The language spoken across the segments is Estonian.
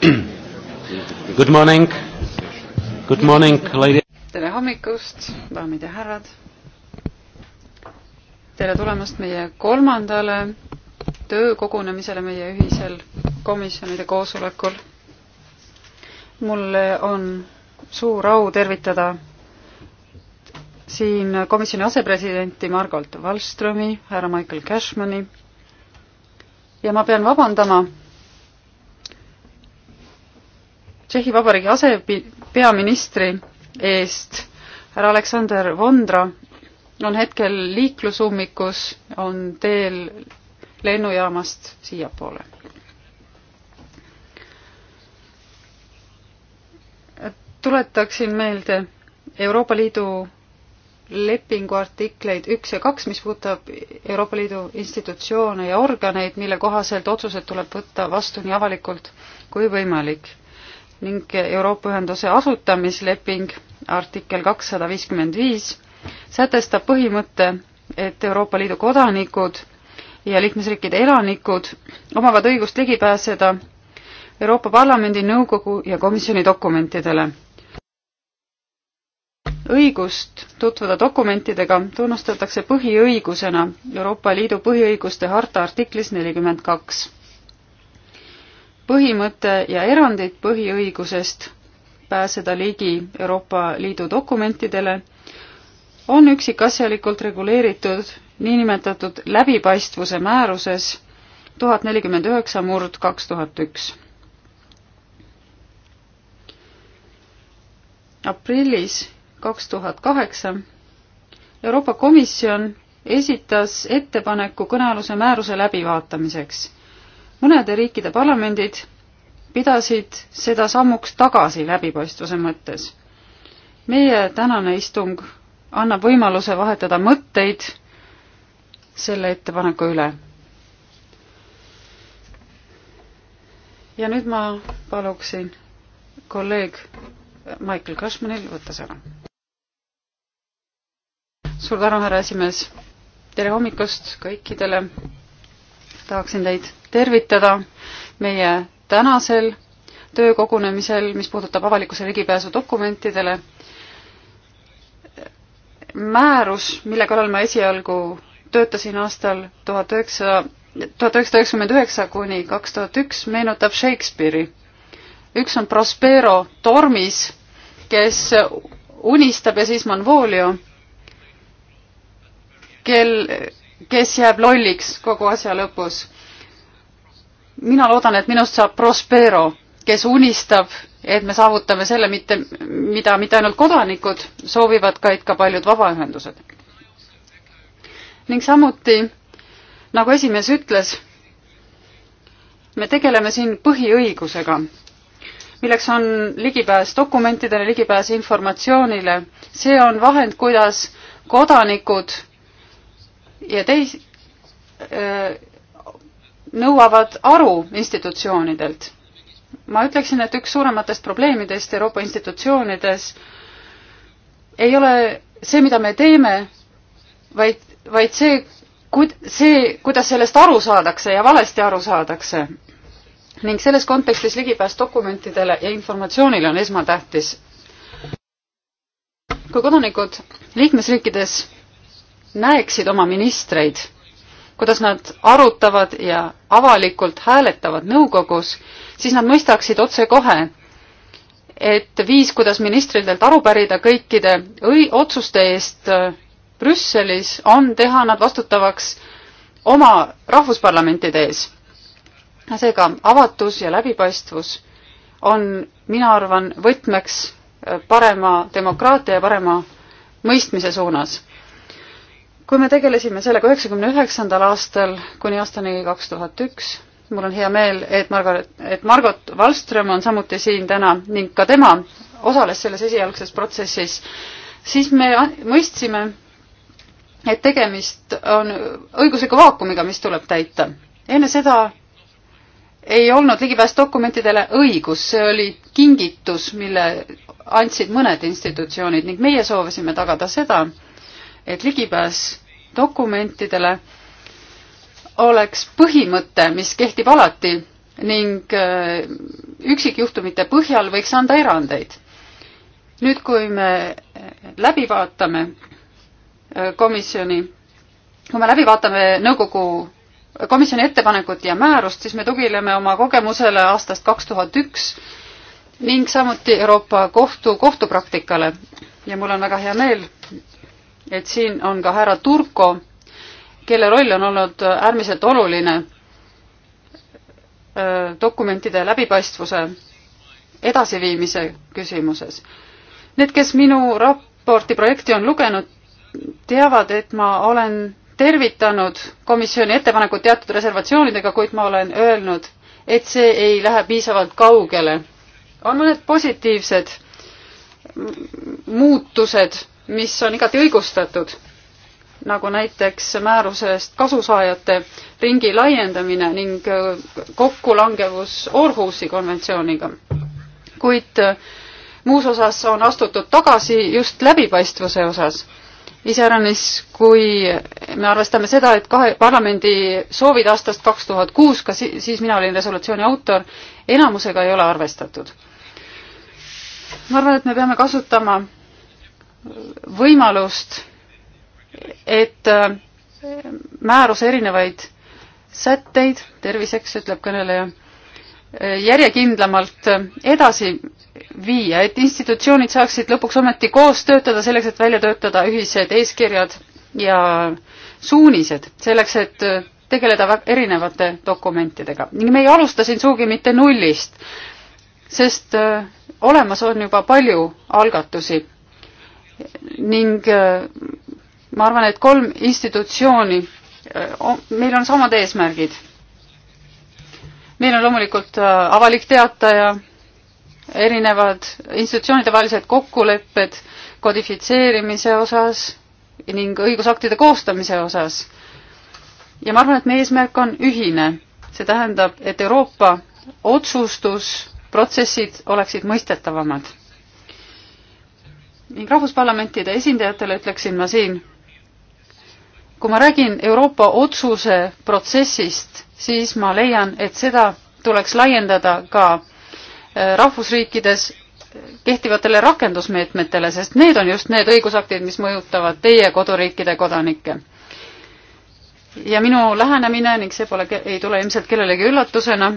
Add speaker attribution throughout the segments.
Speaker 1: Good morning.
Speaker 2: Good morning, lady.
Speaker 3: tere hommikust, daamid ja härrad. tere tulemast meie kolmandale töökogunemisele meie ühisel komisjonide koosolekul. mul on suur au tervitada siin komisjoni asepresidenti Margot Wallströmi, härra Michael Cashmani ja ma pean vabandama Tšehhi Vabariigi asepeaministri eest, härra Aleksander Vondra, on hetkel liiklusummikus, on teel lennujaamast siiapoole. tuletaksin meelde Euroopa Liidu lepingu artikleid üks ja kaks, mis puudutab Euroopa Liidu institutsioone ja organeid, mille kohaselt otsused tuleb võtta vastu nii avalikult kui võimalik ning Euroopa Ühenduse asutamisleping artikkel kakssada viiskümmend viis sätestab põhimõtte, et Euroopa Liidu kodanikud ja liikmesriikide elanikud omavad õigust ligi pääseda Euroopa Parlamendi, Nõukogu ja Komisjoni dokumentidele. õigust tutvuda dokumentidega tunnustatakse põhiõigusena Euroopa Liidu põhiõiguste harta artiklis nelikümmend kaks põhimõte ja erandid põhiõigusest pääseda ligi Euroopa Liidu dokumentidele on üksikasjalikult reguleeritud niinimetatud läbipaistvuse määruses tuhat nelikümmend üheksa murd kaks tuhat üks. aprillis kaks tuhat kaheksa Euroopa Komisjon esitas ettepaneku kõnealuse määruse läbivaatamiseks mõnede riikide parlamendid pidasid seda sammuks tagasi läbipaistvuse mõttes. meie tänane istung annab võimaluse vahetada mõtteid selle ettepaneku üle. ja nüüd ma paluksin kolleeg Michael Cashmanil võtta sõna. suur tänu, härra esimees. tere hommikust kõikidele. tahaksin teid tervitada meie tänasel töökogunemisel, mis puudutab avalikkuse ligipääsu dokumentidele. määrus, mille kallal ma esialgu töötasin aastal tuhat üheksasada, tuhat üheksasada üheksakümmend üheksa kuni kaks tuhat üks, meenutab Shakespeare'i. üks on Prospero tormis, kes unistab ja siis Manvolio, kel, kes jääb lolliks kogu asja lõpus mina loodan, et minust saab Prospero, kes unistab, et me saavutame selle, mitte, mida mitte ainult kodanikud soovivad, vaid ka paljud vabaühendused. ning samuti, nagu esimees ütles, me tegeleme siin põhiõigusega, milleks on ligipääs dokumentidele, ligipääs informatsioonile. see on vahend, kuidas kodanikud ja teis- äh,, nõuavad aru institutsioonidelt. ma ütleksin, et üks suurematest probleemidest Euroopa institutsioonides ei ole see, mida me teeme, vaid, vaid see, kuid-, see, kuidas sellest aru saadakse ja valesti aru saadakse. ning selles kontekstis ligipääs dokumentidele ja informatsioonile on esmatähtis. kui kodanikud liikmesriikides näeksid oma ministreid kuidas nad arutavad ja avalikult hääletavad nõukogus, siis nad mõistaksid otsekohe, et viis, kuidas ministritelt aru pärida kõikide õi-, otsuste eest äh, Brüsselis, on teha nad vastutavaks oma rahvusparlamentide ees. seega avatus ja läbipaistvus on, mina arvan, võtmeks äh, parema demokraatia ja parema mõistmise suunas kui me tegelesime sellega üheksakümne üheksandal aastal kuni aastani kaks tuhat üks, mul on hea meel, et Margaret, et Margot Wallström on samuti siin täna ning ka tema osales selles esialgses protsessis, siis me mõistsime, et tegemist on õigusliku vaakumiga, mis tuleb täita. enne seda ei olnud ligipääs dokumentidele õigus, see oli kingitus, mille andsid mõned institutsioonid ning meie soovisime tagada seda, et ligipääs dokumentidele oleks põhimõte, mis kehtib alati ning äh, üksikjuhtumite põhjal võiks anda erandeid. nüüd, kui me äh, läbi vaatame äh, komisjoni, kui me läbi vaatame nõukogu komisjoni ettepanekut ja määrust, siis me tugineme oma kogemusele aastast kaks tuhat üks ning samuti Euroopa Kohtu kohtupraktikale ja mul on väga hea meel et siin on ka härra Turko, kelle roll on olnud äärmiselt oluline dokumentide läbipaistvuse edasiviimise küsimuses. Need, kes minu raporti projekti on lugenud, teavad, et ma olen tervitanud komisjoni ettepanekut teatud reservatsioonidega, kuid ma olen öelnud, et see ei lähe piisavalt kaugele. on mõned positiivsed muutused mis on igati õigustatud, nagu näiteks määrusest kasusaajate ringi laiendamine ning äh, kokkulangevus Orhusi konventsiooniga. kuid äh, muus osas on astutud tagasi just läbipaistvuse osas. iseäranis, kui me arvestame seda, et kahe parlamendi soovid aastast kaks tuhat kuus, ka siis mina olin resolutsiooni autor, enamusega ei ole arvestatud. ma arvan, et me peame kasutama võimalust, et äh, määruse erinevaid sätteid, terviseks, ütleb kõneleja, äh, järjekindlamalt äh, edasi viia, et institutsioonid saaksid lõpuks ometi koos töötada selleks, et välja töötada ühised eeskirjad ja suunised, selleks et tegeleda erinevate dokumentidega. ning me ei alusta siin sugugi mitte nullist, sest olemas on juba palju algatusi ning äh, ma arvan, et kolm institutsiooni, äh, meil on samad eesmärgid. meil on loomulikult äh, avalik teataja, erinevad institutsioonide vahelised kokkulepped kodifitseerimise osas ning õigusaktide koostamise osas. ja ma arvan, et meie eesmärk on ühine. see tähendab, et Euroopa otsustusprotsessid oleksid mõistetavamad ning rahvusparlamentide esindajatele ütleksin ma siin, kui ma räägin Euroopa otsuse protsessist, siis ma leian, et seda tuleks laiendada ka äh, rahvusriikides kehtivatele rakendusmeetmetele, sest need on just need õigusaktid, mis mõjutavad teie koduriikide kodanikke. ja minu lähenemine ning see pole, ei tule ilmselt kellelegi üllatusena,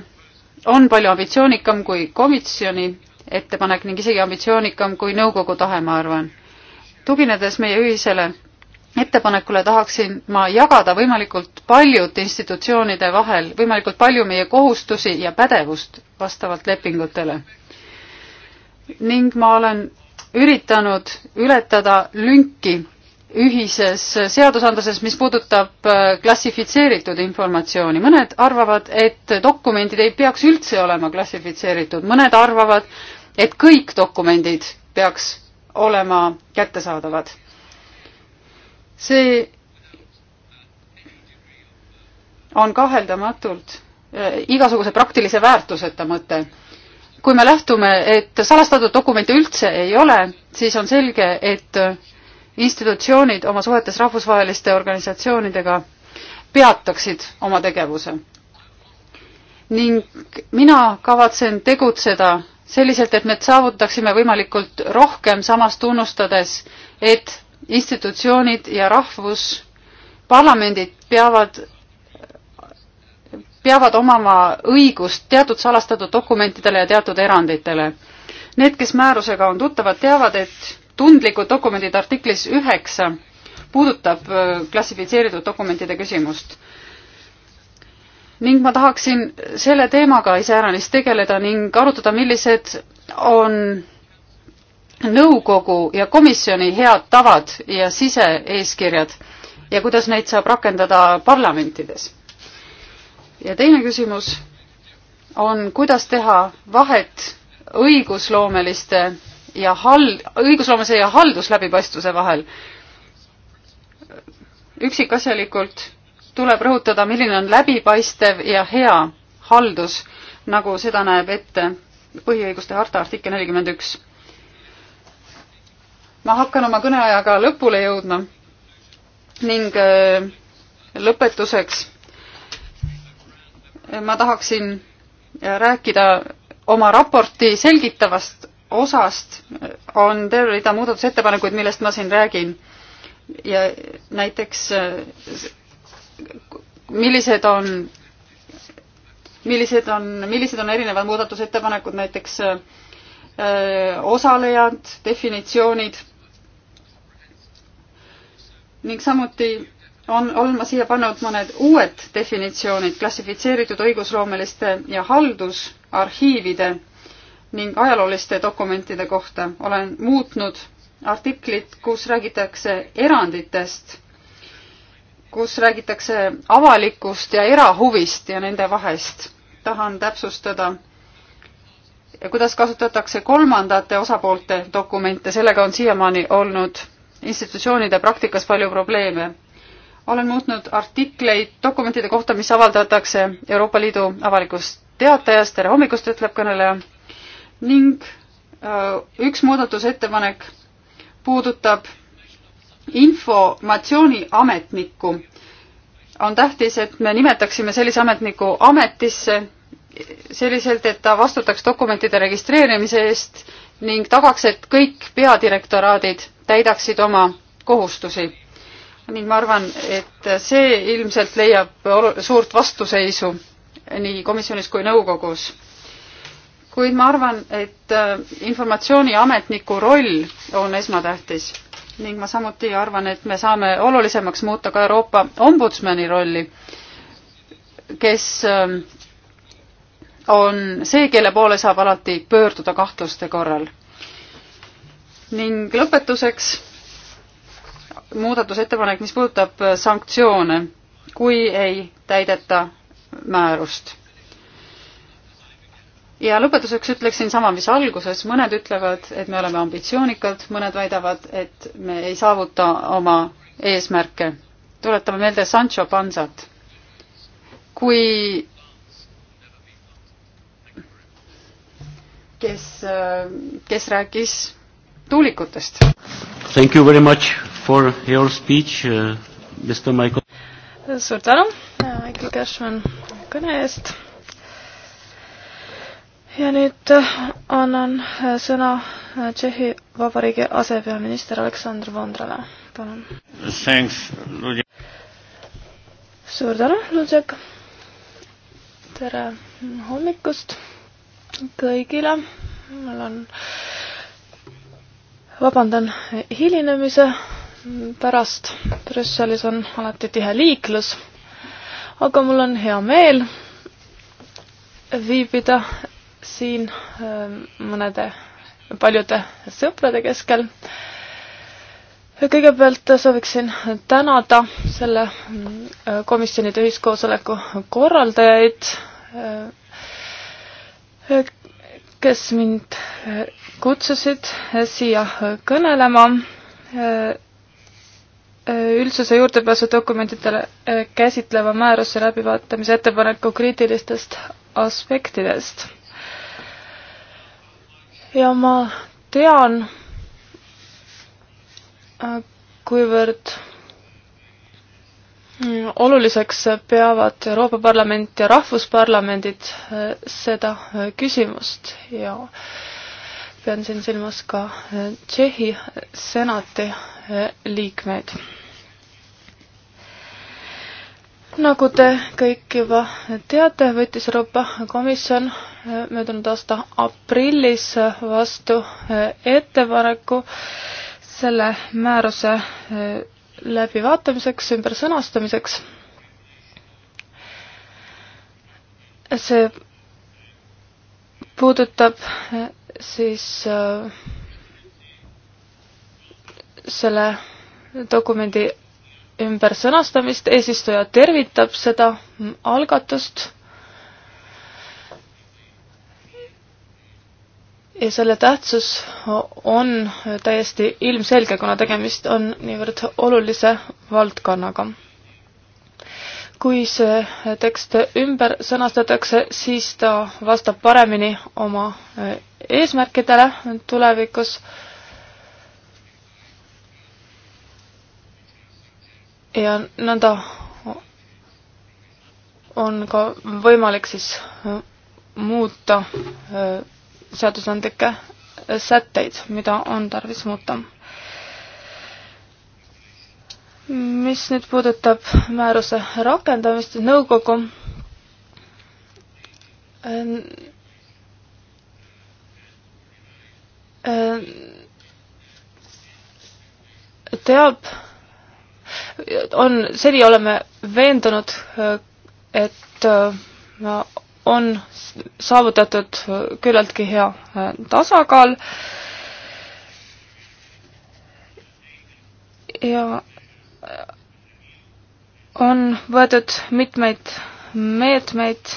Speaker 3: on palju ambitsioonikam kui komisjoni ettepanek ning isegi ambitsioonikam kui nõukogu tahe, ma arvan. tuginedes meie ühisele ettepanekule tahaksin ma jagada võimalikult paljud institutsioonide vahel, võimalikult palju meie kohustusi ja pädevust vastavalt lepingutele. ning ma olen üritanud ületada lünki ühises seadusandluses, mis puudutab äh, klassifitseeritud informatsiooni. mõned arvavad, et dokumendid ei peaks üldse olema klassifitseeritud, mõned arvavad, et kõik dokumendid peaks olema kättesaadavad. see on kaheldamatult äh, igasuguse praktilise väärtuseta mõte. kui me lähtume, et salastatud dokumente üldse ei ole, siis on selge, et institutsioonid oma suhetes rahvusvaheliste organisatsioonidega peataksid oma tegevuse. ning mina kavatsen tegutseda selliselt, et me saavutaksime võimalikult rohkem, samas tunnustades, et institutsioonid ja rahvusparlamendid peavad, peavad omama õigust teatud salastatud dokumentidele ja teatud eranditele. Need, kes määrusega on tuttavad, teavad, et tundlikud dokumendid artiklis üheksa puudutab äh, klassifitseeritud dokumentide küsimust. ning ma tahaksin selle teemaga iseäranis tegeleda ning arutada, millised on nõukogu ja komisjoni head tavad ja sise-eeskirjad ja kuidas neid saab rakendada parlamentides. ja teine küsimus on, kuidas teha vahet õigusloomeliste ja hal-, õigusloomese ja haldusläbipaistvuse vahel. üksikasjalikult tuleb rõhutada, milline on läbipaistev ja hea haldus, nagu seda näeb ette põhiõiguste harta artikkel nelikümmend üks. ma hakkan oma kõneajaga lõpule jõudma ning äh, lõpetuseks ma tahaksin äh, rääkida oma raporti selgitavast osast on terve rida muudatusettepanekuid, millest ma siin räägin. ja näiteks millised on, millised on, millised on erinevad muudatusettepanekud, näiteks öö, osalejad, definitsioonid ning samuti on, olen ma siia pannud mõned uued definitsioonid klassifitseeritud õigusloomeliste ja haldusarhiivide ning ajalooliste dokumentide kohta olen muutnud artiklit, kus räägitakse eranditest, kus räägitakse avalikust ja erahuvist ja nende vahest. tahan täpsustada, kuidas kasutatakse kolmandate osapoolte dokumente, sellega on siiamaani olnud institutsioonide praktikas palju probleeme. olen muutnud artikleid dokumentide kohta, mis avaldatakse Euroopa Liidu avalikus teatajas, tere hommikust, ütleb kõneleja ning äh, üks muudatusettepanek puudutab informatsiooniametnikku. on tähtis, et me nimetaksime sellise ametniku ametisse selliselt, et ta vastutaks dokumentide registreerimise eest ning tagaks, et kõik peadirektoraadid täidaksid oma kohustusi. ning ma arvan, et see ilmselt leiab suurt vastuseisu nii komisjonis kui nõukogus kuid ma arvan, et äh, informatsiooniametniku roll on esmatähtis ning ma samuti arvan, et me saame olulisemaks muuta ka Euroopa ombudsmani rolli, kes äh, on see, kelle poole saab alati pöörduda kahtluste korral. ning lõpetuseks muudatusettepanek, mis puudutab äh, sanktsioone, kui ei täideta määrust ja lõpetuseks ütleksin sama, mis alguses, mõned ütlevad, et me oleme ambitsioonikad, mõned väidavad, et me ei saavuta oma eesmärke. tuletame meelde Sancho Pansat. kui kes, kes rääkis tuulikutest.
Speaker 2: Thank you very much for your speech uh,, Mr Michael.
Speaker 4: suur tänu, Michael Cashman kõne eest ja nüüd äh, annan äh, sõna äh, Tšehhi Vabariigi asepeaminister Aleksandr Vondrale, palun. suur tänu, Lutšek. tere hommikust kõigile. mul on, vabandan hilinemise pärast. Brüsselis on alati tihe liiklus. aga mul on hea meel viibida siin ähm, mõnede paljude sõprade keskel. kõigepealt sooviksin tänada selle äh, komisjonide ühiskoosoleku korraldajaid, äh, kes mind äh, kutsusid siia kõnelema üldsuse juurdepääsu dokumentidele käsitleva määruse läbivaatamise ettepaneku kriitilistest aspektidest ja ma tean, äh, kuivõrd mm, oluliseks peavad Euroopa Parlament ja rahvusparlamendid äh, seda äh, küsimust ja pean siin silmas ka Tšehhi senati liikmeid nagu te kõik juba teate, võttis Euroopa Komisjon eh, möödunud aasta aprillis vastu eh, ettepaneku selle määruse eh, läbivaatamiseks, ümbersõnastamiseks. see puudutab siis selle dokumendi ümbersõnastamist, eesistuja tervitab seda algatust. ja selle tähtsus on täiesti ilmselge, kuna tegemist on niivõrd olulise valdkonnaga. kui see tekst ümber sõnastatakse, siis ta vastab paremini oma eesmärkidele tulevikus ja nõnda on ka võimalik siis muuta äh, seadusandlikke sätteid, mida on tarvis muuta. mis nüüd puudutab määruse rakendamist, nõukogu äh, äh, teab on, seni oleme veendunud, et äh, on saavutatud küllaltki hea äh, tasakaal ja äh, on võetud mitmeid meetmeid,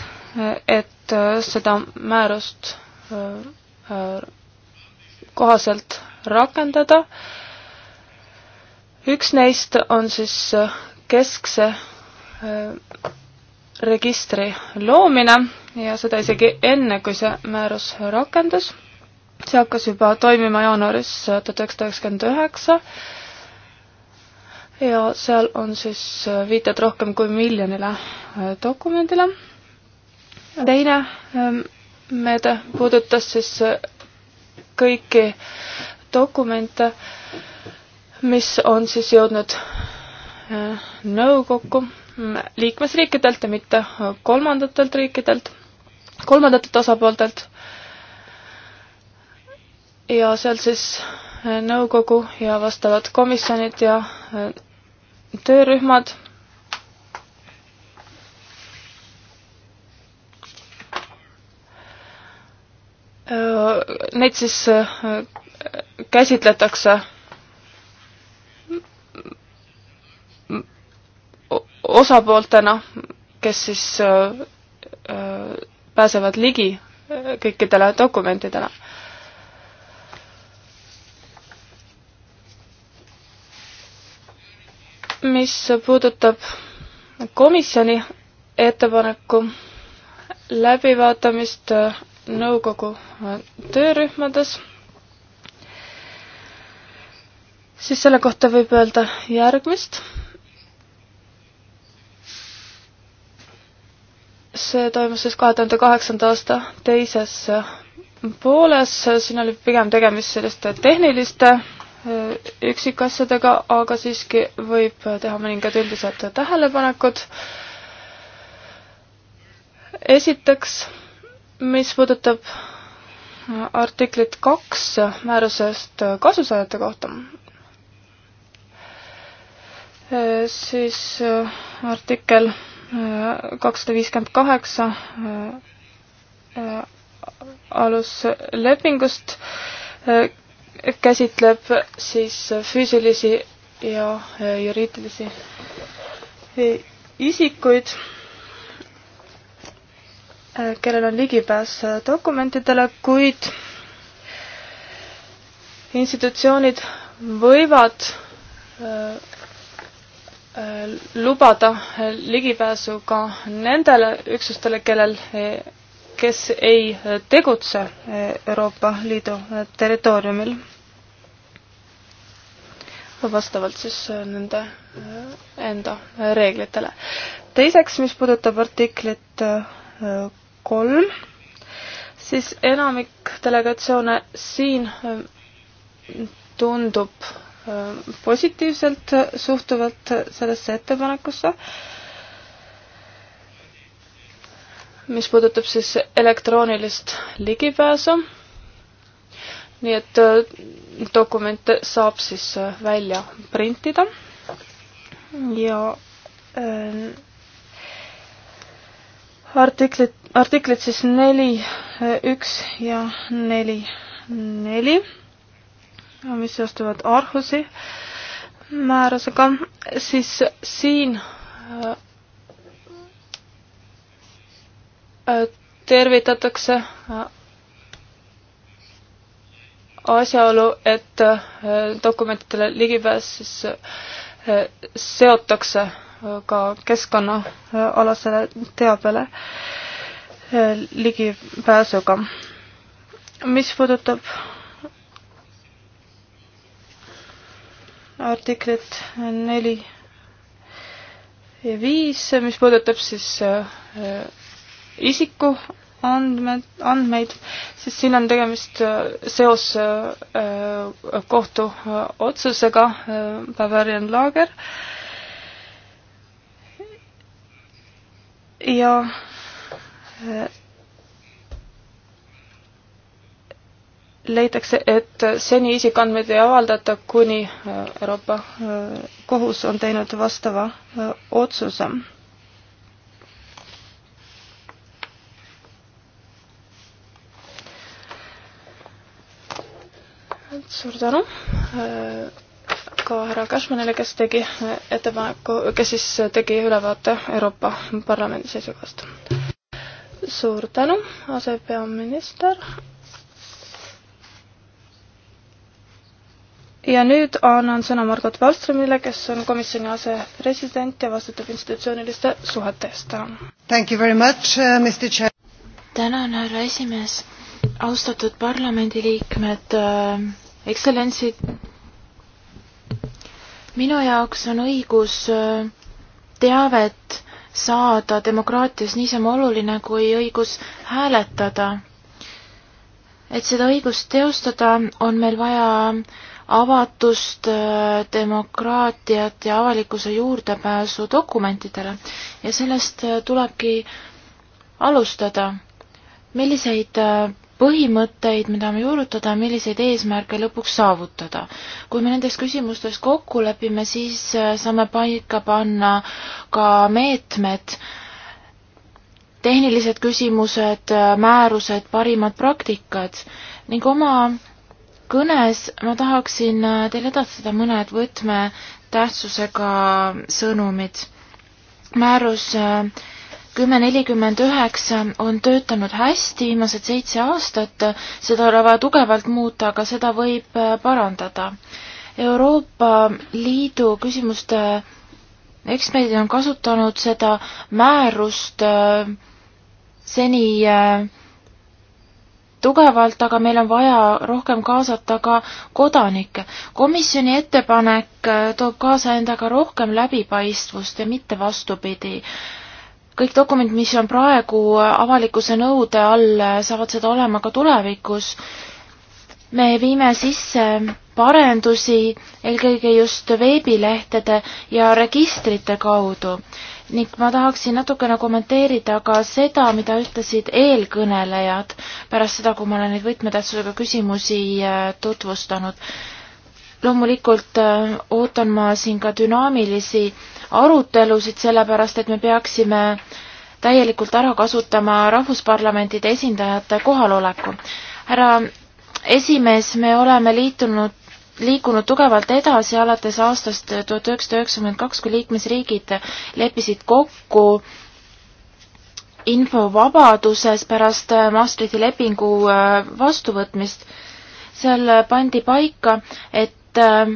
Speaker 4: et seda määrust kohaselt rakendada äh, üks neist on siis äh, keskse äh, registri loomine ja seda isegi enne, kui see määrus rakendus. see hakkas juba toimima jaanuaris äh, tuhat üheksasada üheksakümmend üheksa ja seal on siis viited rohkem kui miljonile dokumendile. teine ähm, meede puudutas siis kõiki dokumente, mis on siis jõudnud äh, nõukokku mm, liikmesriikidelt ja mitte kolmandatelt riikidelt, kolmandatelt osapooltelt. ja seal siis äh, nõukogu ja vastavad komisjonid ja äh, töörühmad. Neid siis käsitletakse osapooltena, kes siis pääsevad ligi kõikidele dokumentidele mis puudutab komisjoni ettepaneku läbivaatamist nõukogu töörühmades, siis selle kohta võib öelda järgmist. see toimus siis kahe tuhande kaheksanda aasta teises pooles, siin oli pigem tegemist selliste tehniliste äh, üksikasjadega, aga siiski võib teha mõningad üldised tähelepanekud. esiteks, mis puudutab artiklit kaks määrusest kasusaajate kohta, äh, siis äh, artikkel kakssada viiskümmend kaheksa äh, aluslepingust äh, käsitleb siis füüsilisi ja äh, juriidilisi isikuid, kellel on ligipääs dokumentidele, kuid institutsioonid võivad Äh, lubada ligipääsu ka nendele üksustele, kellel, kes ei tegutse äh, Euroopa Liidu äh, territooriumil. vastavalt siis nende enda reeglitele. teiseks, mis puudutab artiklit kolm, siis enamik delegatsioone siin tundub positiivselt suhtuvad sellesse ettepanekusse, mis puudutab siis elektroonilist ligipääsu. nii et äh, dokumente saab siis äh, välja printida ja äh, artiklid, artiklid siis neli, äh, üks ja neli, neli mis seostuvad Arhusi määrusega, siis siin äh, äh, tervitatakse äh, asjaolu, et dokumentidele ligipääs siis seotakse ka keskkonnaalasele teabele ligipääsuga. mis puudutab artiklit neli ja viis, mis puudutab siis äh, isiku andmed, andmeid, siis siin on tegemist äh, seos äh, kohtu otsusega Bavarian Lager. ja leitakse, et seni isikuandmeid ei avaldata, kuni äh, Euroopa äh, kohus on teinud vastava äh, otsuse. suur tänu ka härra Cashmanile, kes tegi ettepaneku, kes siis tegi ülevaate Euroopa Parlamendi seisukohast. suur tänu, asepeaminister ja nüüd annan sõna Margot Wallströmile, kes on komisjoni asepresident ja vastutab institutsiooniliste suhete eest.
Speaker 5: tänan. Uh, tänan, härra esimees. austatud parlamendiliikmed äh,, ekstsellentsid. minu jaoks on õigus äh, teavet saada demokraatias niisama oluline kui õigus hääletada. et seda õigust teostada, on meil vaja äh, avatust, äh, demokraatiat ja avalikkuse juurdepääsu dokumentidele ja sellest äh, tulebki alustada. milliseid äh, põhimõtteid me tahame juurutada, milliseid eesmärke lõpuks saavutada. kui me nendes küsimustes kokku lepime, siis saame paika panna ka meetmed, tehnilised küsimused, määrused, parimad praktikad ning oma kõnes ma tahaksin äh, teile edastada mõned võtmetähtsusega sõnumid. määrus äh, kümme nelikümmend üheksa on töötanud hästi viimased seitse aastat, seda ei ole vaja tugevalt muuta, aga seda võib äh, parandada. Euroopa Liidu küsimuste eksperdid on kasutanud seda määrust seni tugevalt, aga meil on vaja rohkem kaasata ka kodanikke. komisjoni ettepanek äh, toob kaasa endaga rohkem läbipaistvust ja mitte vastupidi. kõik dokumendid, mis on praegu äh, avalikkuse nõude all, äh, saavad seda olema ka tulevikus. me viime sisse parendusi eelkõige just veebilehtede ja registrite kaudu ning ma tahaksin natukene kommenteerida ka seda, mida ütlesid eelkõnelejad pärast seda, kui ma olen neid võtmetähtsusega küsimusi äh, tutvustanud. loomulikult äh, ootan ma siin ka dünaamilisi arutelusid, sellepärast et me peaksime täielikult ära kasutama rahvusparlamentide esindajate kohaloleku. härra esimees, me oleme liitunud liikunud tugevalt edasi alates aastast tuhat üheksasada üheksakümmend kaks, kui liikmesriigid leppisid kokku infovabaduses pärast Maastrichti lepingu äh, vastuvõtmist. seal pandi paika, et äh,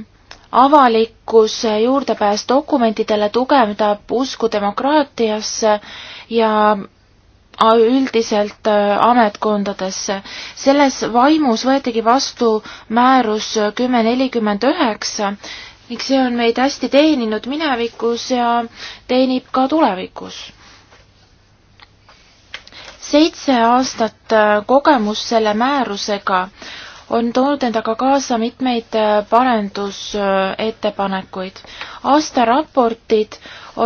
Speaker 5: avalikkus juurdepääs dokumentidele tugevdab usku demokraatiasse ja üldiselt äh, ametkondadesse. selles vaimus võetigi vastu määrus kümme nelikümmend üheksa ning see on meid hästi teeninud minevikus ja teenib ka tulevikus. seitse aastat äh, kogemus selle määrusega on toonud endaga kaasa mitmeid äh, parendusettepanekuid. aastaraportid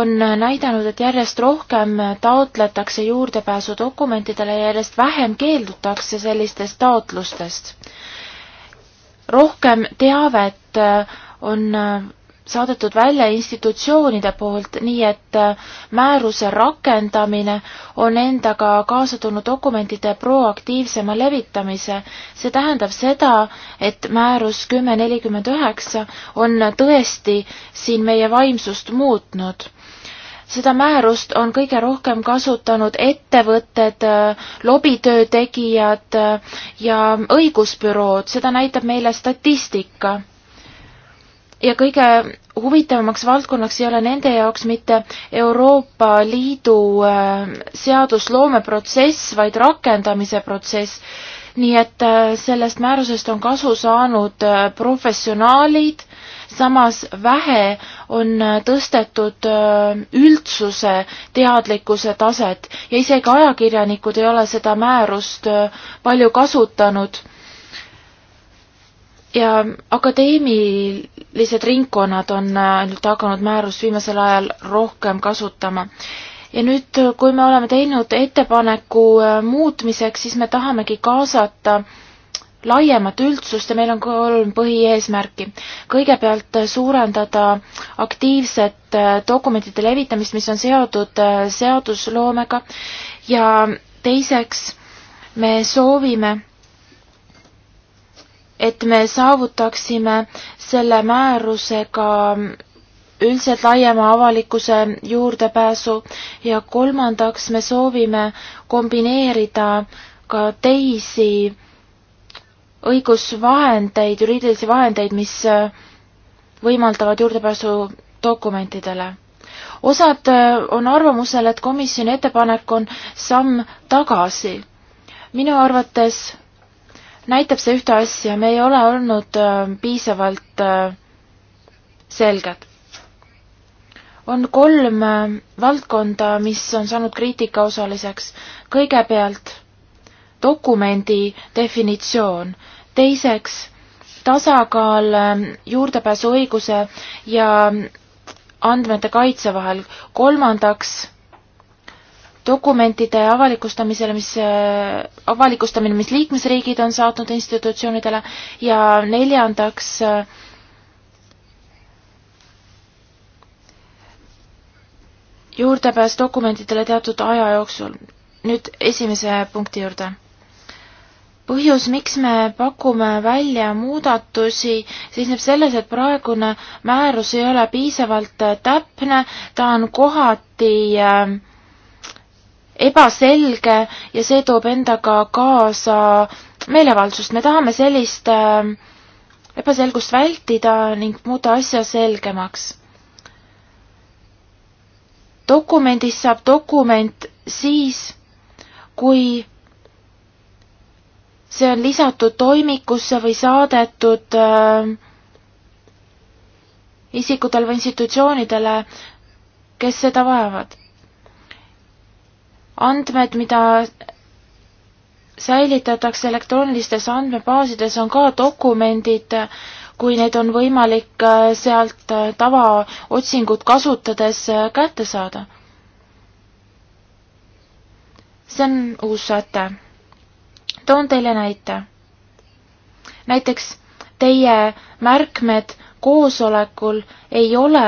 Speaker 5: on näidanud, et järjest rohkem taotletakse juurdepääsu dokumentidele ja järjest vähem keeldutakse sellistest taotlustest. rohkem teavet äh, on äh, saadetud välja institutsioonide poolt, nii et äh, määruse rakendamine on endaga kaasa tulnud dokumentide proaktiivsema levitamise. see tähendab seda, et määrus kümme nelikümmend üheksa on tõesti siin meie vaimsust muutnud seda määrust on kõige rohkem kasutanud ettevõtted, äh, lobitöö tegijad äh, ja õigusbürood, seda näitab meile statistika ja kõige huvitavamaks valdkonnaks ei ole nende jaoks mitte Euroopa Liidu äh, seadusloome protsess, vaid rakendamise protsess. nii et äh, sellest määrusest on kasu saanud äh, professionaalid, samas vähe on tõstetud üldsuse teadlikkuse taset ja isegi ajakirjanikud ei ole seda määrust palju kasutanud ja akadeemilised ringkonnad on äh, ainult hakanud määrust viimasel ajal rohkem kasutama. ja nüüd, kui me oleme teinud ettepaneku äh, muutmiseks, siis me tahamegi kaasata laiemat üldsust ja meil on kolm põhieesmärki. kõigepealt äh, suurendada aktiivset dokumentide levitamist, mis on seotud seadusloomega ja teiseks me soovime et me saavutaksime selle määrusega üldiselt laiema avalikkuse juurdepääsu ja kolmandaks me soovime kombineerida ka teisi õigusvahendeid, juriidilisi vahendeid, mis võimaldavad juurdepääsu dokumentidele. osad äh, on arvamusel, et komisjoni ettepanek on samm tagasi. minu arvates näitab see ühte asja, me ei ole olnud äh, piisavalt äh, selged. on kolm äh, valdkonda, mis on saanud kriitika osaliseks. kõigepealt dokumendi definitsioon, teiseks tasakaal ähm, juurdepääsuõiguse ja andmete kaitse vahel, kolmandaks dokumentide avalikustamisele, mis, äh, avalikustamine, mis liikmesriigid on saatnud institutsioonidele ja neljandaks äh, juurdepääs dokumentidele teatud aja jooksul. nüüd esimese punkti juurde. põhjus, miks me pakume välja muudatusi, seisneb selles, et praegune määrus ei ole piisavalt täpne, ta on kohati äh, ebaselge ja see toob endaga kaasa meelevaldsust. me tahame sellist äh, ebaselgust vältida ning muuta asja selgemaks. dokumendist saab dokument siis, kui see on lisatud toimikusse või saadetud äh, isikutele või institutsioonidele, kes seda vajavad andmed, mida säilitatakse elektroonilistes andmebaasides, on ka dokumendid, kui neid on võimalik äh, sealt äh, tavaotsingut kasutades äh, kätte saada. see on uus säte. toon teile näite. näiteks teie märkmed koosolekul ei ole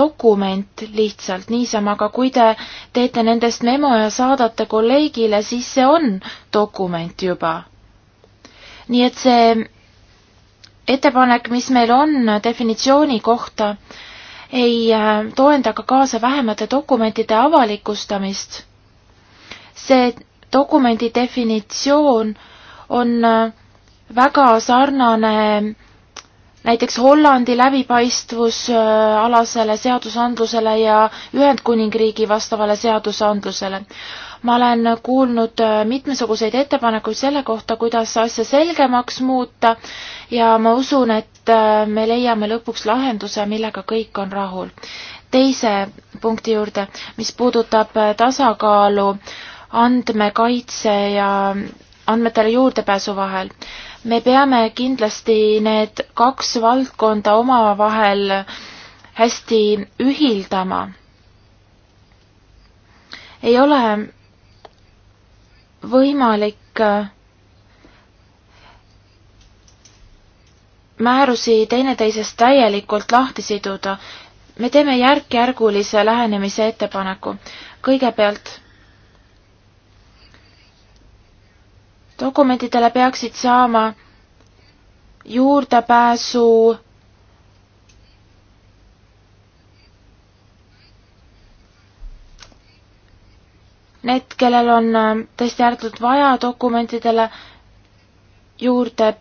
Speaker 5: dokument lihtsalt niisama, aga kui te teete nendest memo ja saadate kolleegile, siis see on dokument juba. nii et see ettepanek, mis meil on definitsiooni kohta, ei äh, toenda ka kaasa vähemate dokumentide avalikustamist. see dokumendi definitsioon on äh, väga sarnane näiteks Hollandi läbipaistvusalasele äh, seadusandlusele ja Ühendkuningriigi vastavale seadusandlusele. ma olen kuulnud äh, mitmesuguseid ettepanekuid selle kohta, kuidas asja selgemaks muuta ja ma usun, et äh, me leiame lõpuks lahenduse, millega kõik on rahul. teise punkti juurde, mis puudutab tasakaalu andmekaitse ja andmetele juurdepääsu vahel me peame kindlasti need kaks valdkonda omavahel hästi ühildama. ei ole võimalik äh, määrusi teineteisest täielikult lahti siduda. me teeme järk-järgulise lähenemise ettepaneku. kõigepealt dokumentidele peaksid saama juurdepääsu need, kellel on äh, tõesti ääretult vaja dokumentidele juurde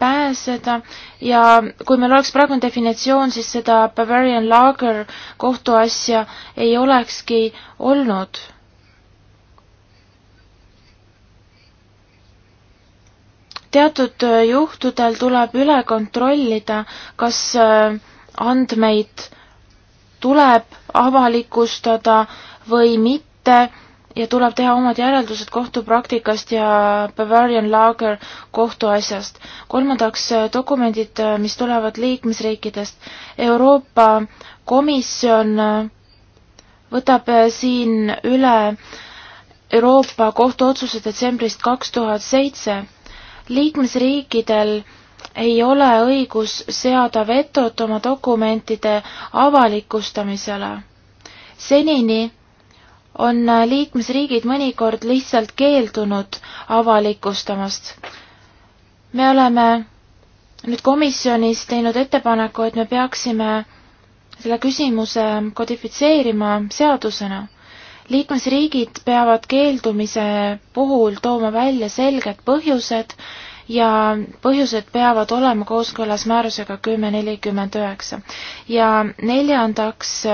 Speaker 5: pääseda ja kui meil oleks praegune definitsioon, siis seda Bavarian Lager kohtuasja ei olekski olnud teatud äh, juhtudel tuleb üle kontrollida, kas äh, andmeid tuleb avalikustada või mitte ja tuleb teha omad järeldused kohtupraktikast ja Bavarian Lager kohtuasjast. kolmandaks, äh, dokumendid, mis tulevad liikmesriikidest. Euroopa Komisjon võtab siin üle Euroopa Kohtu otsuse detsembrist kaks tuhat seitse liikmesriikidel ei ole õigus seada vetot oma dokumentide avalikustamisele. senini on liikmesriigid mõnikord lihtsalt keeldunud avalikustamast. me oleme nüüd komisjonis teinud ettepaneku, et me peaksime selle küsimuse kodifitseerima seadusena liikmesriigid peavad keeldumise puhul tooma välja selged põhjused ja põhjused peavad olema kooskõlas määrusega kümme nelikümmend üheksa. ja neljandaks,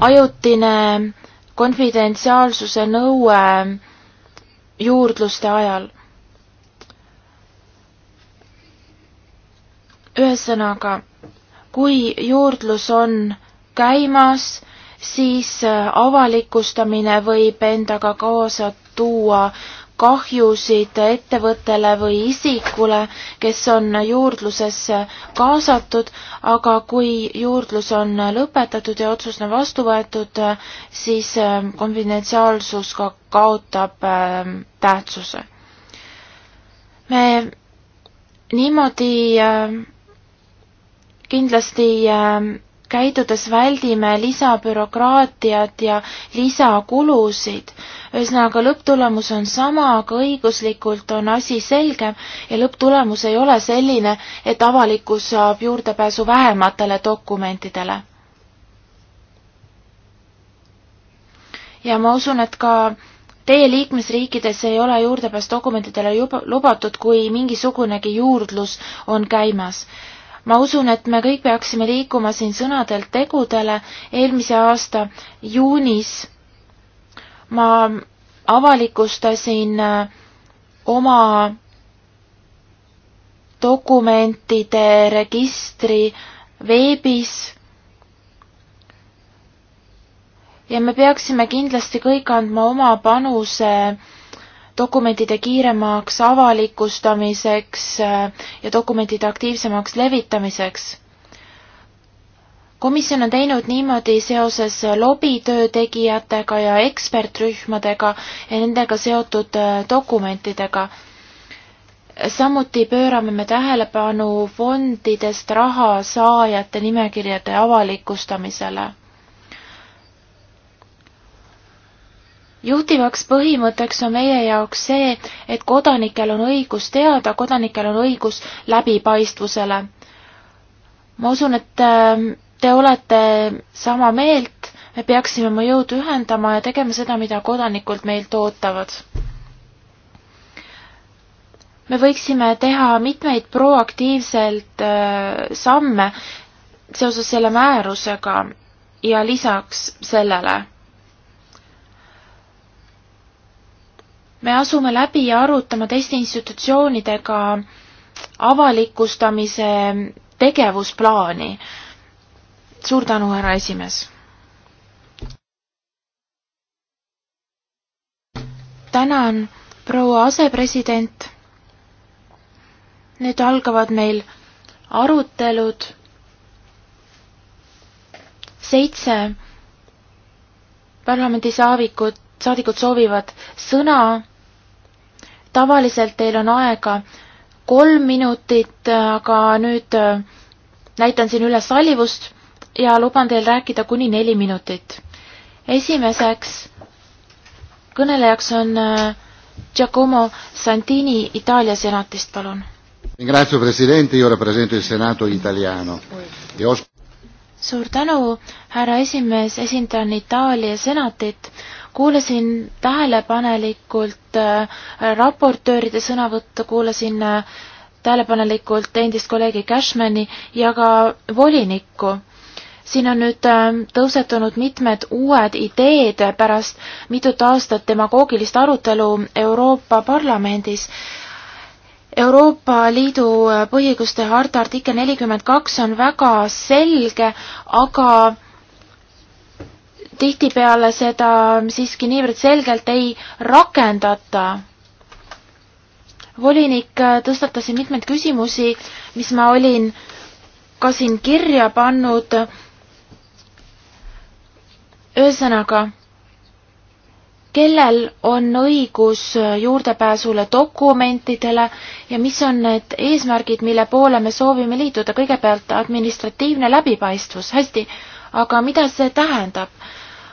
Speaker 5: ajutine konfidentsiaalsuse nõue juurdluste ajal. ühesõnaga, kui juurdlus on käimas siis äh, avalikustamine võib endaga kaasa tuua kahjusid ettevõttele või isikule, kes on juurdlusesse kaasatud, aga kui juurdlus on lõpetatud ja otsus on vastu võetud, siis äh, konfidentsiaalsus ka kaotab äh, tähtsuse. me niimoodi kindlasti käitudes väldime lisabürokraatiat ja lisakulusid. ühesõnaga, lõpptulemus on sama, aga õiguslikult on asi selgem ja lõpptulemus ei ole selline, et avalikkus saab juurdepääsu vähematele dokumentidele. ja ma usun, et ka Teie liikmesriikides ei ole juurdepääs dokumentidele juba lubatud, kui mingisugunegi juurdlus on käimas ma usun, et me kõik peaksime liikuma siin sõnadelt tegudele. eelmise aasta juunis ma avalikustasin äh, oma dokumentide registri veebis. ja me peaksime kindlasti kõik andma oma panuse äh, dokumentide kiiremaks avalikustamiseks äh, ja dokumentide aktiivsemaks levitamiseks. komisjon on teinud niimoodi seoses lobitöö tegijatega ja ekspertrühmadega ja nendega seotud äh, dokumentidega. samuti pöörame me tähelepanu fondidest raha saajate nimekirjade avalikustamisele juhtivaks põhimõtteks on meie jaoks see, et kodanikel on õigus teada, kodanikel on õigus läbipaistvusele. ma usun, et ähm, te olete sama meelt, me peaksime oma jõud ühendama ja tegema seda, mida kodanikud meilt ootavad. me võiksime teha mitmeid proaktiivselt äh, samme seoses selle määrusega ja lisaks sellele me asume läbi ja arutama teiste institutsioonidega avalikustamise tegevusplaani. suur tänu, härra esimees. tänan, proua asepresident. nüüd algavad meil arutelud. seitse parlamendisaavikut saadikud soovivad sõna. tavaliselt teil on aega kolm minutit, aga nüüd äh, näitan siin üles sallivust ja luban teil rääkida kuni neli minutit. esimeseks kõnelejaks on äh, Giacomo Santini Itaalia senatist, palun.
Speaker 2: Ringrazio presidente, io rappresento il senato italiano e os-
Speaker 5: suur tänu, härra esimees, esindan Itaalia senatit kuulasin tähelepanelikult äh, raportööride sõnavõttu, kuulasin äh, tähelepanelikult endist kolleegi Cashmani ja ka volinikku. siin on nüüd äh, tõusetunud mitmed uued ideed pärast mitut aastat demagoogilist arutelu Euroopa Parlamendis Euroopa Liidu põhiõiguste harta artikkel nelikümmend kaks on väga selge, aga tihtipeale seda siiski niivõrd selgelt ei rakendata. volinik tõstatas siin mitmeid küsimusi, mis ma olin ka siin kirja pannud. ühesõnaga, kellel on õigus juurdepääsule dokumentidele ja mis on need eesmärgid, mille poole me soovime liituda, kõigepealt administratiivne läbipaistvus, hästi, aga mida see tähendab?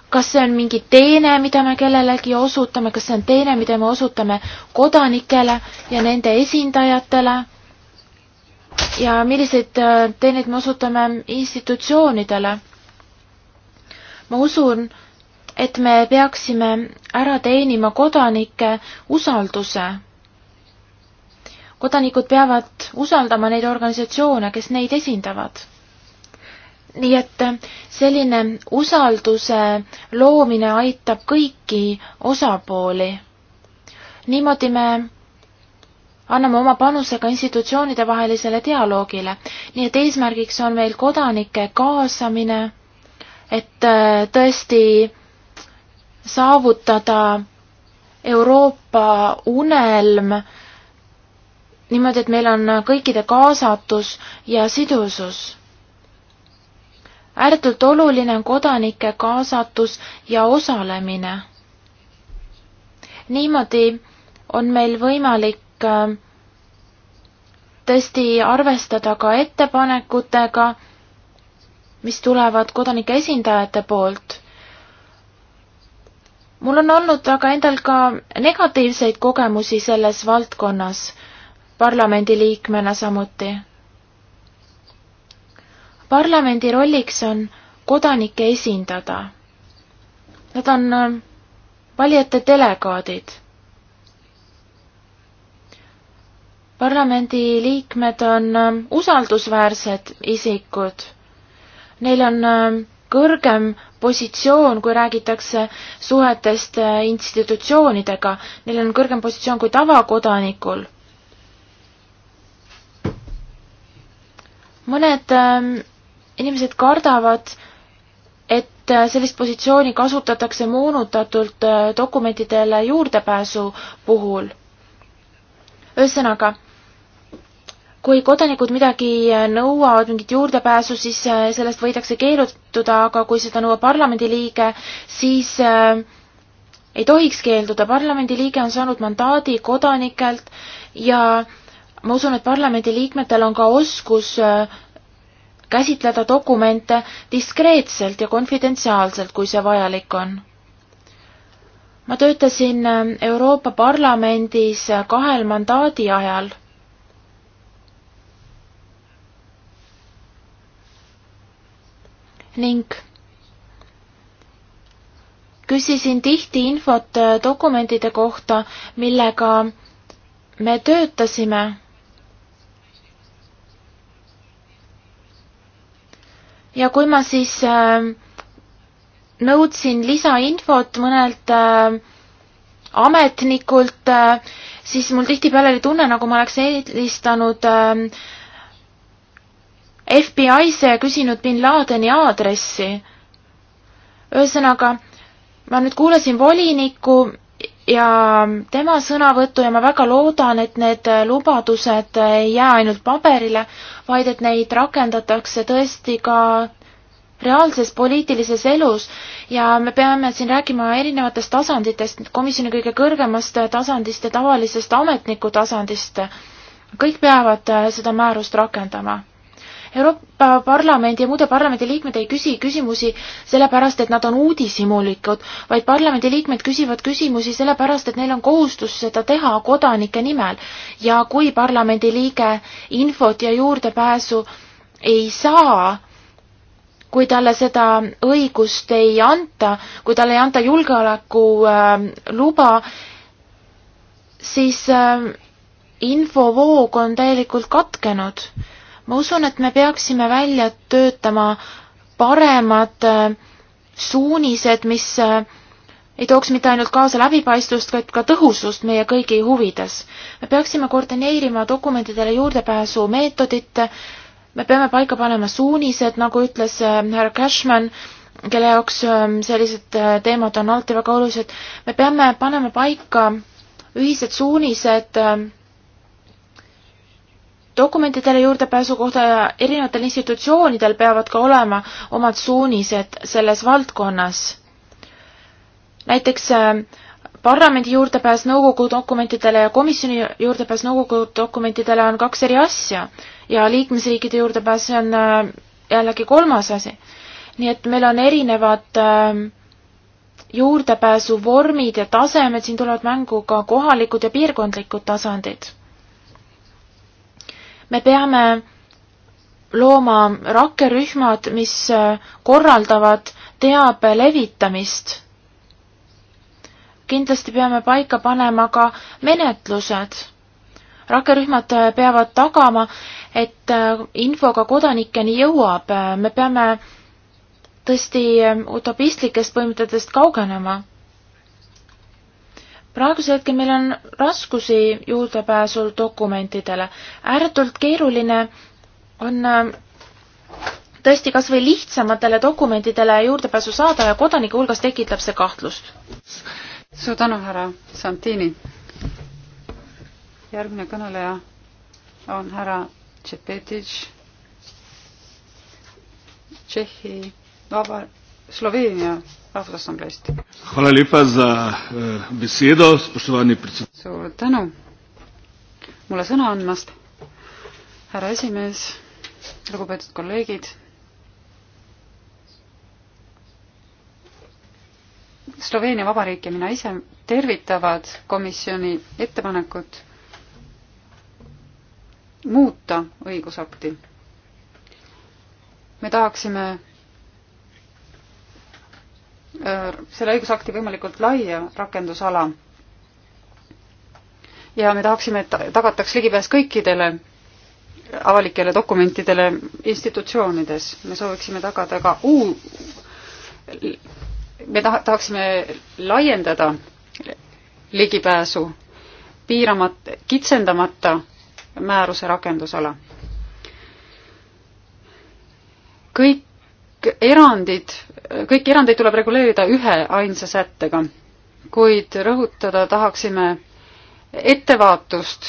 Speaker 5: kas see on mingi teene, mida me kellelegi osutame, kas see on teene, mida me osutame kodanikele ja nende esindajatele ja milliseid äh, teeneid me osutame institutsioonidele. ma usun, et me peaksime ära teenima kodanike usalduse. kodanikud peavad usaldama neid organisatsioone, kes neid esindavad nii et äh, selline usalduse loomine aitab kõiki osapooli. niimoodi me anname oma panuse ka institutsioonide vahelisele dialoogile, nii et eesmärgiks on meil kodanike kaasamine, et äh, tõesti saavutada Euroopa unelm niimoodi, et meil on kõikide kaasatus ja sidusus ääretult oluline on kodanike kaasatus ja osalemine. niimoodi on meil võimalik äh, tõesti arvestada ka ettepanekutega, mis tulevad kodanike esindajate poolt. mul on olnud aga endal ka negatiivseid kogemusi selles valdkonnas, parlamendiliikmena samuti parlamendi rolliks on kodanikke esindada. Nad on äh, valijate delegaadid. parlamendi liikmed on äh, usaldusväärsed isikud. Neil on äh, kõrgem positsioon, kui räägitakse suhetest institutsioonidega, neil on kõrgem positsioon kui tavakodanikul. mõned ähm, inimesed kardavad, et äh, sellist positsiooni kasutatakse moonutatult äh, dokumentidele juurdepääsu puhul. ühesõnaga, kui kodanikud midagi äh, nõuavad, mingit juurdepääsu, siis sellest võidakse keelduda, aga kui seda nõuab parlamendiliige, siis ei tohiks keelduda, parlamendiliige on saanud mandaadi kodanikelt ja ma usun, et parlamendiliikmetel on ka oskus äh, käsitleda dokumente diskreetselt ja konfidentsiaalselt, kui see vajalik on. ma töötasin Euroopa Parlamendis kahel mandaadi ajal. ning küsisin tihti infot dokumentide kohta, millega me töötasime ja kui ma siis äh, nõudsin lisainfot mõnelt äh, ametnikult, äh, siis mul tihtipeale oli tunne, nagu ma oleks eelistanud FBI-sse ja küsinud bin Ladeni aadressi. ühesõnaga, ma nüüd kuulasin volinikku ja tema sõnavõttu ja ma väga loodan, et need lubadused ei jää ainult paberile, vaid et neid rakendatakse tõesti ka reaalses poliitilises elus ja me peame siin rääkima erinevatest tasanditest, komisjoni kõige kõrgemast tasandist ja tavalisest ametniku tasandist. kõik peavad seda määrust rakendama Euroopa Parlamendi ja muude parlamendiliikmed ei küsi küsimusi sellepärast, et nad on uudishimulikud, vaid parlamendiliikmed küsivad küsimusi sellepärast, et neil on kohustus seda teha kodanike nimel. ja kui parlamendiliige infot ja juurdepääsu ei saa, kui talle seda õigust ei anta, kui talle ei anta julgeolekuluba ähm, äh,, siis äh, infovoog on täielikult katkenud ma usun, et me peaksime välja töötama paremad äh, suunised, mis äh, ei tooks mitte ainult kaasa läbipaistvust, vaid ka tõhusust meie kõigi huvides. me peaksime koordineerima dokumentidele juurdepääsu meetodit, me peame paika panema suunised, nagu ütles äh, härra Cashman, kelle jaoks ähm, sellised teemad on alati väga olulised, me peame panema paika ühised suunised äh, dokumentidele juurdepääsu kohta ja erinevatel institutsioonidel peavad ka olema omad suunised selles valdkonnas. näiteks äh, parlamendi juurdepääs nõukogu dokumentidele ja komisjoni juurdepääs nõukogu dokumentidele on kaks eri asja ja liikmesriikide juurdepääs on äh, jällegi kolmas asi. nii et meil on erinevad ähm, juurdepääsuvormid ja tasemed, siin tulevad mängu ka kohalikud ja piirkondlikud tasandid me peame looma rakkerühmad, mis äh, korraldavad teabe levitamist. kindlasti peame paika panema ka menetlused. rakkerühmad äh, peavad tagama, et äh, info ka kodanikeni jõuab, me peame tõesti utopistlikest põhimõtetest kaugenema praegusel hetkel meil on raskusi juurdepääsul dokumentidele. ääretult keeruline on ähm, tõesti kas või lihtsamatele dokumentidele juurdepääsu saada ja kodanike hulgas tekitab see kahtlust.
Speaker 3: suur tänu, härra Santini. järgmine kõneleja on härra Tšepetitš, Tšehhi Vaba Slovenija Rahvusassambleest.
Speaker 2: Hvala lepa za
Speaker 1: eh, besedo, spoštovani predsednik.
Speaker 3: suur tänu mulle sõna andmast, härra esimees, lugupeetud kolleegid. Sloveenia Vabariik ja mina ise tervitavad komisjoni ettepanekut muuta õigusakti. me tahaksime Äh, selle õigusakti võimalikult laia rakendusala. ja me tahaksime, et tagataks ligipääs kõikidele avalikele dokumentidele institutsioonides. me sooviksime tagada ka uu-, me taha-, tahaksime laiendada ligipääsu piiramat-, kitsendamata määruse rakendusala. kõik erandid, kõiki erandeid tuleb reguleerida ühe ainsa sättega, kuid rõhutada tahaksime ettevaatust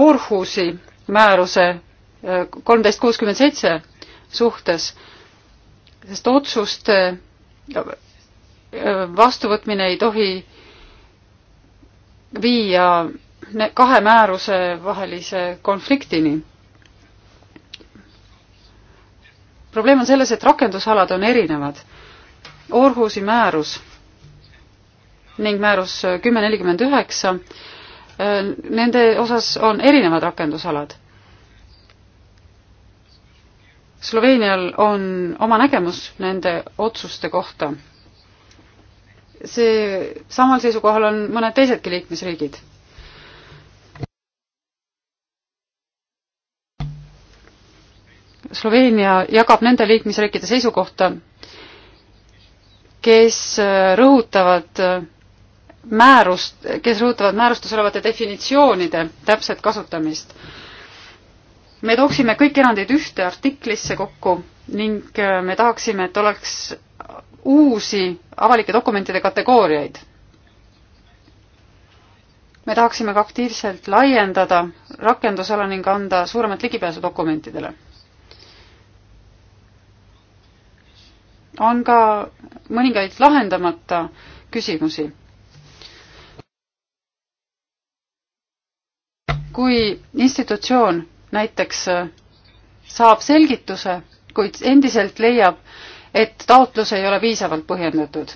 Speaker 3: Orhusi äh, määruse äh, kolmteist kuuskümmend seitse suhtes, sest otsuste äh, vastuvõtmine ei tohi viia kahe määruse vahelise konfliktini probleem on selles, et rakendusalad on erinevad. Orhusi määrus ning määrus kümme nelikümmend üheksa, äh, nende osas on erinevad rakendusalad. Sloveenial on oma nägemus nende otsuste kohta. see, samal seisukohal on mõned teisedki liikmesriigid Sloveenia jagab nende liikmesriikide seisukohta, kes äh, rõhutavad äh, määrust, kes rõhutavad määrustes olevate definitsioonide täpset kasutamist. me tooksime kõik erandid ühte artiklisse kokku ning äh, me tahaksime, et oleks uusi avalike dokumentide kategooriaid. me tahaksime ka aktiivselt laiendada rakendusala ning anda suuremat ligipääsu dokumentidele on ka mõningaid lahendamata küsimusi. kui institutsioon näiteks saab selgituse, kuid endiselt leiab, et taotlus ei ole piisavalt põhjendatud,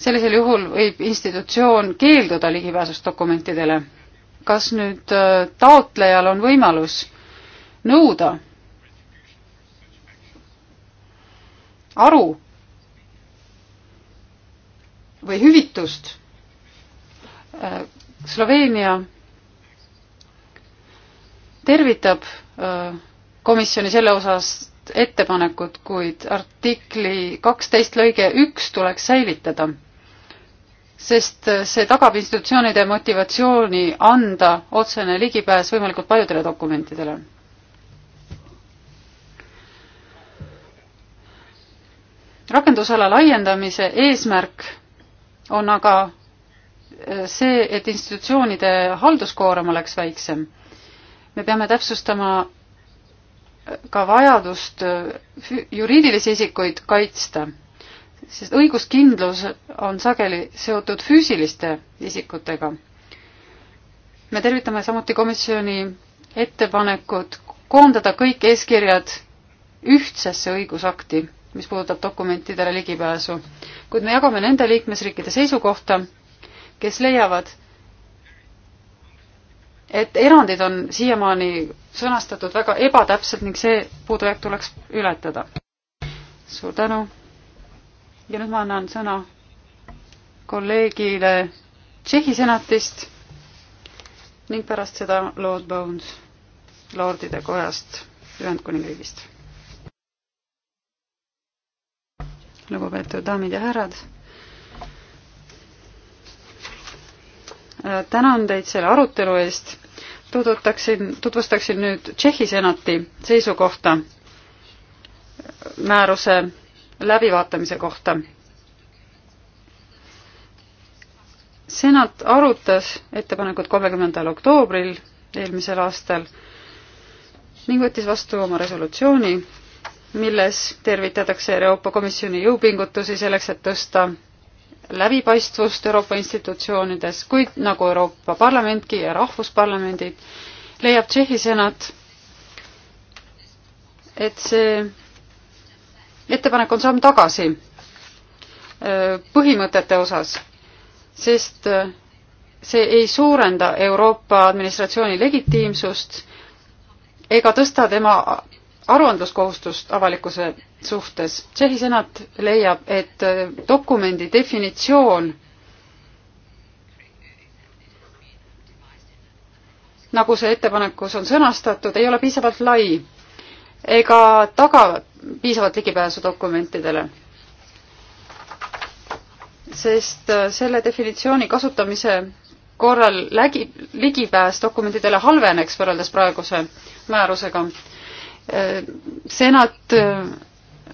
Speaker 3: sellisel juhul võib institutsioon keelduda ligipääsust dokumentidele. kas nüüd äh, taotlejal on võimalus nõuda aru või hüvitust. Äh, Sloveenia tervitab äh, komisjoni selle osas ettepanekut, kuid artikli kaksteist lõige üks tuleks säilitada, sest äh, see tagab institutsioonide motivatsiooni anda otsene ligipääs võimalikult paljudele dokumentidele rakendusala laiendamise eesmärk on aga äh, see, et institutsioonide halduskoorem oleks väiksem. me peame täpsustama äh, ka vajadust äh, juriidilisi isikuid kaitsta, sest õiguskindlus on sageli seotud füüsiliste isikutega. me tervitame samuti komisjoni ettepanekut koondada kõik eeskirjad ühtsesse õigusakti mis puudutab dokumentidele ligipääsu, kuid me jagame nende liikmesriikide seisukohta, kes leiavad, et erandid on siiamaani sõnastatud väga ebatäpselt ning see puudujääk tuleks ületada. suur tänu. ja nüüd ma annan sõna kolleegile Tšehhi senatist ning pärast seda Lord Bones Lordide kojast Ühendkuningriigist lugupeetud daamid ja härrad. Äh, tänan teid selle arutelu eest. tutvustaksin, tutvustaksin nüüd Tšehhi senati seisukohta määruse läbivaatamise kohta. senat arutas ettepanekut kolmekümnendal oktoobril eelmisel aastal ning võttis vastu oma resolutsiooni milles tervitatakse Euroopa Komisjoni jõupingutusi selleks, et tõsta läbipaistvust Euroopa institutsioonides, kuid nagu Euroopa Parlamentki ja rahvusparlamendid, leiab Tšehhi senat, et see ettepanek on samm tagasi äh, põhimõtete osas, sest äh, see ei suurenda Euroopa administratsiooni legitiimsust ega tõsta tema aruandluskohustust avalikkuse suhtes. Tšehhi senat leiab, et äh, dokumendi definitsioon nagu see ettepanekus on sõnastatud, ei ole piisavalt lai ega taga piisavat ligipääsu dokumentidele. sest äh, selle definitsiooni kasutamise korral lägi, ligipääs dokumentidele halveneks võrreldes praeguse määrusega Äh, senat äh,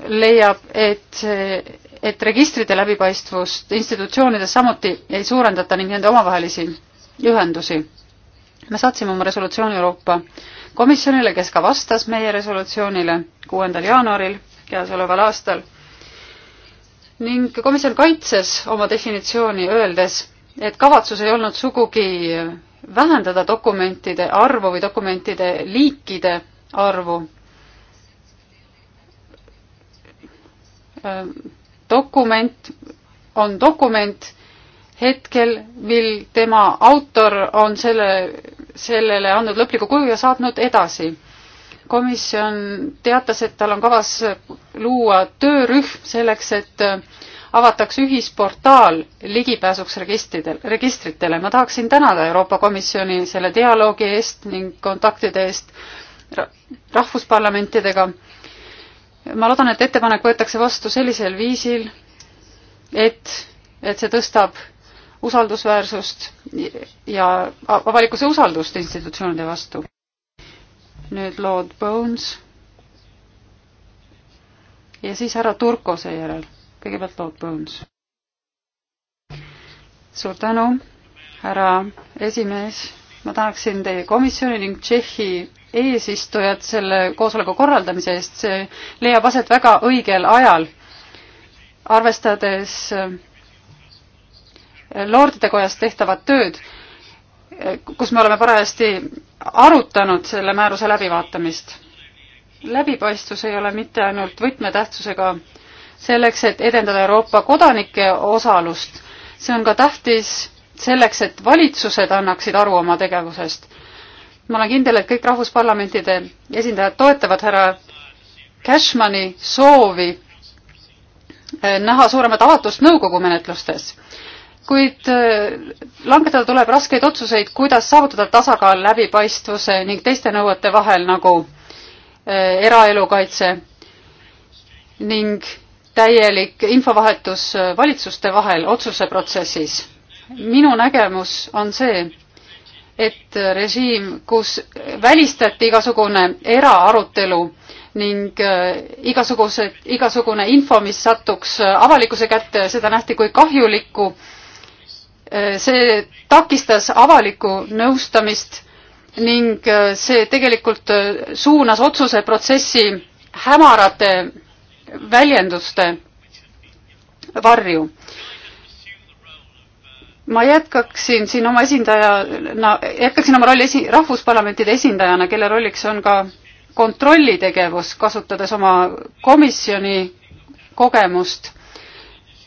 Speaker 3: leiab, et, äh, et registrite läbipaistvust institutsioonides samuti ei suurendata ning nende omavahelisi ühendusi. me saatsime oma resolutsiooni Euroopa Komisjonile, kes ka vastas meie resolutsioonile kuuendal jaanuaril käesoleval aastal ning komisjon kaitses oma definitsiooni, öeldes, et kavatsus ei olnud sugugi vähendada dokumentide arvu või dokumentide liikide arvu Äh, dokument on dokument hetkel, mil tema autor on selle, sellele andnud lõpliku kuju ja saatnud edasi. komisjon teatas, et tal on kavas luua töörühm selleks, et äh, avatakse ühisportaal ligipääsuks registridel, registritele. ma tahaksin tänada Euroopa Komisjoni selle dialoogi eest ning kontaktide eest rahvusparlamentidega ma loodan, et ettepanek võetakse vastu sellisel viisil, et, et see tõstab usaldusväärsust ja avalikkuse usaldust institutsioonide vastu. nüüd Lord Bones ja siis härra Turko seejärel. kõigepealt Lord Bones. suur tänu, härra esimees, ma tahaksin teie komisjoni ning Tšehhi eesistujat selle koosoleku korraldamise eest, see leiab aset väga õigel ajal, arvestades äh, Lordide Kojas tehtavat tööd, äh, kus me oleme parajasti arutanud selle määruse läbivaatamist. läbipaistvus ei ole mitte ainult võtmetähtsusega selleks, et edendada Euroopa kodanike osalust, see on ka tähtis selleks, et valitsused annaksid aru oma tegevusest ma olen kindel, et kõik rahvusparlamentide esindajad toetavad härra Cashmani soovi eh, näha suuremat avatust nõukogu menetlustes, kuid eh, langetada tuleb raskeid otsuseid, kuidas saavutada tasakaal läbipaistvuse ning teiste nõuete vahel, nagu eh, eraelu kaitse ning täielik infovahetus valitsuste vahel otsuseprotsessis. minu nägemus on see, et režiim, kus välistati igasugune eraarutelu ning äh, igasugused, igasugune info, mis satuks äh, avalikkuse kätte, seda nähti kui kahjulikku. Äh, see takistas avalikku nõustamist ning see tegelikult suunas otsuseprotsessi hämarate väljenduste varju ma jätkaksin siin oma esindajana no,, jätkaksin oma rolli esi-, rahvusparlamentide esindajana, kelle rolliks on ka kontrollitegevus, kasutades oma komisjoni kogemust.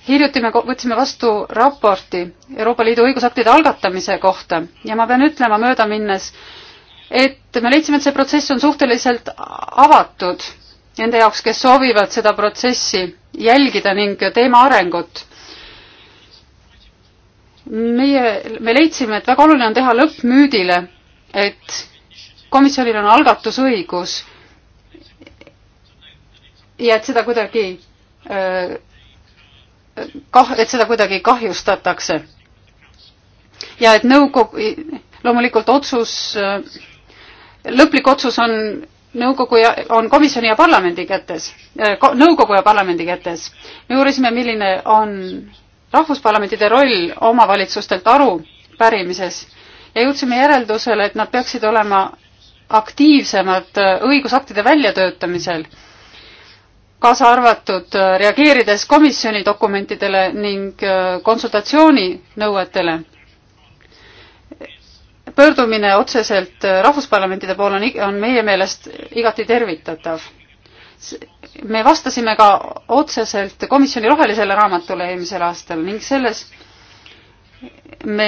Speaker 3: hiljuti me võtsime vastu raporti Euroopa Liidu õigusaktide algatamise kohta ja ma pean ütlema mööda minnes, et me leidsime, et see protsess on suhteliselt avatud nende jaoks, kes soovivad seda protsessi jälgida ning teema arengut meie, me leidsime, et väga oluline on teha lõpp müüdile, et komisjonil on algatusõigus ja et seda kuidagi äh, kah-, et seda kuidagi kahjustatakse. ja et nõukogu, loomulikult otsus, äh, lõplik otsus on nõukogu ja, on komisjoni ja parlamendi kätes, äh, nõukogu ja parlamendi kätes. me uurisime, milline on rahvusparlamentide roll omavalitsustelt arupärimises ja jõudsime järeldusele, et nad peaksid olema aktiivsemad äh, õigusaktide väljatöötamisel, kaasa arvatud äh, reageerides komisjoni dokumentidele ning äh, konsultatsiooninõuetele. pöördumine otseselt rahvusparlamentide poole on, on meie meelest igati tervitatav me vastasime ka otseselt komisjoni rohelisele raamatule eelmisel aastal ning selles me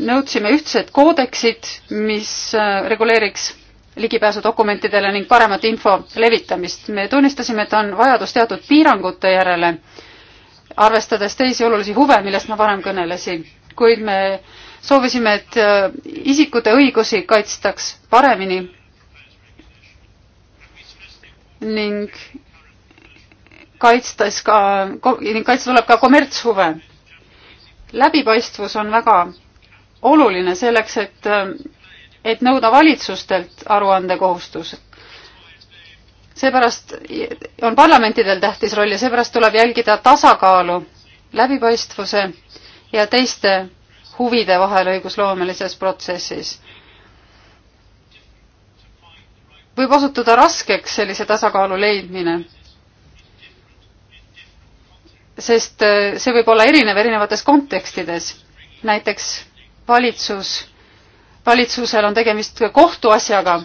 Speaker 3: nõudsime ühtset koodeksit, mis äh, reguleeriks ligipääsu dokumentidele ning paremat info levitamist. me tunnistasime, et on vajadus teatud piirangute järele, arvestades teisi olulisi huve, millest ma varem kõnelesin, kuid me soovisime, et äh, isikute õigusi kaitstaks paremini ning kaitstes ka, kaitsta tuleb ka kommertshuve. läbipaistvus on väga oluline selleks, et, et nõuda valitsustelt aruandekohustus. seepärast on parlamentidel tähtis roll ja seepärast tuleb jälgida tasakaalu läbipaistvuse ja teiste huvide vahel õigusloomelises protsessis. võib osutuda raskeks sellise tasakaalu leidmine sest äh, see võib olla erinev erinevates kontekstides. näiteks valitsus, valitsusel on tegemist kohtuasjaga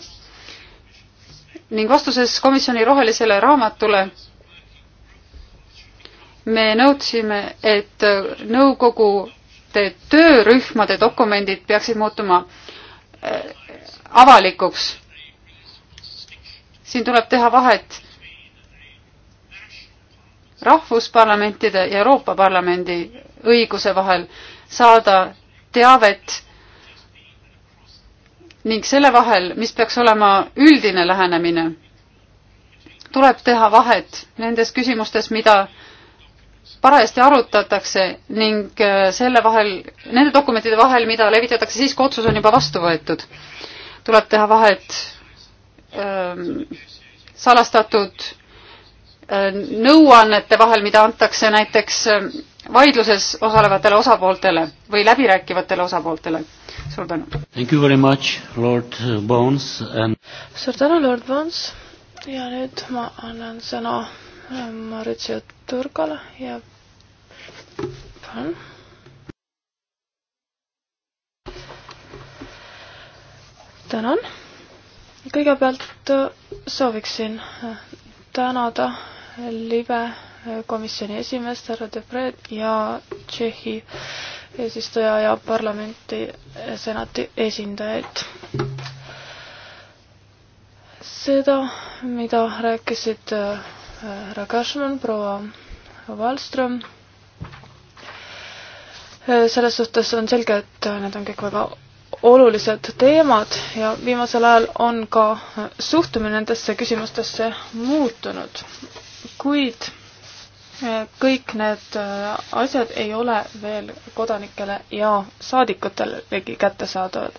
Speaker 3: ning vastuses komisjoni rohelisele raamatule me nõudsime, et nõukogude töörühmade dokumendid peaksid muutuma äh, avalikuks. siin tuleb teha vahet rahvusparlamentide ja Euroopa Parlamendi õiguse vahel saada teavet ning selle vahel, mis peaks olema üldine lähenemine, tuleb teha vahet nendes küsimustes, mida parajasti arutatakse ning äh, selle vahel, nende dokumentide vahel, mida levitatakse siis, kui otsus on juba vastu võetud. tuleb teha vahet öö, ähm, salastatud Äh, nõuannete vahel, mida antakse näiteks äh, vaidluses osalevatele osapooltele või läbirääkivatele osapooltele. suur tänu!
Speaker 2: And...
Speaker 4: suur tänu, Lord Bones ja nüüd ma annan sõna äh, Maritio Turgale ja palun. tänan. kõigepealt sooviksin tänada libe eh, komisjoni esimeest härra Debret ja Tšehhi eesistuja ja parlamenti eh, senati esindajaid. seda, mida rääkisid eh, härra Cashman, proua Wallström, selles suhtes on selge, et need on kõik väga olulised teemad ja viimasel ajal on ka suhtumine nendesse küsimustesse muutunud kuid eh, kõik need eh, asjad ei ole veel kodanikele ja saadikutelegi kättesaadavad.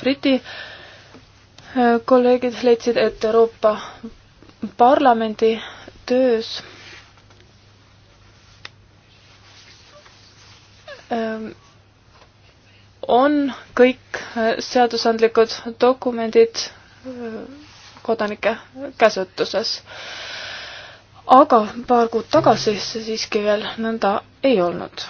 Speaker 4: Briti eh, kolleegid leidsid, et Euroopa Parlamendi töös on kõik seadusandlikud dokumendid kodanike käsutuses aga paar kuud tagasi see siiski veel nõnda ei olnud.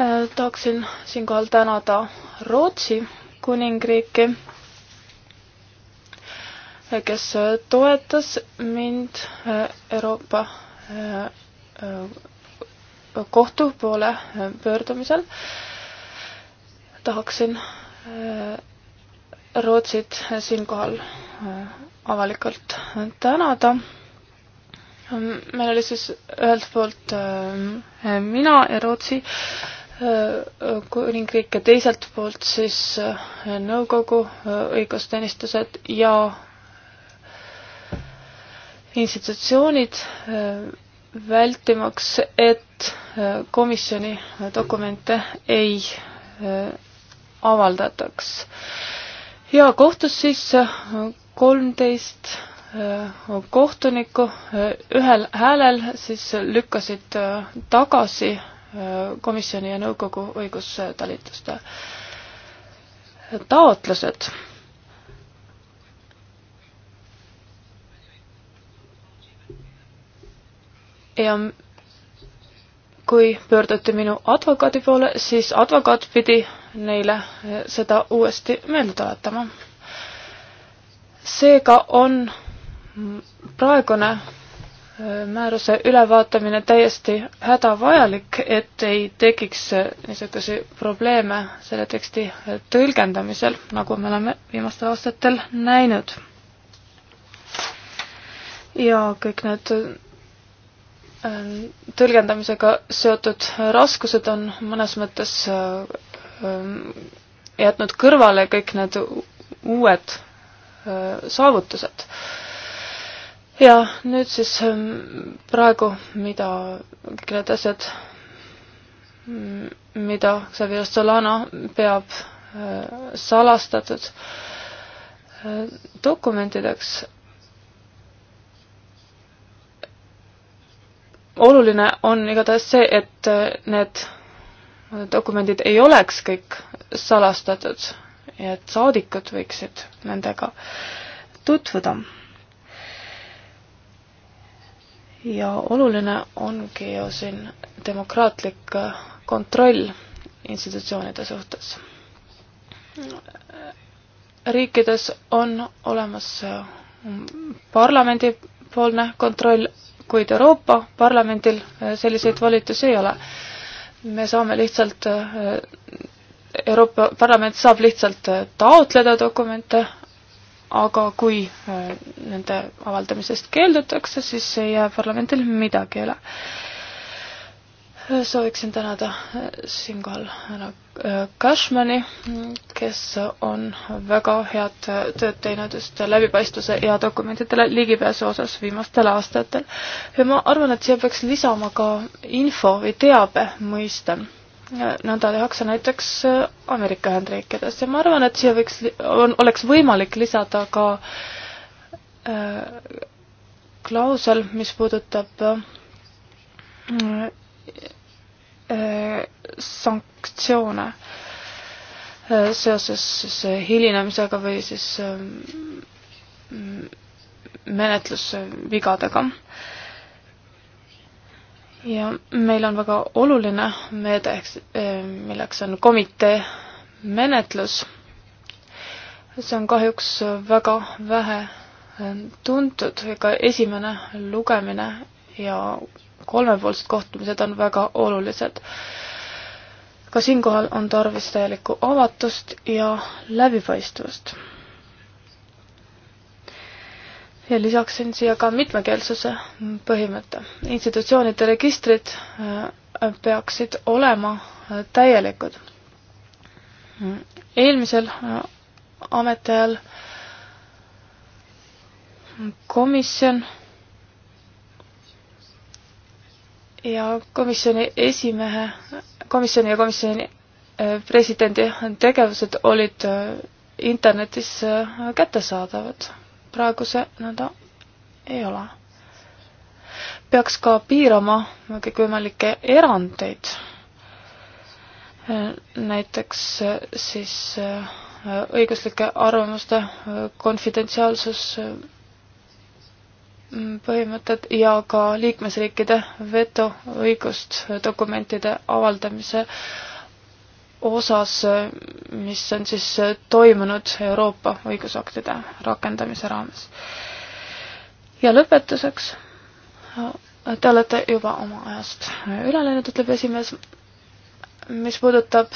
Speaker 4: Äh, tahaksin siinkohal tänada Rootsi kuningriiki, äh, kes äh, toetas mind Euroopa kohtu poole pöördumisel. tahaksin Rootsit siinkohal avalikult tänada. meil oli siis ühelt poolt äh, mina ja Rootsi äh, kuningriik ja teiselt poolt siis äh, nõukogu õigusteenistused ja institutsioonid vältimaks, et komisjoni dokumente ei avaldataks. ja kohtus siis kolmteist äh, kohtunikku äh, ühel häälel siis lükkasid äh, tagasi komisjoni ja nõukogu õigustalituste taotlused. ja kui pöörduti minu advokaadi poole, siis advokaat pidi neile seda uuesti meelde tuletama seega on praegune äh, määruse ülevaatamine täiesti hädavajalik, et ei tekiks äh, niisuguseid probleeme selle teksti äh, tõlgendamisel, nagu me oleme viimastel aastatel näinud. ja kõik need tõlgendamisega seotud raskused on mõnes mõttes jätnud kõrvale kõik need uued saavutused. ja nüüd siis praegu, mida kõik need asjad, mida Xavier Solana peab salastatud dokumentideks, oluline on igatahes see, et need dokumendid ei oleks kõik salastatud ja et saadikud võiksid nendega tutvuda. ja oluline ongi ju siin demokraatlik kontroll institutsioonide suhtes. riikides on olemas parlamendipoolne kontroll, kuid Euroopa Parlamendil selliseid volitusi ei ole. me saame lihtsalt Euroopa Parlament saab lihtsalt äh, taotleda dokumente, aga kui äh, nende avaldamisest keeldutakse, siis ei jää parlamendil midagi üle. Äh, sooviksin tänada siinkohal härra Cashmani, kes on väga head tööd teinud just läbipaistvuse ja dokumentidele ligipääsu osas viimastel aastatel. ja ma arvan, et siia peaks lisama ka info või teabe mõiste nõnda tehakse näiteks äh, Ameerika Ühendriikides ja ma arvan, et siia võiks, on, oleks võimalik lisada ka äh, klausel, mis puudutab äh, äh, sanktsioone äh, seoses siis äh, hilinemisega või siis äh, menetlusvigadega äh, ja meil on väga oluline meede, eks, milleks on komitee menetlus. see on kahjuks väga vähe tuntud, ega esimene lugemine ja kolmepoolsed kohtumised on väga olulised. ka siinkohal on tarvis täielikku avatust ja läbipaistvust ja lisaksin siia ka mitmekeelsuse põhimõtte. institutsioonide registrid äh, peaksid olema äh, täielikud. eelmisel äh, ametiajal komisjon ja komisjoni esimehe, komisjoni ja komisjoni presidendi tegevused olid internetis kättesaadavad praegu see nõnda ei ole. peaks ka piirama kõikvõimalikke erandeid. näiteks eh, siis eh, õiguslike arvamuste eh, konfidentsiaalsus mm, põhimõtted ja ka liikmesriikide vetoõigust dokumentide avaldamise osas, mis on siis toimunud Euroopa õigusaktide rakendamise raames. ja lõpetuseks, te olete juba oma ajast üle läinud, ütleb esimees, mis puudutab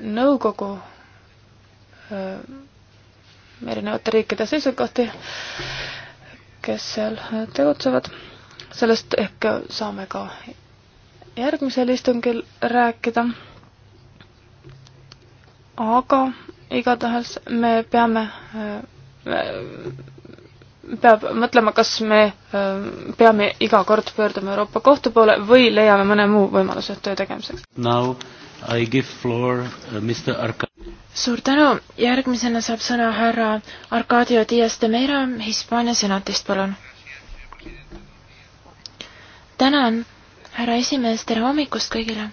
Speaker 4: nõukogu erinevate riikide seisukohti, kes seal tegutsevad, sellest ehk saame ka järgmisel istungil rääkida aga igatahes me peame äh, peab mõtlema, kas me äh, peame iga kord pöörduma Euroopa Kohtu poole või leiame mõne muu võimaluse töö tegemiseks.
Speaker 2: Uh,
Speaker 5: suur tänu, järgmisena saab sõna härra Arcadio Dias de Meira Hispaania senatist, palun. tänan, härra esimees, tere hommikust kõigile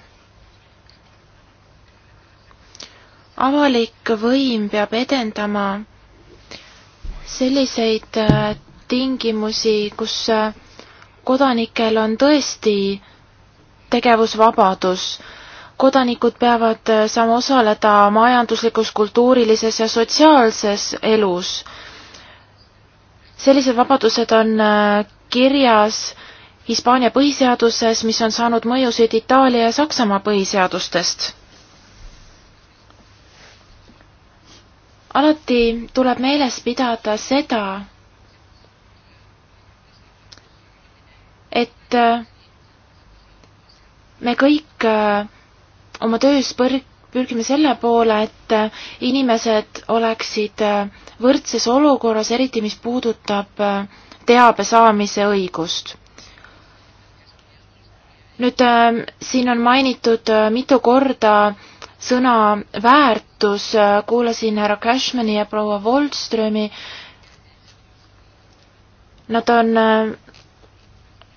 Speaker 5: avalik võim peab edendama selliseid äh, tingimusi, kus äh, kodanikel on tõesti tegevusvabadus. kodanikud peavad äh, saama osaleda majanduslikus, kultuurilises ja sotsiaalses elus. sellised vabadused on kirjas Hispaania põhiseaduses, mis on saanud mõjusid Itaalia ja Saksamaa põhiseadustest alati tuleb meeles pidada seda, et äh, me kõik äh, oma töös põr-, pürgime selle poole, et äh, inimesed oleksid võrdses olukorras, eriti mis puudutab teabe saamise õigust. nüüd siin on mainitud mitu korda äh, sõna väärtus, kuulasin härra Cashmani ja proua Woldströmi. Nad on äh,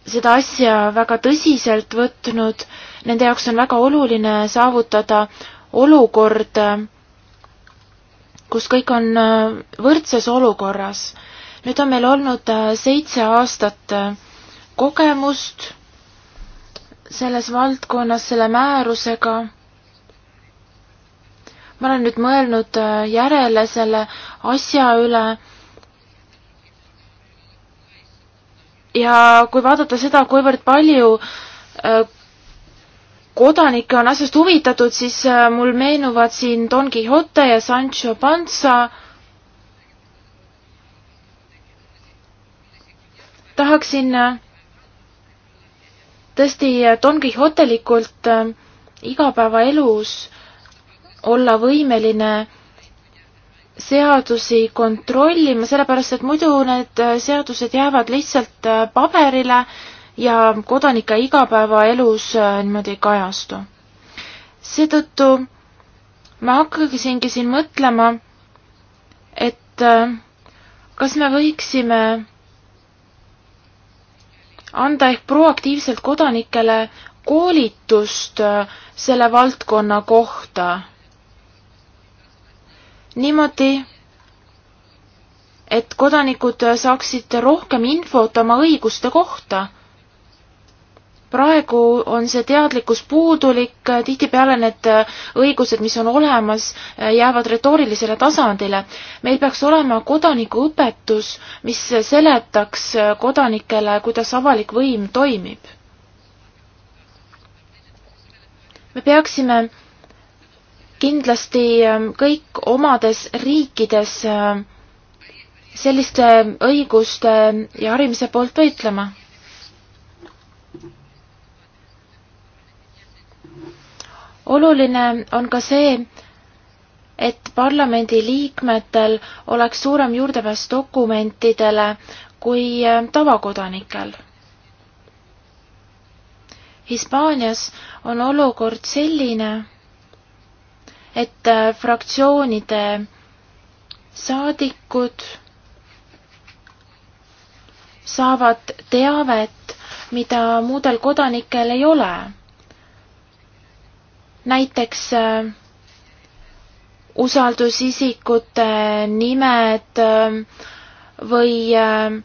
Speaker 5: seda asja väga tõsiselt võtnud, nende jaoks on väga oluline saavutada olukord, äh, kus kõik on äh, võrdses olukorras. nüüd on meil olnud seitse aastat kogemust selles valdkonnas selle määrusega ma olen nüüd mõelnud äh, järele selle asja üle. ja kui vaadata seda, kuivõrd palju äh, kodanikke on asjast huvitatud, siis äh, mul meenuvad siin Don Quixote ja Sancho Panza. tahaksin tõesti Don Quixotelikult igapäevaelus olla võimeline seadusi kontrollima, sellepärast et muidu need äh, seadused jäävad lihtsalt äh, paberile ja kodanike igapäevaelus äh, niimoodi ei kajastu. seetõttu ma hakkasingi siin mõtlema, et kas me võiksime anda ehk proaktiivselt kodanikele koolitust selle valdkonna kohta niimoodi, et kodanikud saaksid rohkem infot oma õiguste kohta. praegu on see teadlikkus puudulik, tihtipeale need õigused, mis on olemas, jäävad retoorilisele tasandile. meil peaks olema kodanikuõpetus, mis seletaks kodanikele, kuidas avalik võim toimib. me peaksime kindlasti ähm, kõik omades riikides ähm, selliste õiguste ja harimise poolt võitlema. oluline on ka see, et parlamendi liikmetel oleks suurem juurdepääs dokumentidele kui ähm, tavakodanikel. Hispaanias on olukord selline, et äh, fraktsioonide saadikud saavad teavet, mida muudel kodanikel ei ole. näiteks äh, usaldusisikute nimed äh, või äh,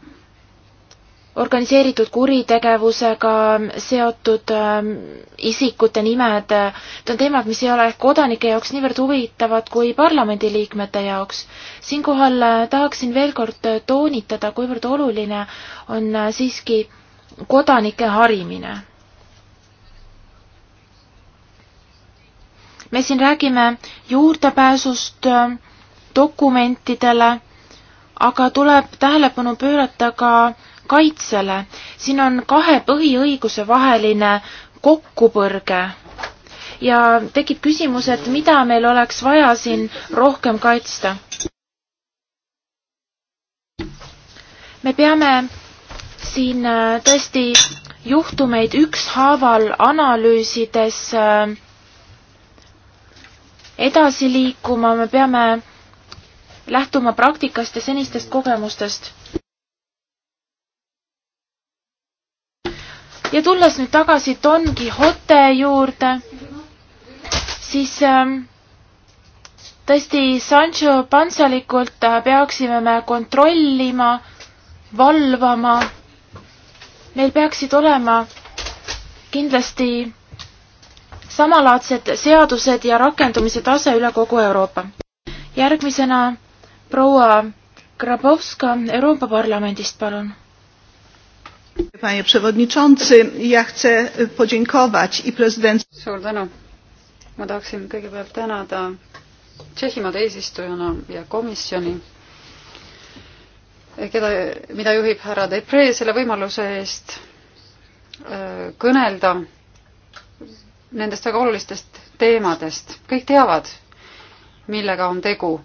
Speaker 5: organiseeritud kuritegevusega seotud ähm, isikute nimed, need on teemad, mis ei ole ehk kodanike jaoks niivõrd huvitavad kui parlamendiliikmete jaoks. siinkohal äh, tahaksin veel kord äh, toonitada, kuivõrd oluline on äh, siiski kodanike harimine. me siin räägime juurdepääsust dokumentidele, aga tuleb tähelepanu pöörata ka kaitsele. siin on kahe põhiõiguse vaheline kokkupõrge ja tekib küsimus, et mida meil oleks vaja siin rohkem kaitsta. me peame siin äh, tõesti juhtumeid ükshaaval analüüsides äh, edasi liikuma, me peame lähtuma praktikast ja senistest kogemustest. ja tulles nüüd tagasi Don Quixote juurde, siis ähm, tõesti Sancho pantsalikult äh, peaksime me kontrollima, valvama. meil peaksid olema kindlasti samalaadsed seadused ja rakendumise tase üle kogu Euroopa. järgmisena proua Grabowska Euroopa Parlamendist, palun
Speaker 3: Panie przewodniczący, ja chcę podziękować i prezydent. suur tänu. ma tahaksin kõigepealt tänada Tšehhimaad eesistujana ja komisjoni, keda, mida juhib härra Depre selle võimaluse eest äh, kõnelda nendest väga olulistest teemadest. kõik teavad, millega on tegu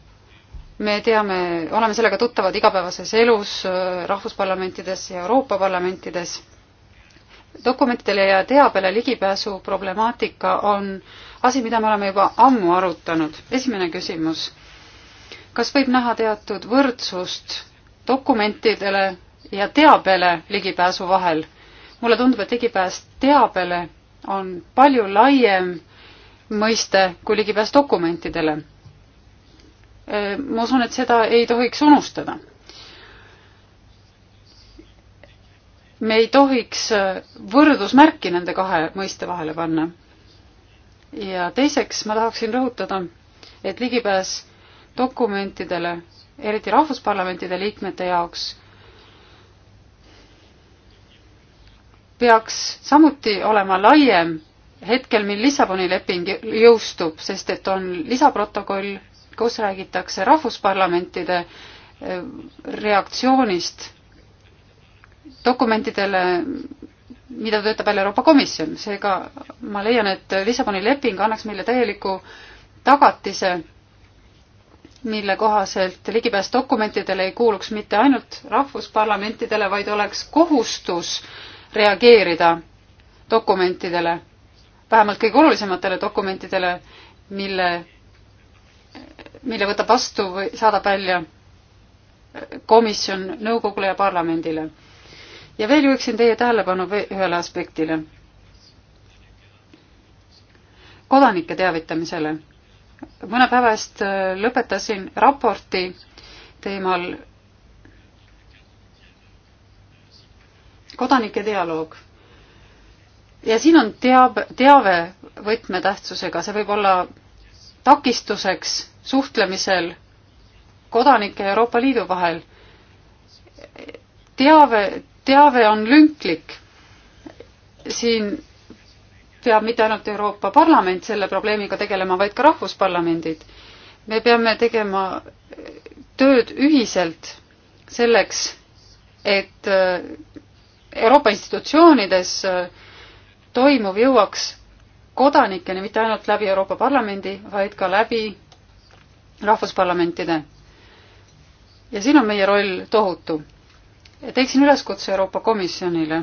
Speaker 3: me teame, oleme sellega tuttavad igapäevases elus äh, rahvusparlamentides ja Euroopa parlamentides. dokumentidele ja teabele ligipääsu problemaatika on asi, mida me oleme juba ammu arutanud. esimene küsimus. kas võib näha teatud võrdsust dokumentidele ja teabele ligipääsu vahel? mulle tundub, et ligipääs teabele on palju laiem mõiste kui ligipääs dokumentidele ma usun, et seda ei tohiks unustada. me ei tohiks võrdusmärki nende kahe mõiste vahele panna. ja teiseks ma tahaksin rõhutada, et ligipääs dokumentidele, eriti rahvusparlamentide liikmete jaoks, peaks samuti olema laiem hetkel, mil Lissaboni leping jõustub, sest et on lisaprotokoll kus räägitakse rahvusparlamentide eh, reaktsioonist dokumentidele, mida töötab välja Euroopa Komisjon. seega ma leian, et Lissaboni leping annaks meile täieliku tagatise, mille kohaselt ligipääs dokumentidele ei kuuluks mitte ainult rahvusparlamentidele, vaid oleks kohustus reageerida dokumentidele, vähemalt kõige olulisematele dokumentidele, mille mille võtab vastu või saadab välja komisjon nõukogule ja parlamendile. ja veel juhiksin teie tähelepanu ühele aspektile. kodanike teavitamisele. mõne päeva eest äh, lõpetasin raporti teemal kodanike dialoog. ja siin on teab, teave võtmetähtsusega, see võib olla takistuseks suhtlemisel kodanike ja Euroopa Liidu vahel. teave, teave on lünklik. siin peab mitte ainult Euroopa Parlament selle probleemiga tegelema, vaid ka rahvusparlamendid. me peame tegema tööd ühiselt selleks, et äh, Euroopa institutsioonides äh, toimuv jõuaks kodanikeni mitte ainult läbi Euroopa Parlamendi, vaid ka läbi rahvusparlamentide. ja siin on meie roll tohutu. teeksin üleskutse Euroopa Komisjonile.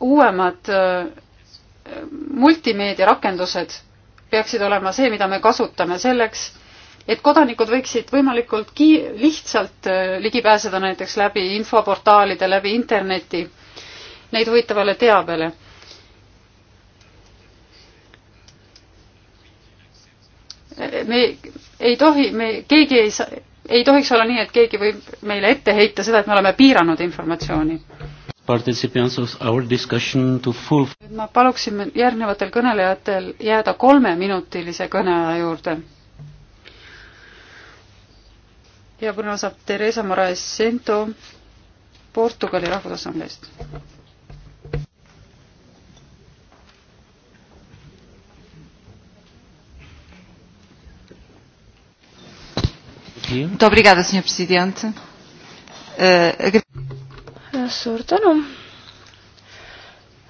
Speaker 3: uuemad äh, multimeediarakendused peaksid olema see, mida me kasutame selleks, et kodanikud võiksid võimalikult ki-, lihtsalt äh, ligi pääseda näiteks läbi infoportaalide, läbi interneti neid huvitavale teabele me ei tohi, me, keegi ei saa, ei tohiks olla nii, et keegi võib meile ette heita seda, et me oleme piiranud informatsiooni. ma paluksin järgnevatel kõnelejatel jääda kolmeminutilise kõneaja juurde. ja kuna saab Theresa Moraes Sento Portugali Rahvusassambleest. Muito obrigada, senhor presidente. Uh,
Speaker 4: suur tänu.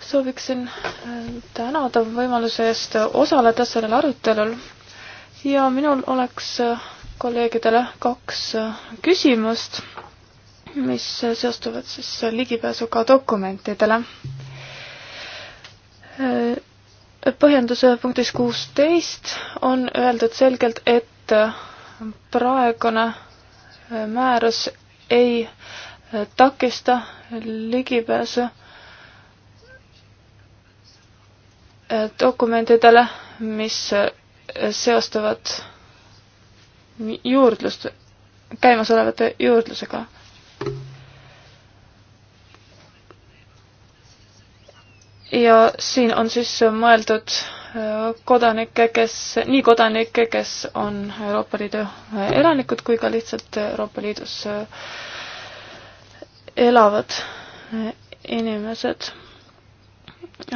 Speaker 4: sooviksin eh, tänada võimaluse eest osaleda sellel arutelul ja minul oleks eh, kolleegidele kaks küsimust, mis seostuvad siis ligipääsuga dokumentidele. põhjenduse punktis kuusteist on öeldud selgelt, et praegune määrus ei takista ligipääsu dokumentidele, mis seostuvad juurdlust, käimasolevate juurdlusega. ja siin on siis mõeldud kodanikke, kes, nii kodanikke, kes on Euroopa Liidu elanikud kui ka lihtsalt Euroopa Liidus äh, elavad äh, inimesed.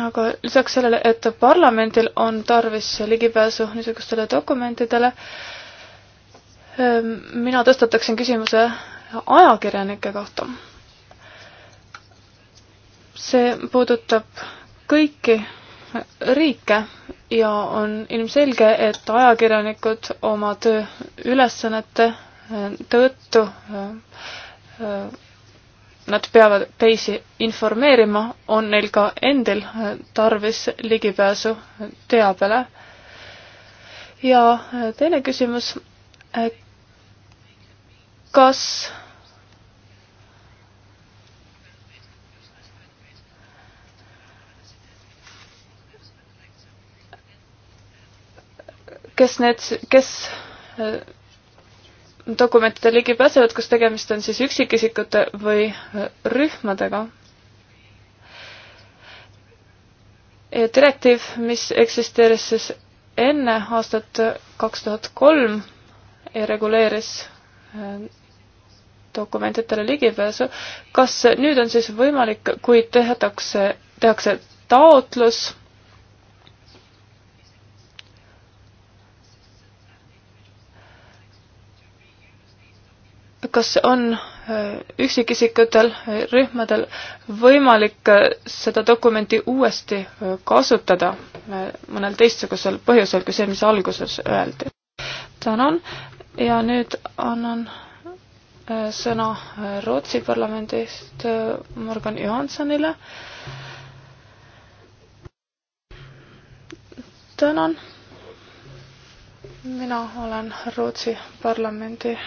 Speaker 4: aga lisaks sellele, et parlamendil on tarvis ligipääsu niisugustele dokumentidele, äh, mina tõstataksin küsimuse ajakirjanike kohta. see puudutab kõiki riike ja on ilmselge, et ajakirjanikud oma töö ülesannete äh, tõttu äh, äh, nad peavad teisi informeerima, on neil ka endil tarvis ligipääsu teabele. ja teine küsimus, kas kes need, kes äh, dokumentide ligi pääsevad, kas tegemist on siis üksikisikute või äh, rühmadega. direktiiv, mis eksisteeris siis enne aastat äh, kaks tuhat kolm ja reguleeris dokumentidele ligipääsu, kas nüüd on siis võimalik, kui tehatakse, tehakse taotlus kas on äh, üksikisikutel, äh, rühmadel võimalik äh, seda dokumenti uuesti kasutada mõnel teistsugusel põhjusel kui see, mis alguses öeldi. tänan ja nüüd annan sõna Rootsi parlamendist Morgan Johansonile. tänan. mina olen Rootsi parlamendi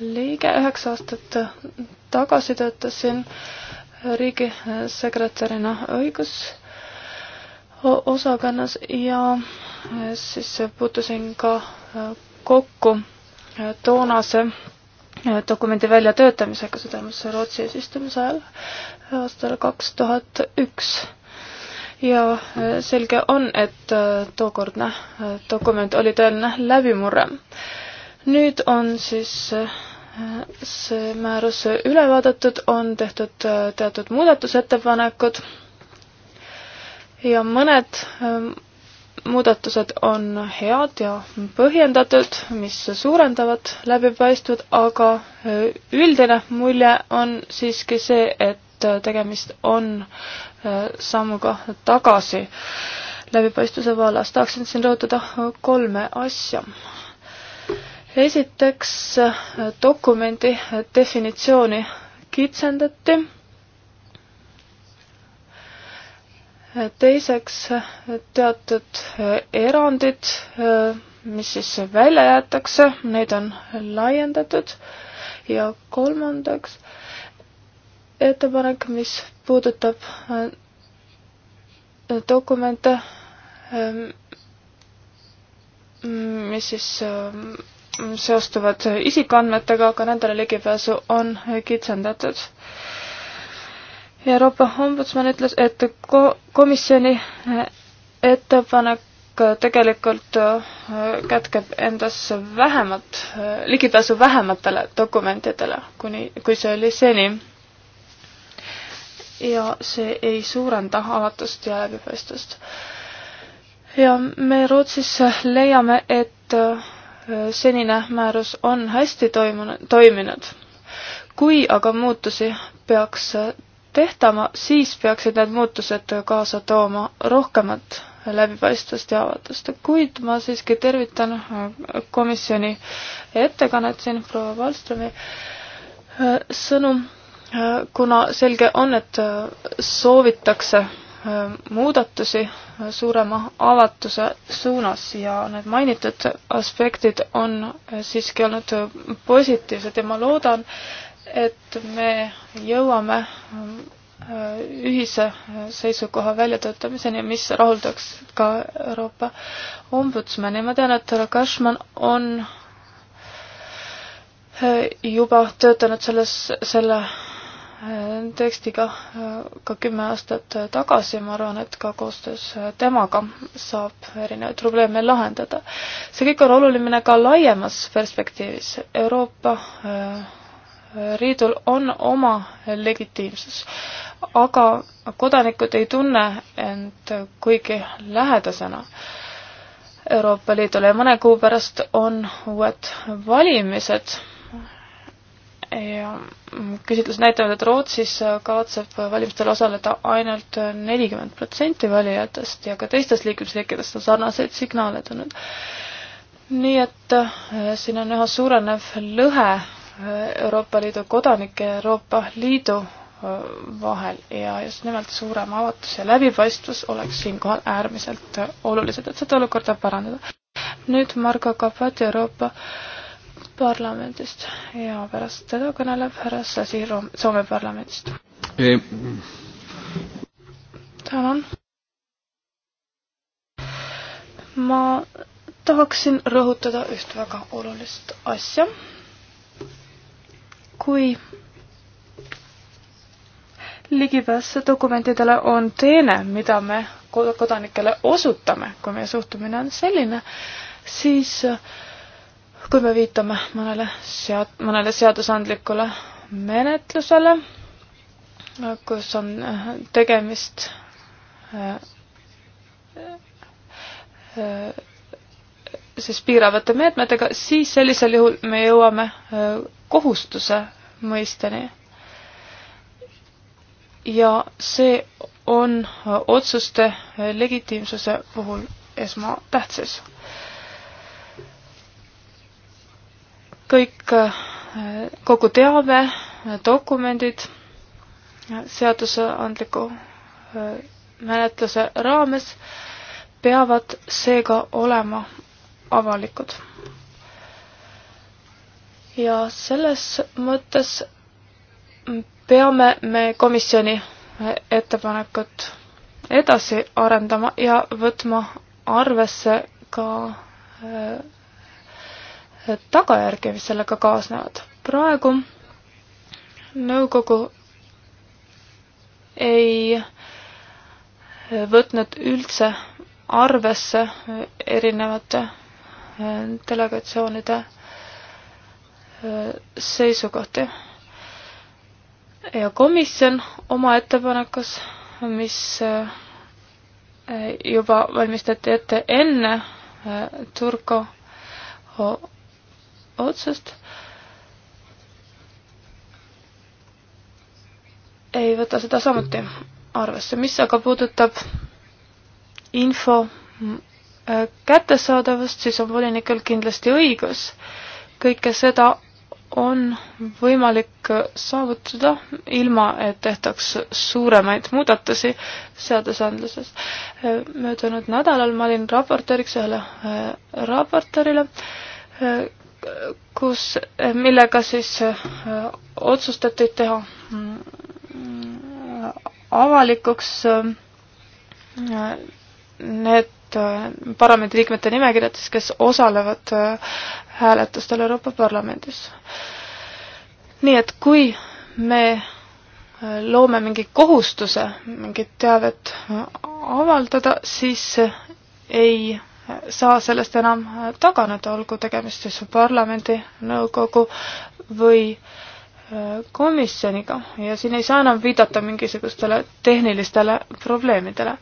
Speaker 4: liige, üheksa aastat tagasi töötasin riigisekretärina õigus osakonnas ja eh, siis puutusin ka eh, kokku eh, toonase dokumendi väljatöötamisega, see toimus Rootsi eesistumise ajal aastal kaks tuhat üks. ja selge on, et tookordne dokument oli tõeline läbimurre nüüd on siis äh, see määrus üle vaadatud, on tehtud äh, teatud muudatusettepanekud ja mõned ähm, muudatused on head ja põhjendatud, mis suurendavad läbipaistvat, aga äh, üldine mulje on siiski see, et tegemist on sammuga tagasi läbipaistvuse vallas. tahaksin siin rõhutada kolme asja esiteks dokumendi definitsiooni kitsendati. teiseks teatud erandid, mis siis välja jäetakse, neid on laiendatud ja kolmandaks ettepanek, mis puudutab äh, dokumente, äh, mis siis äh, seostuvad isikuandmetega, aga nendele ligipääsu on kitsendatud. Euroopa ombudsman ütles, et ko-, komisjoni eh, ettepanek tegelikult eh, kätkeb endas vähemat, eh, ligipääsu vähematele dokumentidele, kuni, kui see oli seni. ja see ei suurenda avatust ja läbipaistvust. ja me Rootsis leiame, et Äh, senine määrus on hästi toimunud, toiminud. kui aga muutusi peaks äh, tehtama, siis peaksid need muutused äh, kaasa tooma rohkemat läbipaistvust ja avaldust, kuid ma siiski tervitan komisjoni ettekannet siin, proua Wallströmi sõnum, kuna selge on, et soovitakse muudatusi suurema avatuse suunas ja need mainitud aspektid on siiski olnud positiivsed ja ma loodan, et me jõuame äh, ühise seisukoha väljatöötamiseni, mis rahuldaks ka Euroopa ombudsmani. ma tean, et härra Cashman on äh, juba töötanud selles, selle Äh, tekstiga äh, ka kümme aastat äh, tagasi, ma arvan, et ka koostöös temaga saab erinevaid probleeme lahendada. see kõik on oluline ka laiemas perspektiivis. Euroopa Liidul on oma legitiimsus, aga kodanikud ei tunne end kuigi lähedasena Euroopa Liidule ja mõne kuu pärast on uued valimised ja mm, küsitlused näitavad, et Rootsis äh, kavatseb äh, valimistel osaleda ainult äh, nelikümmend protsenti valijatest ja ka teistes liikmesriikides on sarnaseid signaale tulnud. nii et siin on üha suurenev lõhe Euroopa Liidu kodanike ja Euroopa Liidu vahel ja just nimelt suurem avatus ja läbipaistvus oleks siinkohal äärmiselt olulised, et seda olukorda parandada. nüüd Margo Kapati Euroopa äh, parlamendist ja pärast teda kõneleb härra Sasi Soome parlamendist. tänan. ma tahaksin rõhutada üht väga olulist asja. kui ligipääs dokumentidele on teene, mida me kodanikele osutame, kui meie suhtumine on selline, siis äh, kui me viitame mõnele sead-, mõnele seadusandlikule menetlusele, kus on äh, tegemist äh, äh, siis piiravate meetmetega, siis sellisel juhul me jõuame kohustuse mõisteni. ja see on otsuste legitiimsuse puhul esmatähtis kõik, äh, kogu teave, dokumendid seadusandliku äh, menetluse raames peavad seega olema avalikud. ja selles mõttes peame me komisjoni äh, ettepanekut edasi arendama ja võtma arvesse ka tagajärgi, mis sellega kaasnevad. praegu nõukogu ei võtnud üldse arvesse erinevate äh, delegatsioonide äh, seisukohti. ja komisjon oma ettepanekus, mis äh, juba valmistati ette enne Turko otsust ei võta seda samuti arvesse, mis aga puudutab info äh, kättesaadavust, siis on volinikel kindlasti õigus. kõike seda on võimalik saavutada ilma, et tehtaks suuremaid muudatusi seadusandluses. Äh, möödunud nädalal ma olin raportööriks ühele äh, raportöörile, kus, millega siis äh, otsustati teha mm, avalikuks äh, need äh, parlamendiliikmete nimekirjad siis, kes osalevad hääletustel Euroopa Parlamendis. nii et kui me loome mingi kohustuse mingit teavet avaldada, siis ei saa sellest enam taganeda, olgu tegemist siis parlamendi, nõukogu või äh, komisjoniga ja siin ei saa enam viidata mingisugustele tehnilistele probleemidele.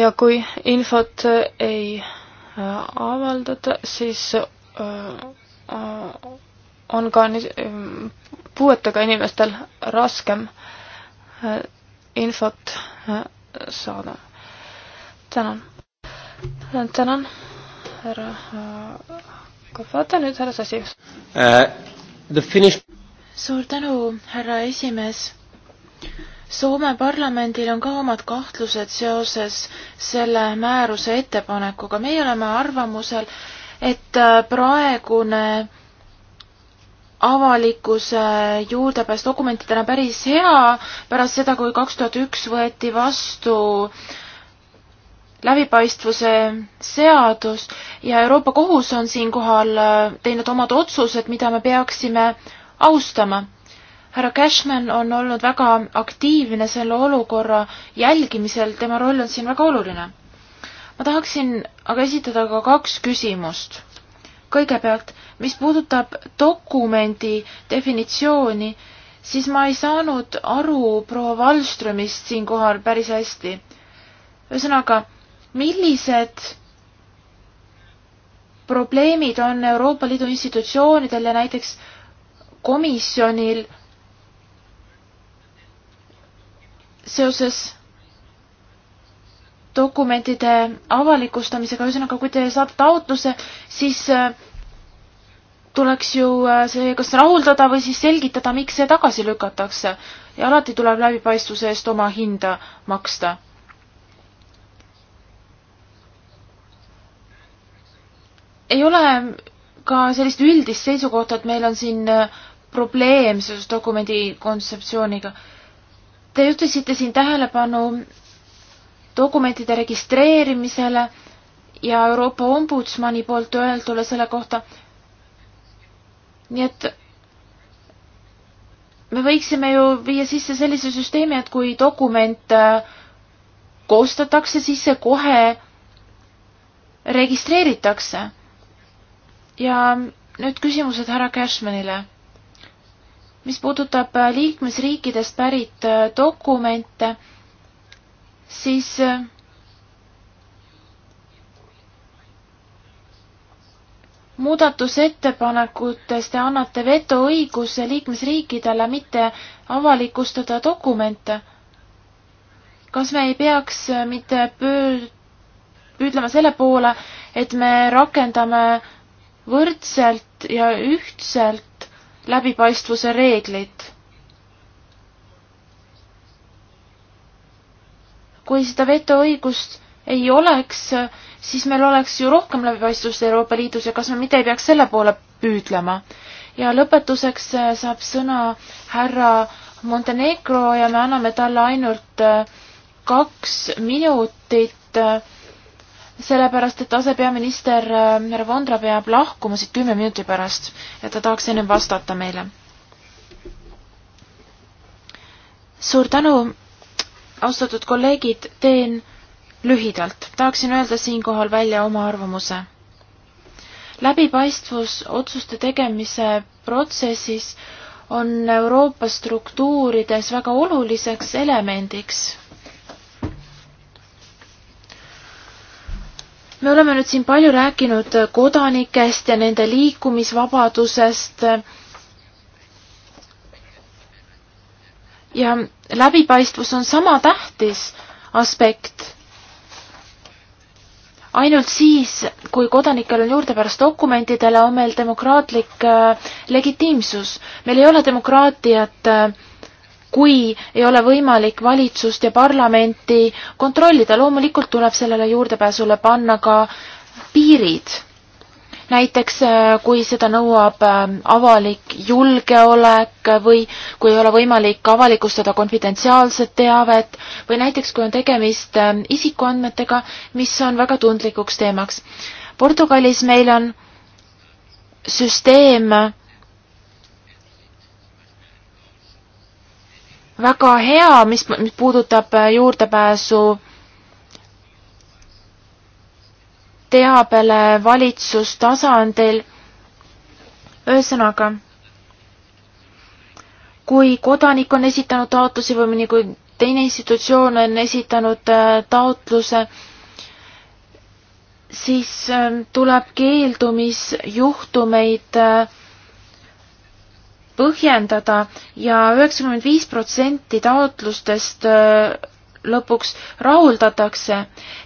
Speaker 4: ja kui infot ei äh, avaldata, siis äh, on ka puuetega inimestel raskem äh, infot äh, saada. tänan.
Speaker 5: tänan, härra äh, Kofata, nüüd härra Sassi
Speaker 2: uh,. Finish...
Speaker 5: suur tänu, härra esimees. Soome parlamendil on ka omad kahtlused seoses selle määruse ettepanekuga. meie oleme arvamusel, et praegune äh, avalikkuse juurdepääs dokumentidele päris hea pärast seda, kui kaks tuhat üks võeti vastu läbipaistvuse seadus ja Euroopa Kohus on siinkohal äh, teinud omad otsused, mida me peaksime austama. härra Cashman on olnud väga aktiivne selle olukorra jälgimisel, tema roll on siin väga oluline. ma tahaksin aga esitada ka kaks küsimust kõigepealt, mis puudutab dokumendi definitsiooni, siis ma ei saanud aru proua Wallströmist siinkohal päris hästi. ühesõnaga, millised probleemid on Euroopa Liidu institutsioonidel ja näiteks komisjonil seoses dokumentide avalikustamisega, ühesõnaga, kui te saate taotluse, siis äh, tuleks ju äh, see kas rahuldada või siis selgitada, miks see tagasi lükatakse ja alati tuleb läbipaistvuse eest oma hinda maksta. ei ole ka sellist üldist seisukohta, et meil on siin äh, probleem seoses dokumendi kontseptsiooniga. Te juhtisite siin tähelepanu dokumentide registreerimisele ja Euroopa Ombudsmani poolt öeldule selle kohta. nii et me võiksime ju viia sisse sellise süsteemi, et kui dokument äh, koostatakse, siis see kohe registreeritakse. ja nüüd küsimused härra Cashmanile. mis puudutab äh, liikmesriikidest pärit äh, dokumente siis äh, muudatusettepanekutes te annate vetoõiguse liikmesriikidele mitte avalikustada dokumente. kas me ei peaks äh, mitte pöör-, püüdlema selle poole, et me rakendame võrdselt ja ühtselt läbipaistvuse reeglit? kui seda vetoõigust ei oleks, siis meil oleks ju rohkem läbipaistvust Euroopa Liidus ja kas me mitte ei peaks selle poole püüdlema. ja lõpetuseks äh, saab sõna härra Montenegro ja me anname talle ainult äh, kaks minutit, äh, sellepärast et asepeaminister härra Vondra peab lahkuma siit kümne minuti pärast ja ta tahaks ennem vastata meile. suur tänu, austatud kolleegid, teen lühidalt. tahaksin öelda siinkohal välja oma arvamuse. läbipaistvus otsuste tegemise protsessis on Euroopa struktuurides väga oluliseks elemendiks. me oleme nüüd siin palju rääkinud kodanikest ja nende liikumisvabadusest ja läbipaistvus on sama tähtis aspekt. ainult siis, kui kodanikel on juurdepääs dokumentidele, on meil demokraatlik äh, legitiimsus. meil ei ole demokraatiat äh, kui ei ole võimalik valitsust ja parlamenti kontrollida, loomulikult tuleb sellele juurdepääsule panna ka piirid näiteks äh, kui seda nõuab ähm, avalik julgeolek või kui ei ole võimalik avalikustada konfidentsiaalset teavet või näiteks kui on tegemist ähm, isikuandmetega, mis on väga tundlikuks teemaks. Portugalis meil on süsteem väga hea, mis puudutab äh, juurdepääsu teabele valitsustasandil. ühesõnaga, kui kodanik on esitanud taotlusi või mõni kui teine institutsioon on esitanud äh, taotluse, siis ähm, tuleb keeldumisjuhtumeid äh, põhjendada ja üheksakümmend viis protsenti taotlustest äh, lõpuks rahuldatakse,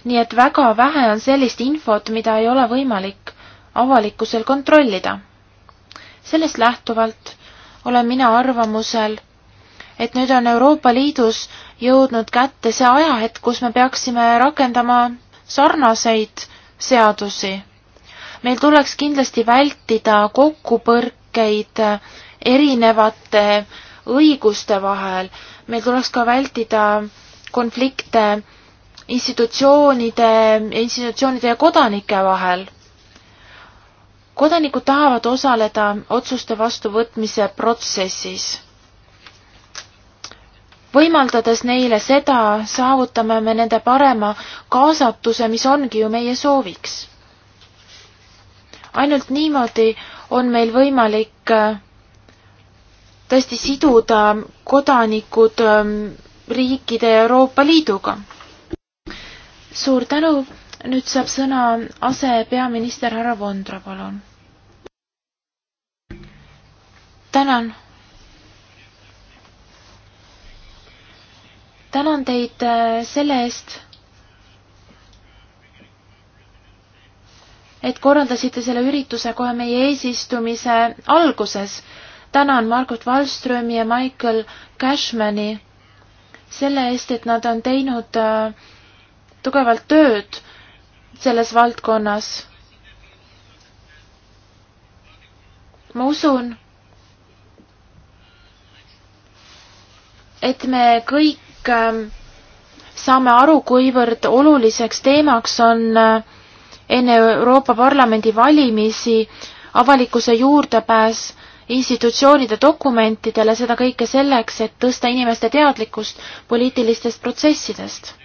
Speaker 5: nii et väga vähe on sellist infot, mida ei ole võimalik avalikkusel kontrollida. sellest lähtuvalt olen mina arvamusel, et nüüd on Euroopa Liidus jõudnud kätte see ajahetk, kus me peaksime rakendama sarnaseid seadusi. meil tuleks kindlasti vältida kokkupõrkeid erinevate õiguste vahel, meil tuleks ka vältida äh, konflikte institutsioonide, institutsioonide ja kodanike vahel. kodanikud tahavad osaleda otsuste vastuvõtmise protsessis. võimaldades neile seda, saavutame me nende parema kaasatuse, mis ongi ju meie sooviks. ainult niimoodi on meil võimalik äh, tõesti siduda kodanikud ähm, riikide Euroopa Liiduga. suur tänu, nüüd saab sõna asepeaminister härra Vondra, palun. tänan. tänan teid äh, selle eest, et korraldasite selle ürituse kohe meie eesistumise alguses. tänan Margot Wallströmi ja Michael Cashmani selle eest, et nad on teinud äh, tugevalt tööd selles valdkonnas. ma usun, et me kõik ähm, saame aru, kuivõrd oluliseks teemaks on äh, enne Euroopa Parlamendi valimisi avalikkuse juurdepääs institutsioonide dokumentidele, seda kõike selleks, et tõsta inimeste teadlikkust poliitilistest protsessidest.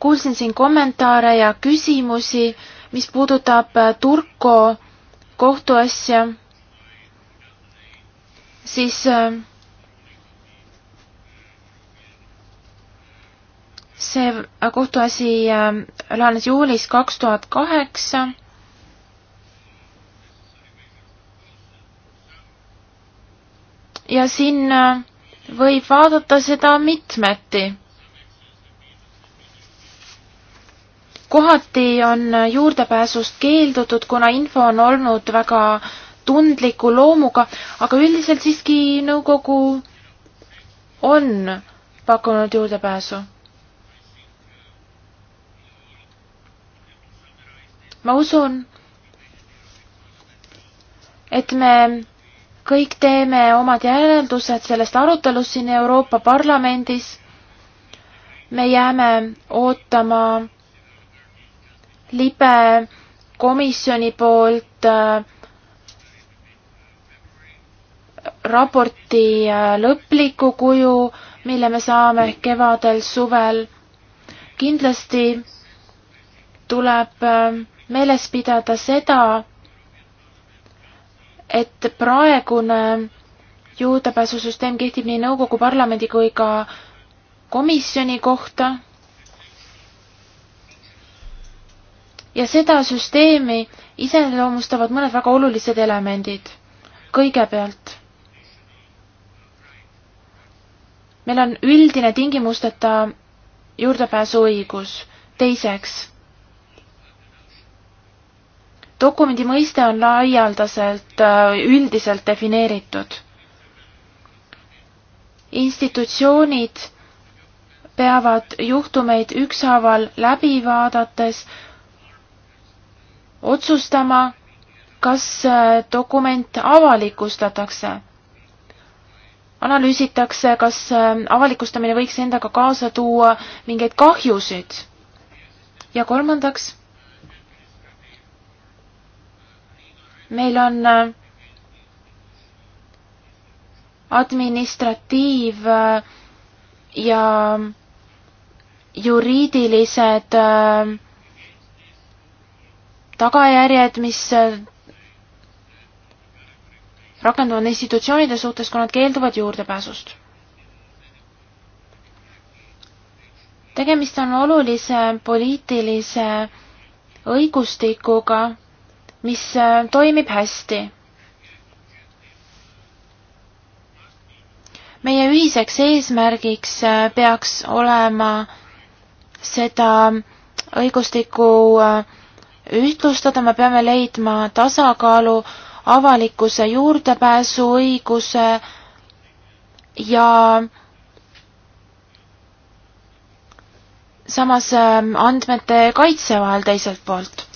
Speaker 5: kuulsin siin kommentaare ja küsimusi, mis puudutab äh, Turko kohtuasja, siis äh, see kohtuasi äh, lahenes juulis kaks tuhat kaheksa ja sinna võib vaadata seda mitmeti. kohati on juurdepääsust keeldutud, kuna info on olnud väga tundliku loomuga, aga üldiselt siiski nõukogu on pakkunud juurdepääsu. ma usun, et me kõik teeme omad järeldused sellest arutelust siin Euroopa Parlamendis. me jääme ootama libe komisjoni poolt äh, raporti äh, lõplikku kuju, mille me saame kevadel-suvel. kindlasti tuleb äh, meeles pidada seda, et praegune juurdepääsusüsteem kehtib nii nõukogu parlamendi kui ka komisjoni kohta. ja seda süsteemi iseloomustavad mõned väga olulised elemendid. kõigepealt, meil on üldine tingimusteta juurdepääsuõigus. teiseks dokumendi mõiste on laialdaselt äh, üldiselt defineeritud. institutsioonid peavad juhtumeid ükshaaval läbi vaadates otsustama, kas äh, dokument avalikustatakse. analüüsitakse, kas äh, avalikustamine võiks endaga kaasa tuua mingeid kahjusid. ja kolmandaks meil on äh, administratiiv äh, ja juriidilised äh, tagajärjed, mis rakenduvad institutsioonide suhtes, kui nad keelduvad juurdepääsust. tegemist on olulise poliitilise õigustikuga mis äh, toimib hästi. meie ühiseks eesmärgiks äh, peaks olema seda õigustikku äh, ühtlustada, me peame leidma tasakaalu avalikkuse juurdepääsuõiguse ja samas andmete kaitse vahel teiselt poolt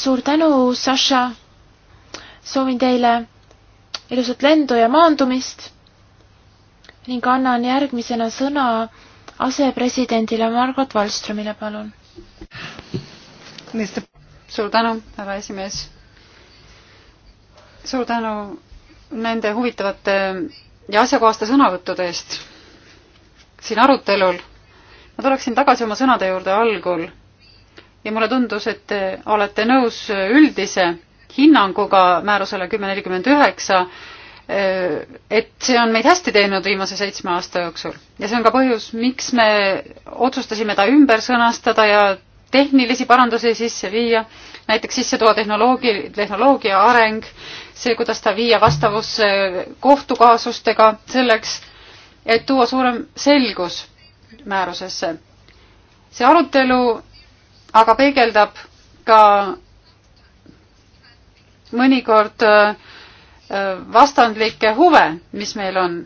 Speaker 5: suur tänu, Saša. soovin teile ilusat lendu ja maandumist ning annan järgmisena sõna asepresidendile Margot Wallströmile, palun.
Speaker 3: suur tänu, härra esimees. suur tänu nende huvitavate ja asjakohaste sõnavõttude eest siin arutelul. ma tuleksin tagasi oma sõnade juurde algul ja mulle tundus, et te olete nõus üldise hinnanguga määrusele kümme nelikümmend üheksa, et see on meid hästi teinud viimase seitsme aasta jooksul ja see on ka põhjus, miks me otsustasime ta ümber sõnastada ja tehnilisi parandusi sisse viia, näiteks sisse tuua tehnoloogi, tehnoloogia areng, see, kuidas ta viia vastavusse kohtukaasustega selleks, et tuua suurem selgus määrusesse. see arutelu aga peegeldab ka mõnikord äh, vastandlikke huve, mis meil on.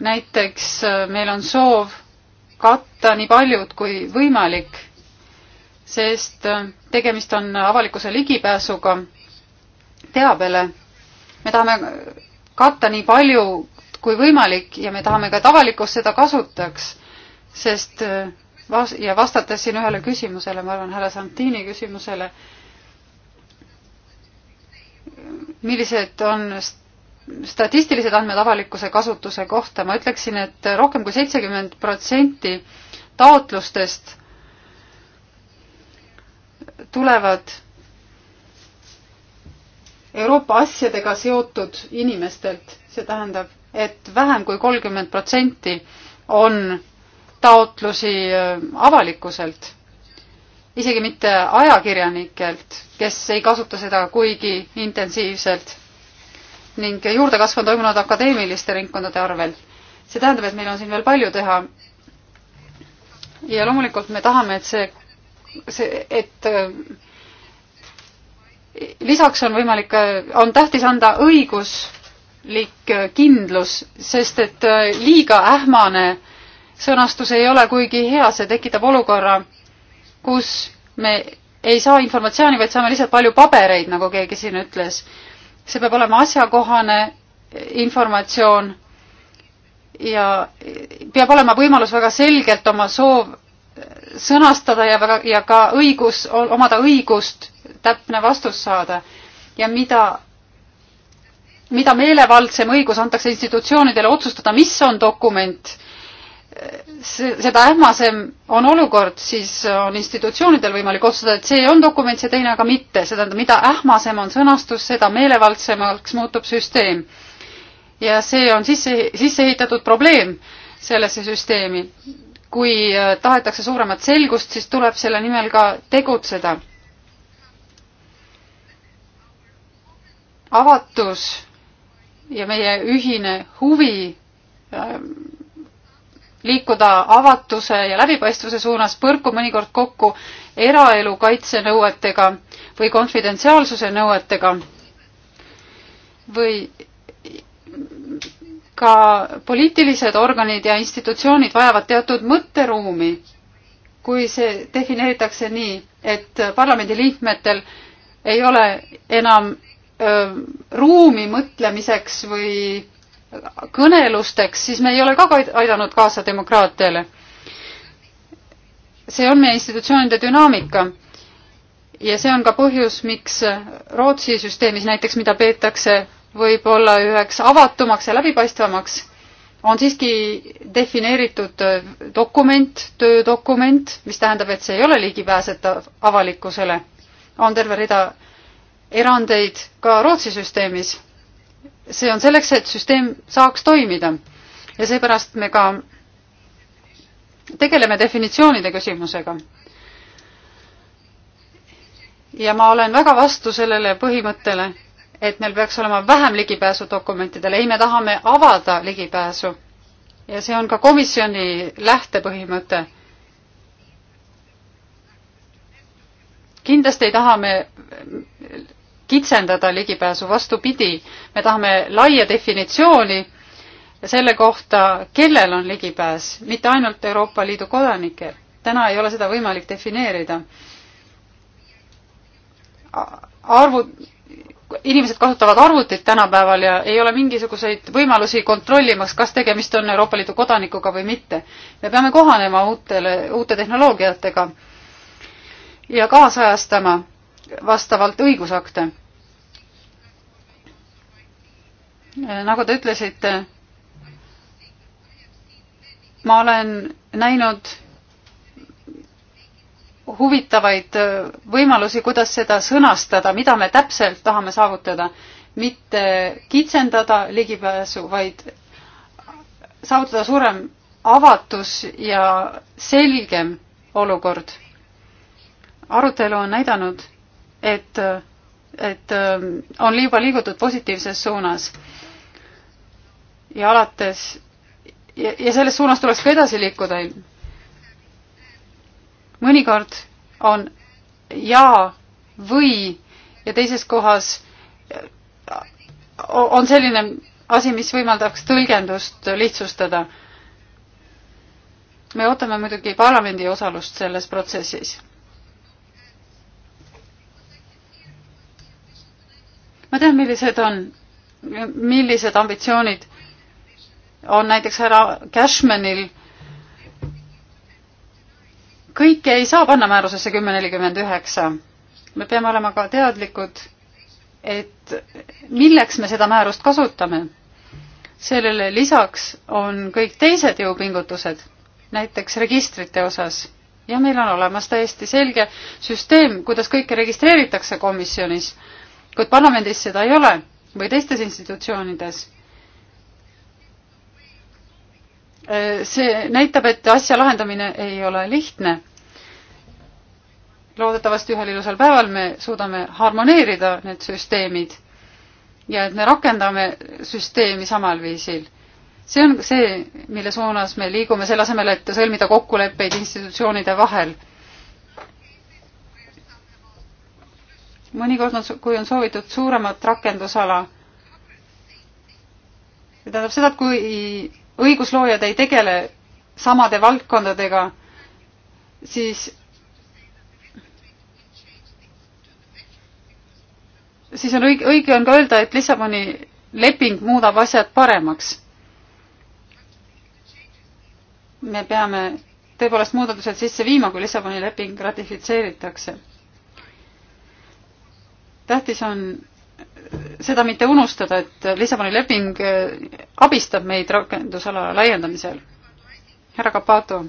Speaker 3: näiteks äh, meil on soov katta nii paljud kui võimalik, sest äh, tegemist on avalikkuse ligipääsuga teabele. me tahame katta nii palju kui võimalik ja me tahame ka, et avalikkus seda kasutaks, sest vas-, ja vastates siin ühele küsimusele, ma arvan, härra Santini küsimusele, millised on statistilised andmed avalikkuse kasutuse kohta, ma ütleksin, et rohkem kui seitsekümmend protsenti taotlustest tulevad Euroopa asjadega seotud inimestelt, see tähendab, et vähem kui kolmkümmend protsenti on taotlusi äh, avalikkuselt, isegi mitte ajakirjanikelt, kes ei kasuta seda kuigi intensiivselt ning juurdekasv on toimunud akadeemiliste ringkondade arvel. see tähendab, et meil on siin veel palju teha. ja loomulikult me tahame, et see, see, et äh, lisaks on võimalik, äh, on tähtis anda õiguslik kindlus, sest et liiga ähmane sõnastus ei ole kuigi hea, see tekitab olukorra, kus me ei saa informatsiooni, vaid saame lihtsalt palju pabereid, nagu keegi siin ütles. see peab olema asjakohane informatsioon ja peab olema võimalus väga selgelt oma soov sõnastada ja väga, ja ka õigus, omada õigust täpne vastus saada. ja mida, mida meelevaldsem õigus antakse institutsioonidele otsustada, mis on dokument seda ähmasem on olukord, siis on institutsioonidel võimalik otsustada, et see on dokument, see teine aga mitte. see tähendab, mida ähmasem on sõnastus, seda meelevaldsemaks muutub süsteem. ja see on sisse, sisse ehitatud probleem sellesse süsteemi. kui äh, tahetakse suuremat selgust, siis tuleb selle nimel ka tegutseda. avatus ja meie ühine huvi ähm, liikuda avatuse ja läbipaistvuse suunas, põrku mõnikord kokku eraelu kaitsenõuetega või konfidentsiaalsuse nõuetega või ka poliitilised organid ja institutsioonid vajavad teatud mõtteruumi, kui see defineeritakse nii, et parlamendiliikmetel ei ole enam öö, ruumi mõtlemiseks või kõnelusteks, siis me ei ole ka aidanud kaasa demokraatiale. see on meie institutsioonide dünaamika. ja see on ka põhjus, miks Rootsi süsteemis näiteks, mida peetakse võib-olla üheks avatumaks ja läbipaistvamaks, on siiski defineeritud dokument, töödokument, mis tähendab, et see ei ole ligipääsetav avalikkusele. on terve rida erandeid ka Rootsi süsteemis see on selleks, et süsteem saaks toimida. ja seepärast me ka tegeleme definitsioonide küsimusega. ja ma olen väga vastu sellele põhimõttele, et meil peaks olema vähem ligipääsu dokumentidele, ei, me tahame avada ligipääsu. ja see on ka komisjoni lähtepõhimõte. kindlasti ei taha me kitsendada ligipääsu, vastupidi, me tahame laia definitsiooni selle kohta, kellel on ligipääs, mitte ainult Euroopa Liidu kodanikel. täna ei ole seda võimalik defineerida. arvud, inimesed kasutavad arvutit tänapäeval ja ei ole mingisuguseid võimalusi kontrollimaks, kas tegemist on Euroopa Liidu kodanikuga või mitte. me peame kohanema uutele, uute tehnoloogiatega ja kaasajastama vastavalt õigusakte. nagu te ütlesite, ma olen näinud huvitavaid võimalusi, kuidas seda sõnastada, mida me täpselt tahame saavutada, mitte kitsendada ligipääsu, vaid saavutada suurem avatus ja selgem olukord. arutelu on näidanud, et, et ähm, on juba liigutud positiivses suunas ja alates ja, ja selles suunas tuleks ka edasi liikuda. mõnikord on ja või ja teises kohas on selline asi, mis võimaldaks tõlgendust lihtsustada. me ootame muidugi parlamendi osalust selles protsessis. ma tean, millised on, millised ambitsioonid on näiteks härra Cashmanil. kõike ei saa panna määrusesse kümme nelikümmend üheksa. me peame olema ka teadlikud, et milleks me seda määrust kasutame. sellele lisaks on kõik teised jõupingutused, näiteks registrite osas ja meil on olemas täiesti selge süsteem, kuidas kõike registreeritakse komisjonis, kuid parlamendis seda ei ole või teistes institutsioonides Äh, see näitab, et asja lahendamine ei ole lihtne. loodetavasti ühel ilusal päeval me suudame harmoneerida need süsteemid ja et me rakendame süsteemi samal viisil. see on see, mille suunas me liigume, selle asemel, et sõlmida kokkuleppeid institutsioonide vahel. mõnikord on, kui on soovitud suuremat rakendusala, see tähendab seda, et kui õigusloojad ei tegele samade valdkondadega, siis siis on õige, õige on ka öelda, et Lissaboni leping muudab asjad paremaks. me peame tõepoolest muudatused sisse viima, kui Lissaboni leping ratifitseeritakse. tähtis on seda mitte unustada, et Lissaboni leping äh, abistab meid rakendusala laiendamisel. härra Kapato,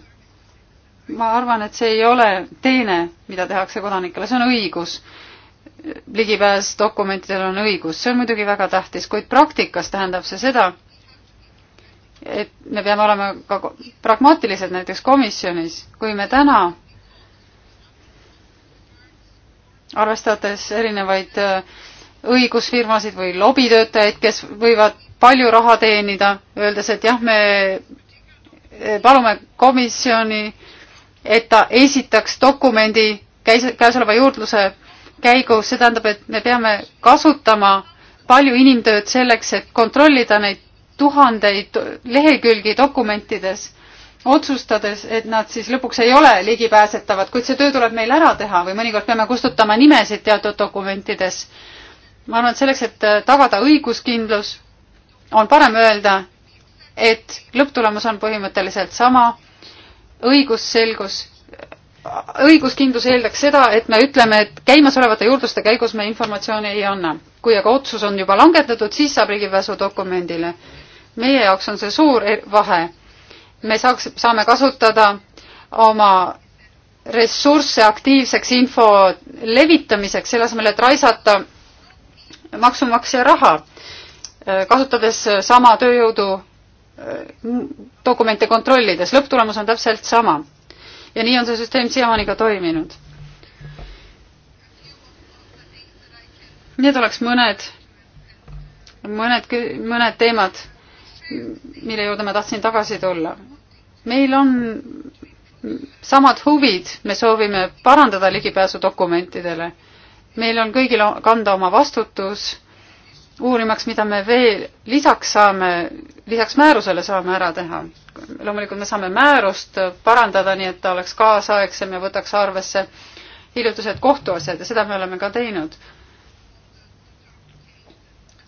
Speaker 3: ma arvan, et see ei ole teene, mida tehakse kodanikele, see on õigus. ligipääs dokumentidele on õigus, see on muidugi väga tähtis, kuid praktikas tähendab see seda, et me peame olema ka pragmaatilised näiteks komisjonis, kui me täna arvestades erinevaid äh, õigusfirmasid või lobitöötajaid, kes võivad palju raha teenida, öeldes, et jah, me eh, palume komisjoni, et ta esitaks dokumendi käis-, käesoleva juurdluse käigus, see tähendab, et me peame kasutama palju inimtööd selleks, et kontrollida neid tuhandeid lehekülgi dokumentides, otsustades, et nad siis lõpuks ei ole ligipääsetavad, kuid see töö tuleb meil ära teha või mõnikord peame kustutama nimesid teatud dokumentides ma arvan, et selleks, et äh, tagada õiguskindlus, on parem öelda, et lõpptulemus on põhimõtteliselt sama, õigusselgus, äh, õiguskindlus eeldaks seda, et me ütleme, et käimasolevate juurdluste käigus me informatsiooni ei anna. kui aga otsus on juba langetatud, siis saab ligipääsu dokumendile. meie jaoks on see suur er-, vahe. me saaks, saame kasutada oma ressursse aktiivseks info levitamiseks, selle asemel, et raisata maksumaksja raha, äh, kasutades sama tööjõudu äh, dokumente kontrollides. lõpptulemus on täpselt sama. ja nii on see süsteem siiamaani ka toiminud. Need oleks mõned, mõned, mõned teemad, mille juurde ma tahtsin tagasi tulla. meil on samad huvid, me soovime parandada ligipääsu dokumentidele meil on kõigil kanda oma vastutus, uurimaks, mida me veel lisaks saame, lisaks määrusele saame ära teha. loomulikult me saame määrust parandada, nii et ta oleks kaasaegsem ja võtaks arvesse hiljutised kohtuasjad ja seda me oleme ka teinud.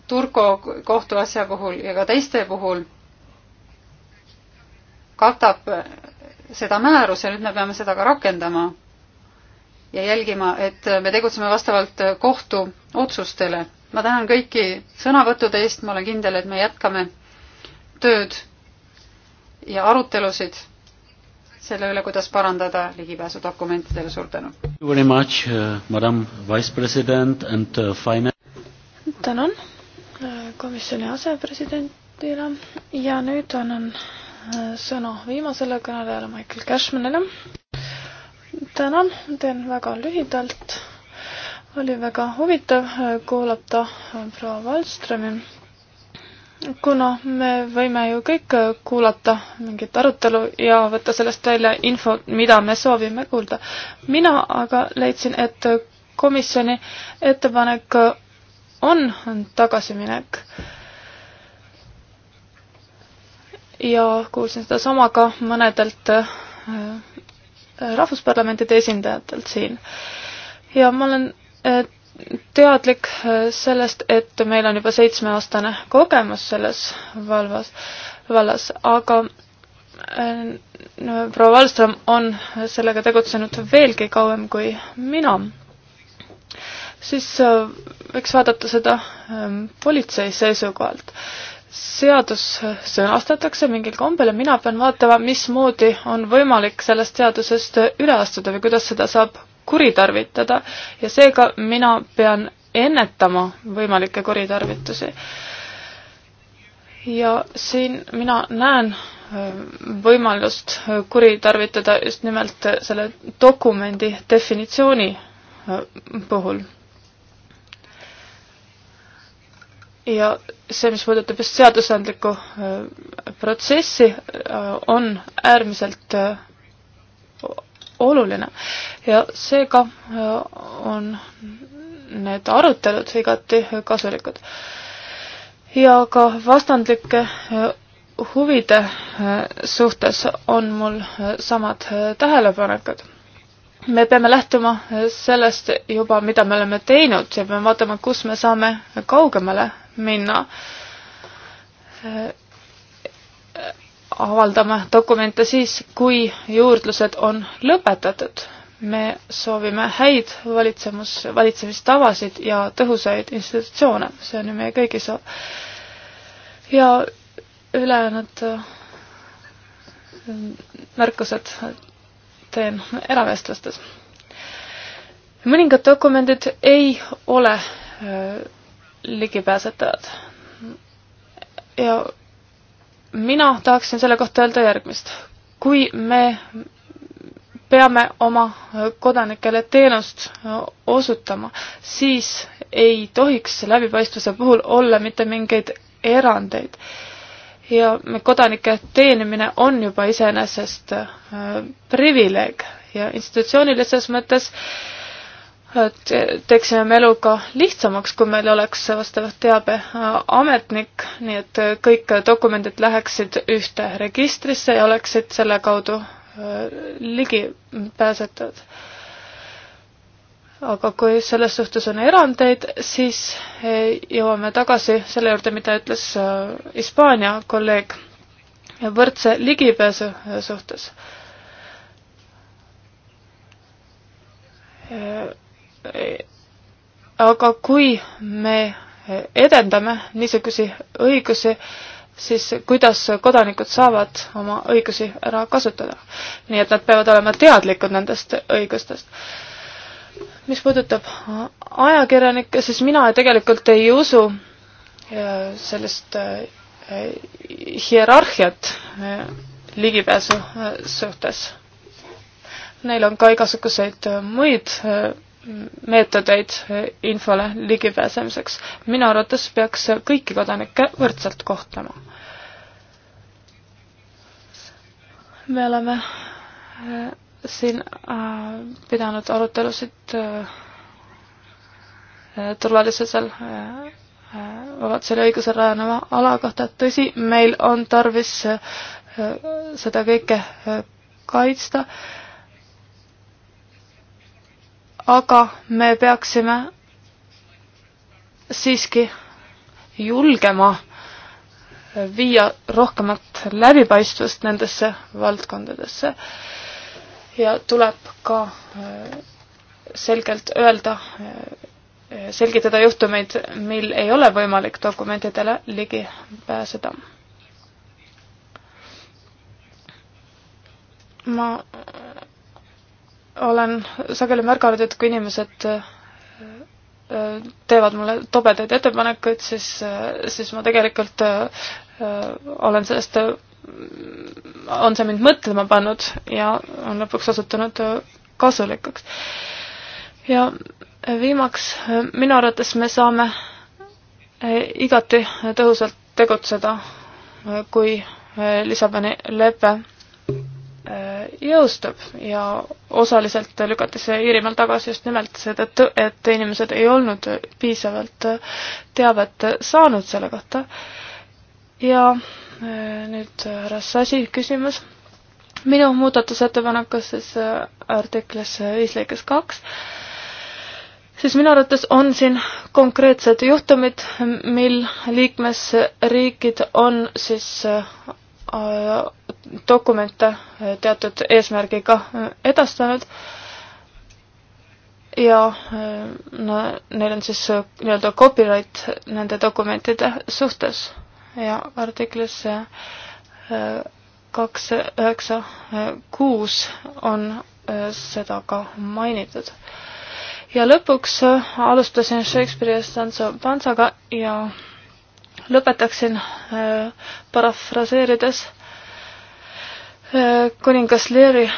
Speaker 3: Turko kohtuasja puhul ja ka teiste puhul katab seda määrus ja nüüd me peame seda ka rakendama ja jälgima, et me tegutseme vastavalt kohtu otsustele. ma tänan kõiki sõnavõttude eest, ma olen kindel, et me jätkame tööd ja arutelusid selle üle, kuidas parandada ligipääsu dokumentidele, suur tänu.
Speaker 2: Uh, uh,
Speaker 3: tänan uh,
Speaker 4: komisjoni
Speaker 1: asepresidendile
Speaker 4: ja nüüd annan sõna viimasele kõnelejale Michael Cashmanile tänan, teen väga lühidalt. oli väga huvitav äh, kuulata äh, proua Wallströmi. kuna me võime ju kõik äh, kuulata mingit arutelu ja võtta sellest välja info, mida me soovime kuulda. mina aga leidsin, et komisjoni ettepanek on, on tagasiminek ja kuulsin sedasama ka mõnedelt rahvusparlamentide esindajatelt siin. ja ma olen äh, teadlik äh, sellest, et meil on juba seitsmeaastane kogemus selles valvas, vallas, aga äh, proua Wallström on sellega tegutsenud veelgi kauem kui mina. siis võiks vaadata seda politsei seisukohalt seadus sõnastatakse mingil kombel ja mina pean vaatama, mismoodi on võimalik sellest seadusest üle astuda või kuidas seda saab kuritarvitada ja seega mina pean ennetama võimalikke kuritarvitusi. ja siin mina näen ähm, võimalust kuritarvitada just nimelt selle dokumendi definitsiooni äh, puhul ja see, mis puudutab just seadusandlikku äh, protsessi, äh, on äärmiselt äh, oluline ja seega on need arutelud igati kasulikud. ja ka vastandlike huvide suhtes on mul samad tähelepanekud me peame lähtuma sellest juba, mida me oleme teinud ja peame vaatama, kus me saame kaugemale minna. avaldame dokumente siis, kui juurdlused on lõpetatud. me soovime häid valitsemus, valitsemistavasid ja tõhusaid institutsioone, see on ju meie kõigi soov. ja ülejäänud äh, märkused teen eravestlustes. mõningad dokumendid ei ole äh, ligipääsetavad. ja mina tahaksin selle kohta öelda järgmist. kui me peame oma kodanikele teenust äh, osutama, siis ei tohiks läbipaistvuse puhul olla mitte mingeid erandeid ja kodanike teenimine on juba iseenesest äh, privileeg ja institutsioonilises mõttes äh, et teeksime me elu ka lihtsamaks, kui meil oleks vastav teabeametnik, äh, nii et kõik dokumendid läheksid ühte registrisse ja oleksid selle kaudu ligipääsetavad aga kui selles suhtes on erandeid, siis e, jõuame tagasi selle juurde, mida ütles e, Hispaania kolleeg võrdse ligipääsu e, suhtes. aga kui me edendame niisugusi õigusi, siis kuidas kodanikud saavad oma õigusi ära kasutada. nii et nad peavad olema teadlikud nendest õigustest mis puudutab ajakirjanikke, siis mina tegelikult ei usu äh, sellist äh, hierarhiat äh, ligipääsu suhtes. Neil on ka igasuguseid muid meetodeid infole ligipääsemiseks. minu arvates peaks kõiki kodanikke võrdselt kohtlema. me oleme siin äh, pidanud arutelusid äh, turvalisusel äh, vabadusele äh, äh, õigusel rajaneva ala kohta, tõsi, meil on tarvis äh, äh, seda kõike äh, kaitsta, aga me peaksime siiski julgema viia rohkemat läbipaistvust nendesse valdkondadesse äh, ja tuleb ka äh, selgelt öelda, äh, äh, selgitada juhtumeid, mil ei ole võimalik dokumentidele ligi pääseda. ma olen sageli märganud, et kui inimesed teevad mulle tobedaid ettepanekuid, siis, siis ma tegelikult olen sellest on see mind mõtlema pannud ja on lõpuks osutunud äh, kasulikuks. ja viimaks, äh, minu arvates me saame äh, igati tõhusalt tegutseda, kui Lissaboni lepe jõustub ja osaliselt lükati see Iirimaal tagasi just nimelt seetõttu, et inimesed ei olnud piisavalt teavet saanud selle kohta ja Äh, nüüd äh, härra Sasi küsimus. minu muudatusettepanekus siis äh, artiklis viis lõikes kaks, siis minu arvates on siin konkreetsed juhtumid, mil liikmesriigid on siis dokumente teatud eesmärgiga edastanud ja no, neil on siis nii-öelda copyright nende dokumentide suhtes ja artiklis äh, kaks üheksa äh, kuus on äh, seda ka mainitud. ja lõpuks alustasin Shakespeare'i Stanzo Pansaga ja lõpetaksin parafraseerides kuningas Leary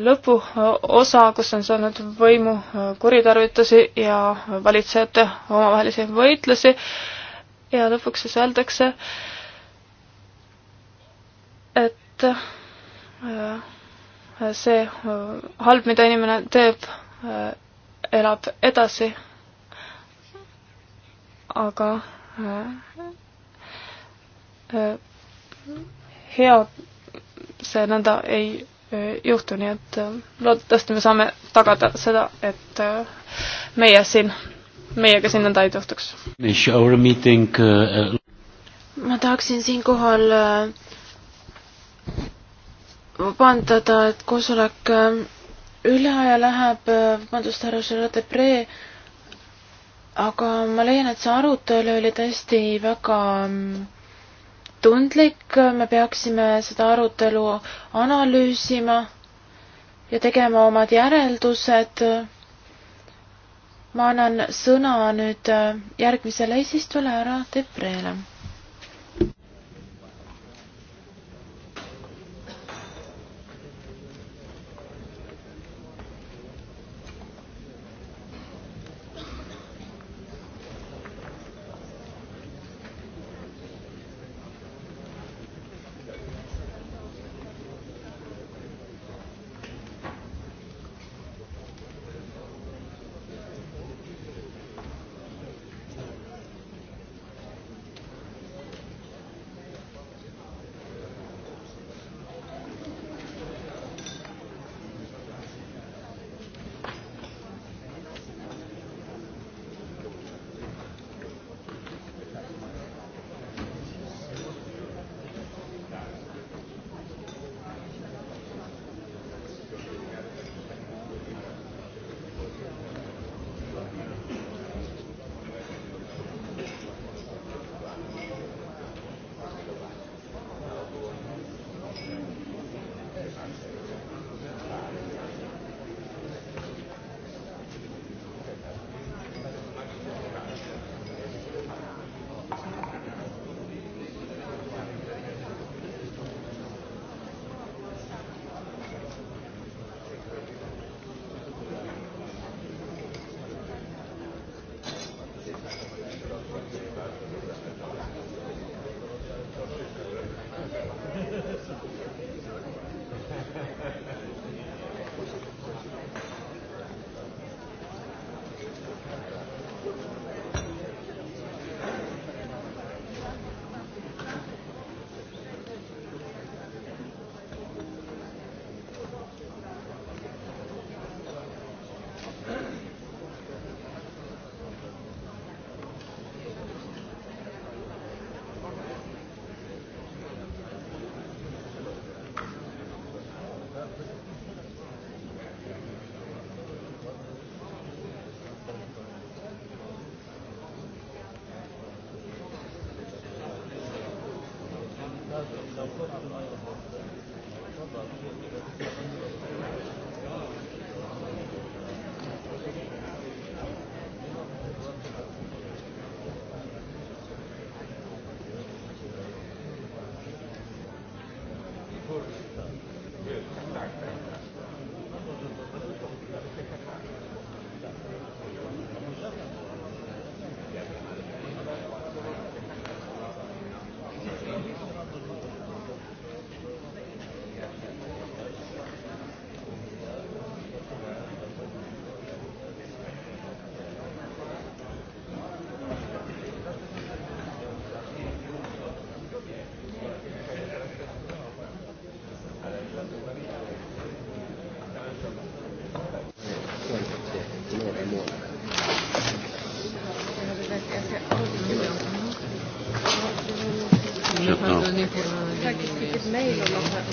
Speaker 4: lõpuosa, kus on saanud võimu kuritarvitusi ja valitsejate omavahelisi võitlusi ja lõpuks siis öeldakse, et äh, see äh, halb, mida inimene teeb, äh, elab edasi, aga hea see nõnda ei juhtu, nii et äh, loodetavasti me saame tagada seda, et äh, meie siin, meiega siin nõnda ei juhtuks.
Speaker 2: Äh,
Speaker 5: ma tahaksin siinkohal vabandada, et koosolek üle aja läheb, vabandust, härra Žerodepree, aga ma leian, et see arutelu oli tõesti väga mm, tundlik, me peaksime seda arutelu analüüsima ja tegema omad järeldused. ma annan sõna nüüd järgmisele eesistujale, härra Depreele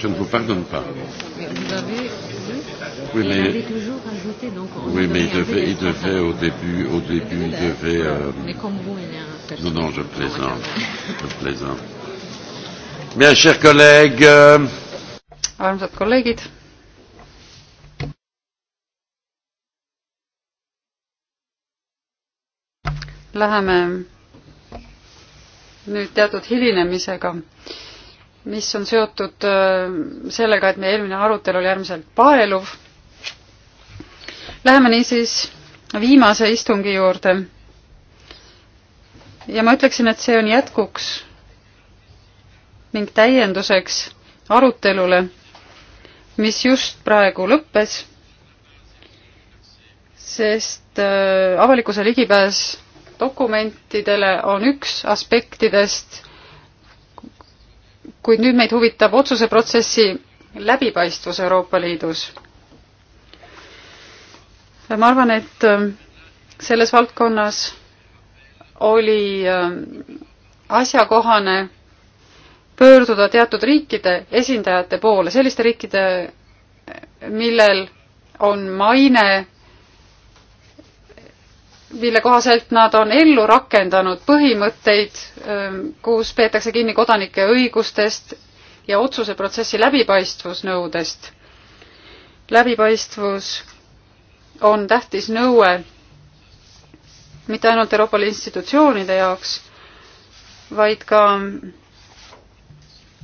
Speaker 2: je ne vous pardonne pas.
Speaker 1: Mais vous avez, oui, oui mais, il avait toujours ajouté, donc on Oui, mais il devait, il devait au début, au début, il devait. Euh... Mais comme vous, il est un. Non, non, je plaisante,
Speaker 2: je plaisante. Bien, chers collègues. Euh...
Speaker 3: Armsad kolleegid. Läheme nüüd teatud hilinemisega mis on seotud äh, sellega, et meie eelmine arutelu oli äärmiselt paeluv. Läheme niisiis viimase istungi juurde. ja ma ütleksin, et see on jätkuks ning täienduseks arutelule, mis just praegu lõppes, sest äh, avalikkuse ligipääs dokumentidele on üks aspektidest kuid nüüd meid huvitab otsuseprotsessi läbipaistvus Euroopa Liidus. ma arvan, et ähm, selles valdkonnas oli ähm, asjakohane pöörduda teatud riikide esindajate poole, selliste riikide, äh, millel on maine mille kohaselt nad on ellu rakendanud põhimõtteid, ähm, kus peetakse kinni kodanike õigustest ja otsuseprotsessi läbipaistvusnõudest. läbipaistvus on tähtis nõue mitte ainult Euroopa Liidu institutsioonide jaoks, vaid ka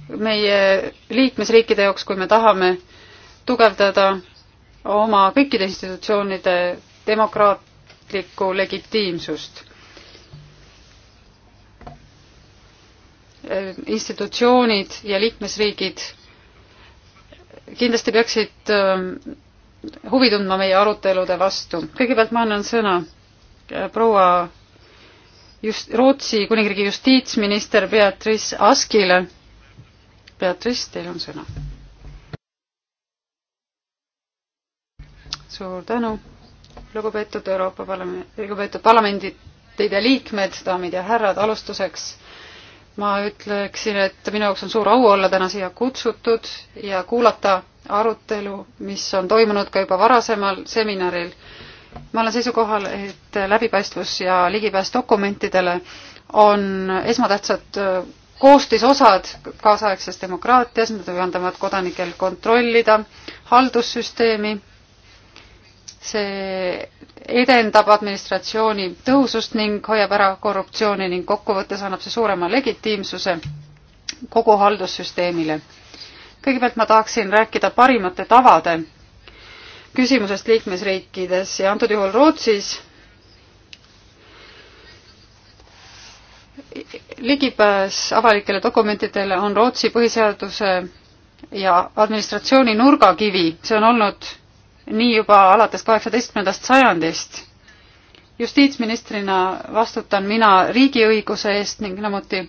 Speaker 3: meie liikmesriikide jaoks, kui me tahame tugevdada oma kõikide institutsioonide demokraat-, demokraatlikku legitiimsust. institutsioonid ja liikmesriigid kindlasti peaksid ähm, huvi tundma meie arutelude vastu. kõigepealt ma annan sõna äh, proua just Rootsi kuningriigi justiitsminister Beatrice Askile. Beatrice, teil on sõna. suur tänu lugupeetud Euroopa Parlamendi, lugupeetud parlamendide liikmed, daamid ja härrad, alustuseks ma ütleksin, et minu jaoks on suur au olla täna siia kutsutud ja kuulata arutelu, mis on toimunud ka juba varasemal seminaril. ma olen seisukohal, et läbipaistvus ja ligipääs dokumentidele on esmatähtsad äh, koostisosad kaasaegses demokraatias, nad võimaldavad kodanikel kontrollida haldussüsteemi see edendab administratsiooni tõhusust ning hoiab ära korruptsiooni ning kokkuvõttes annab see suurema legitiimsuse kogu haldussüsteemile. kõigepealt ma tahaksin rääkida parimate tavade küsimusest liikmesriikides ja antud juhul Rootsis ligipääs avalikele dokumentidele on Rootsi põhiseaduse ja administratsiooni nurgakivi, see on olnud nii juba alates kaheksateistkümnendast sajandist. justiitsministrina vastutan mina riigiõiguse eest ning samuti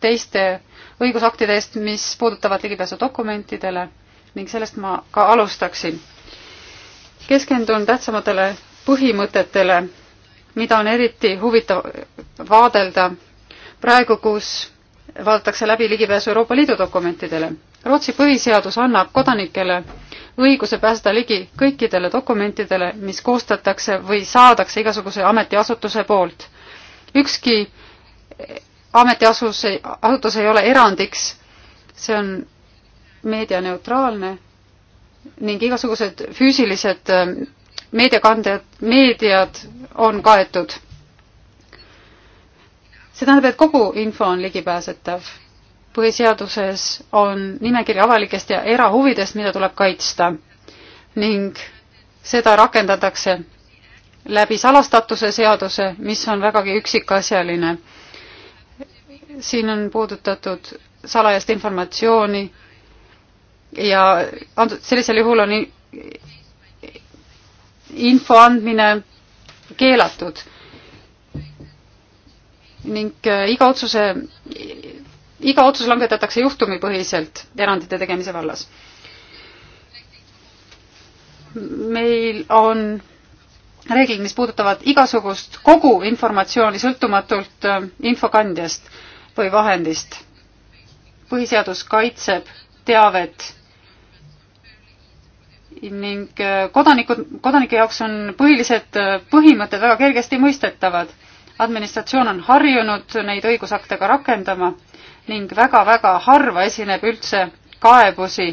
Speaker 3: teiste õigusaktide eest, mis puudutavad ligipääsu dokumentidele ning sellest ma ka alustaksin. keskendun tähtsamatele põhimõtetele, mida on eriti huvitav vaadelda praegu, kus vaadatakse läbi ligipääsu Euroopa Liidu dokumentidele. Rootsi põhiseadus annab kodanikele õiguse pääseda ligi kõikidele dokumentidele, mis koostatakse või saadakse igasuguse ametiasutuse poolt. ükski ametiasus, asutus ei ole erandiks, see on meedianeutraalne ning igasugused füüsilised äh, meediakandjad, meediad on kaetud. see tähendab, et kogu info on ligipääsetav põhiseaduses on nimekiri avalikest ja erahuvidest, mida tuleb kaitsta ning seda rakendatakse läbi salastatuse seaduse, mis on vägagi üksikasjaline. siin on puudutatud salajast informatsiooni ja antud, sellisel juhul on info andmine keelatud ning äh, iga otsuse iga otsus langetatakse juhtumipõhiselt erandite tegemise vallas. meil on reeglid, mis puudutavad igasugust kogu informatsiooni sõltumatult äh, infokandjast või vahendist. põhiseadus kaitseb teavet ning äh, kodanikud, kodanike jaoks on põhilised äh, põhimõtted väga kergesti mõistetavad. administratsioon on harjunud neid õigusakte ka rakendama ning väga-väga harva esineb üldse kaebusi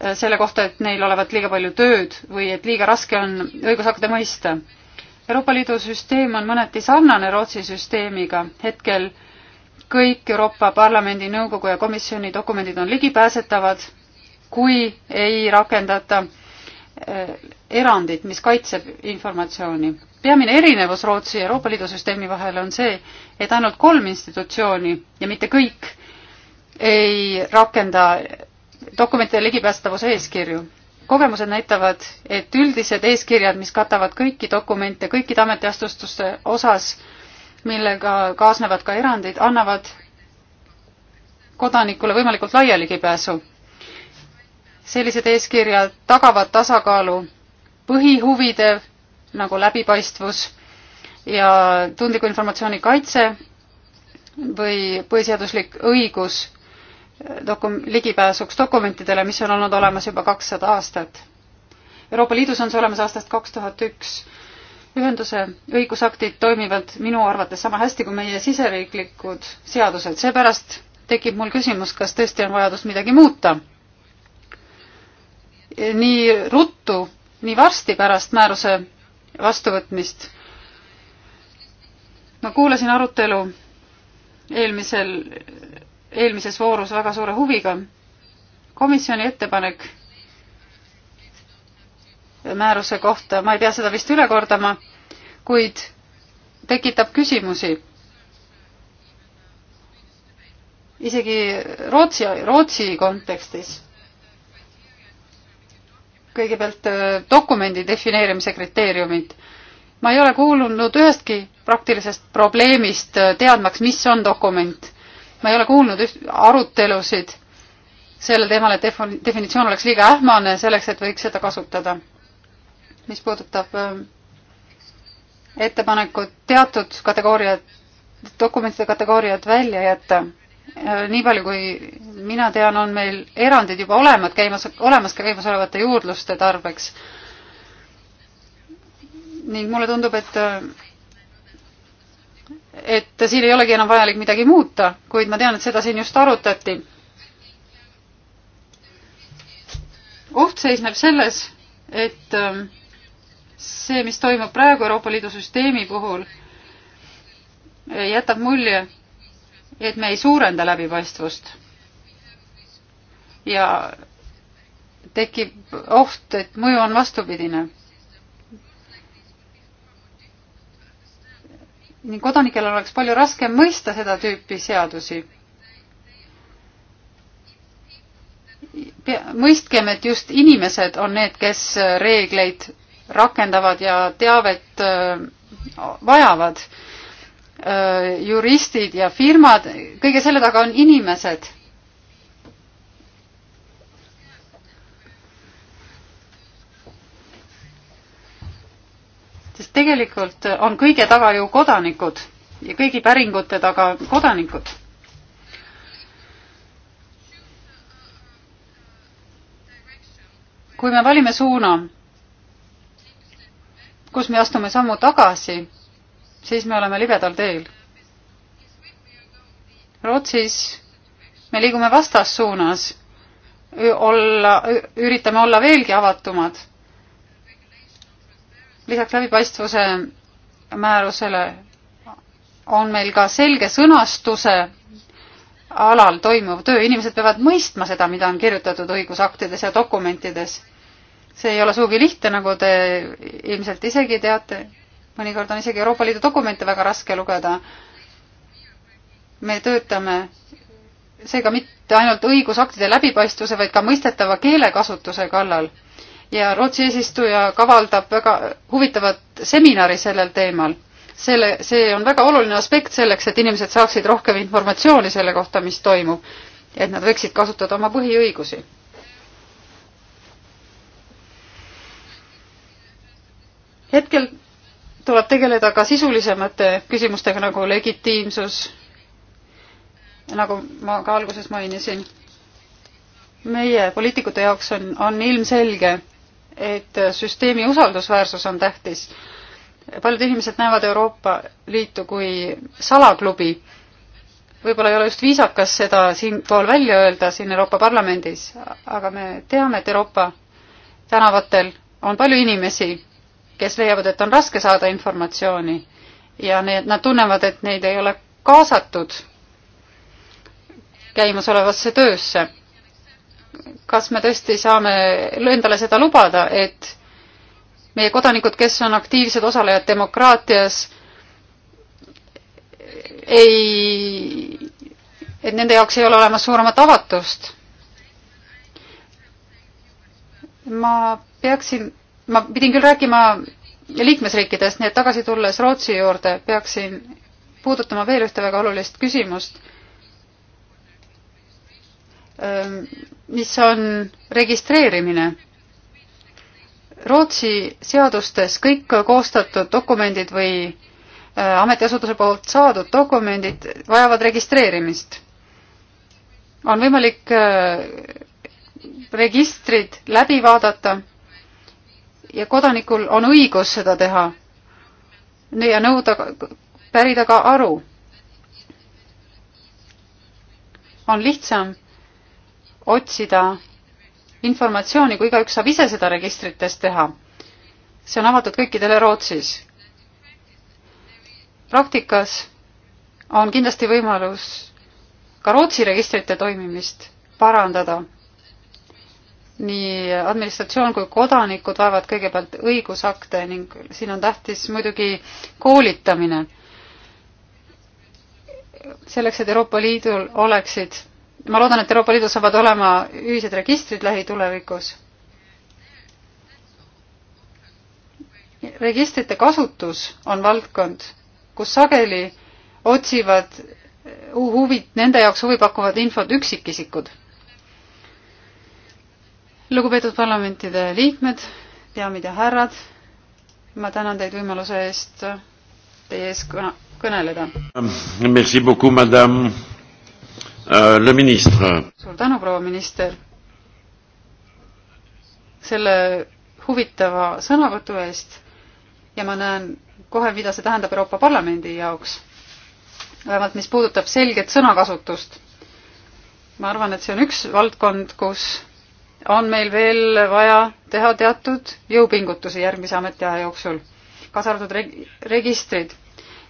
Speaker 3: äh, selle kohta, et neil olevat liiga palju tööd või et liiga raske on õigusakte mõista. Euroopa Liidu süsteem on mõneti sarnane Rootsi süsteemiga. hetkel kõik Euroopa Parlamendi, Nõukogu ja Komisjoni dokumendid on ligipääsetavad, kui ei rakendata Eh, erandit, mis kaitseb informatsiooni. peamine erinevus Rootsi ja Euroopa Liidu süsteemi vahel on see, et ainult kolm institutsiooni ja mitte kõik ei rakenda dokumentide ligipääsetavuse eeskirju. kogemused näitavad, et üldised eeskirjad, mis katavad kõiki dokumente kõikide ametiastustuste osas, millega kaasnevad ka erandid, annavad kodanikule võimalikult laia ligipääsu sellised eeskirjad tagavad tasakaalu põhihuvide nagu läbipaistvus ja tundliku informatsiooni kaitse või põhiseaduslik õigus dokum-, ligipääsuks dokumentidele, mis on olnud olemas juba kakssada aastat. Euroopa Liidus on see olemas aastast kaks tuhat üks. ühenduse õigusaktid toimivad minu arvates sama hästi kui meie siseriiklikud seadused, seepärast tekib mul küsimus, kas tõesti on vajadust midagi muuta nii ruttu, nii varsti pärast määruse vastuvõtmist. ma kuulasin arutelu eelmisel, eelmises voorus väga suure huviga. komisjoni ettepanek määruse kohta, ma ei pea seda vist üle kordama, kuid tekitab küsimusi. isegi Rootsi, Rootsi kontekstis kõigepealt äh, dokumendi defineerimise kriteeriumid. ma ei ole kuulnud ühestki praktilisest probleemist äh, teadmaks, mis on dokument. ma ei ole kuulnud üht, arutelusid sellel teemal, et definitsioon oleks liiga ähmane selleks, et võiks seda kasutada. mis puudutab äh, ettepanekut teatud kategooriad, dokumentide kategooriad välja jätta Äh, nii palju kui mina tean, on meil erandid juba olemas, käimas, olemas ka käimasolevate juurdluste tarbeks. ning mulle tundub, et äh, et siin ei olegi enam vajalik midagi muuta, kuid ma tean, et seda siin just arutati. oht seisneb selles, et äh, see, mis toimub praegu Euroopa Liidu süsteemi puhul, jätab mulje, et me ei suurenda läbipaistvust. ja tekib oht, et mõju on vastupidine. ning kodanikel oleks palju raskem mõista seda tüüpi seadusi mõistkem, et just inimesed on need, kes reegleid rakendavad ja teavet äh, vajavad Äh, juristid ja firmad, kõige selle taga on inimesed. sest tegelikult on kõige taga ju kodanikud ja kõigi päringute taga kodanikud. kui me valime suuna, kus me astume sammu tagasi siis me oleme libedal teel. Rootsis me liigume vastassuunas, olla, üritame olla veelgi avatumad. lisaks läbipaistvuse määrusele on meil ka selge sõnastuse alal toimuv töö, inimesed peavad mõistma seda, mida on kirjutatud õigusaktides ja dokumentides. see ei ole sugugi lihtne, nagu te ilmselt isegi teate mõnikord on isegi Euroopa Liidu dokumente väga raske lugeda. me töötame seega mitte ainult õigusaktide läbipaistvuse, vaid ka mõistetava keelekasutuse kallal. ja Rootsi eesistuja kavaldab väga huvitavat seminari sellel teemal. selle, see on väga oluline aspekt selleks, et inimesed saaksid rohkem informatsiooni selle kohta, mis toimub. et nad võiksid kasutada oma põhiõigusi hetkel tuleb tegeleda ka sisulisemate küsimustega nagu legitiimsus, nagu ma ka alguses mainisin. meie poliitikute jaoks on, on ilmselge, et süsteemi usaldusväärsus on tähtis. paljud inimesed näevad Euroopa Liitu kui salaklubi. võib-olla ei ole just viisakas seda siinpool välja öelda siin Euroopa Parlamendis, aga me teame, et Euroopa tänavatel on palju inimesi, kes leiavad, et on raske saada informatsiooni ja need, nad tunnevad, et neid ei ole kaasatud käimasolevasse töösse. kas me tõesti saame endale seda lubada, et meie kodanikud, kes on aktiivsed osalejad demokraatias, ei, et nende jaoks ei ole olemas suuremat avatust. ma peaksin ma pidin küll rääkima liikmesriikidest, nii et tagasi tulles Rootsi juurde, peaksin puudutama veel ühte väga olulist küsimust, ähm, mis on registreerimine. Rootsi seadustes kõik koostatud dokumendid või äh, ametiasutuse poolt saadud dokumendid vajavad registreerimist. on võimalik äh, registrid läbi vaadata ja kodanikul on õigus seda teha ja nõuda, pärida ka aru. on lihtsam otsida informatsiooni, kui igaüks saab ise seda registrites teha. see on avatud kõikidele Rootsis. praktikas on kindlasti võimalus ka Rootsi registrite toimimist parandada nii administratsioon kui kodanikud vaevad kõigepealt õigusakte ning siin on tähtis muidugi koolitamine. selleks, et Euroopa Liidul oleksid, ma loodan, et Euroopa Liidus saavad olema ühised registrid lähitulevikus. registrite kasutus on valdkond, kus sageli otsivad huvit, nende jaoks huvipakkuvat infot üksikisikud lugupeetud parlamentide liikmed, daamid ja härrad, ma tänan teid võimaluse eest teie ees kõne, kõneleda.
Speaker 2: Um, merci beaucoup, madame euh, le ministre.
Speaker 3: suur tänu, proua minister, selle huvitava sõnavõtu eest ja ma näen kohe, mida see tähendab Euroopa Parlamendi jaoks. vähemalt mis puudutab selget sõnakasutust. ma arvan, et see on üks valdkond, kus on meil veel vaja teha teatud jõupingutusi järgmise ametiaja jooksul, kaasa arvatud reg-, registrid,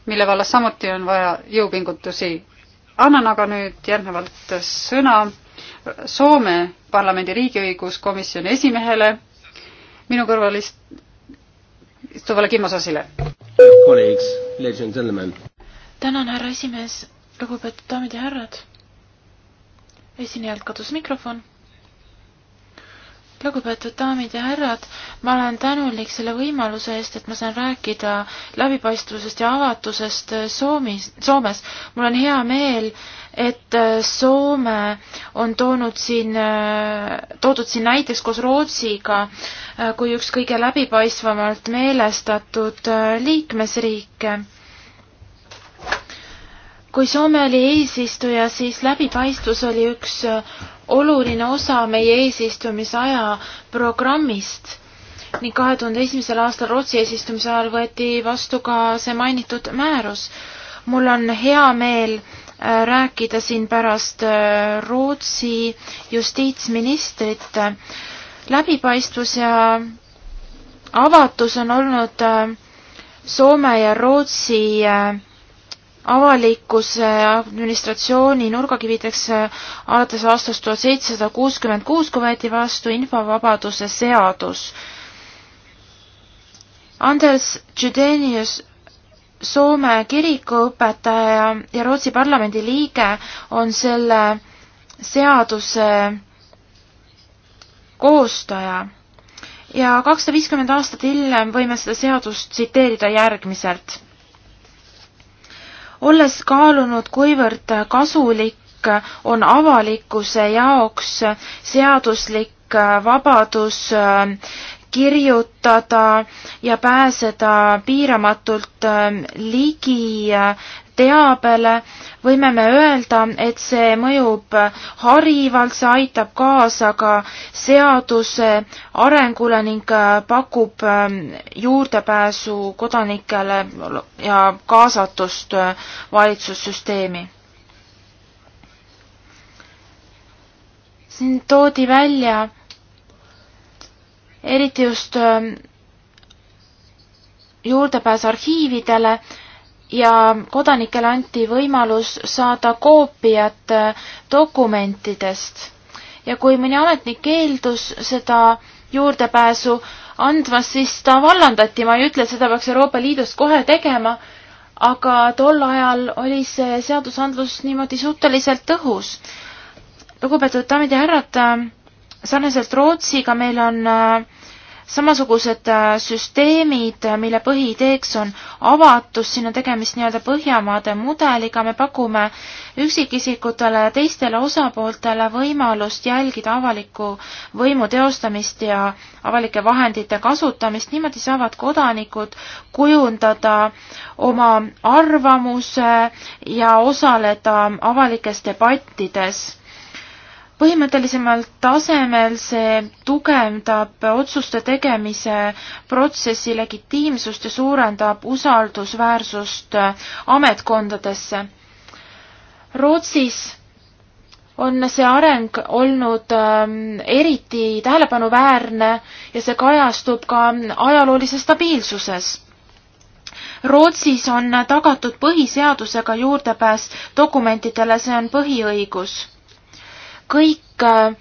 Speaker 3: mille vallas samuti on vaja jõupingutusi. annan aga nüüd järgnevalt sõna Soome parlamendi riigiõiguskomisjoni esimehele, minu kõrval ist-, istuvale Kimmo Sasile. tänan,
Speaker 5: härra esimees, lugupeetud daamid ja härrad. esinejalt kadus mikrofon lugupeetud daamid ja härrad, ma olen tänulik selle võimaluse eest, et ma saan rääkida läbipaistvusest ja avatusest Soomis, Soomes. mul on hea meel, et Soome on toonud siin, toodud siin näiteks koos Rootsiga kui üks kõige läbipaistvamalt meelestatud liikmesriike kui Soome oli eesistuja, siis läbipaistvus oli üks äh, oluline osa meie eesistumisaja programmist ning kahe tuhande esimesel aastal Rootsi eesistumise ajal võeti vastu ka see mainitud määrus. mul on hea meel äh, rääkida siin pärast äh, Rootsi justiitsministrit. läbipaistvus ja avatus on olnud Soome ja Rootsi äh, avalikkuse administratsiooni nurgakivideks äh, alates aastast tuhat seitsesada kuuskümmend kuus, kui võeti vastu infovabaduse seadus. Anders Judenius, Soome kirikuõpetaja ja Rootsi parlamendi liige on selle seaduse koostaja ja kakssada viiskümmend aastat hiljem võime seda seadust tsiteerida järgmiselt olles kaalunud, kuivõrd kasulik on avalikkuse jaoks seaduslik vabadus äh, kirjutada ja pääseda piiramatult äh, ligi äh, teabele võime me öelda, et see mõjub harivalt, see aitab kaasa ka seaduse arengule ning pakub ähm, juurdepääsu kodanikele ja kaasatust äh, valitsussüsteemi. siin toodi välja eriti just ähm, juurdepääs arhiividele ja kodanikele anti võimalus saada koopiat äh, dokumentidest. ja kui mõni ametnik keeldus seda juurdepääsu andmas, siis ta vallandati, ma ei ütle, et seda peaks Euroopa Liidus kohe tegema, aga tol ajal oli see seadusandlus niimoodi suhteliselt tõhus. lugupeetud daamid ja härrad, äh, sarnaselt Rootsiga meil on äh, samasugused äh, süsteemid, mille põhiideeks on avatus, siin on tegemist nii-öelda Põhjamaade mudeliga, me pakume üksikisikutele ja teistele osapooltele võimalust jälgida avaliku võimu teostamist ja avalike vahendite kasutamist, niimoodi saavad kodanikud kujundada oma arvamuse ja osaleda avalikes debattides põhimõttelisemal tasemel see tugevdab otsuste tegemise protsessi legitiimsust ja suurendab usaldusväärsust ametkondadesse. Rootsis on see areng olnud ähm, eriti tähelepanuväärne ja see kajastub ka ajaloolises stabiilsuses Rootsis on tagatud põhiseadusega juurdepääs dokumentidele, see on põhiõigus kõik äh,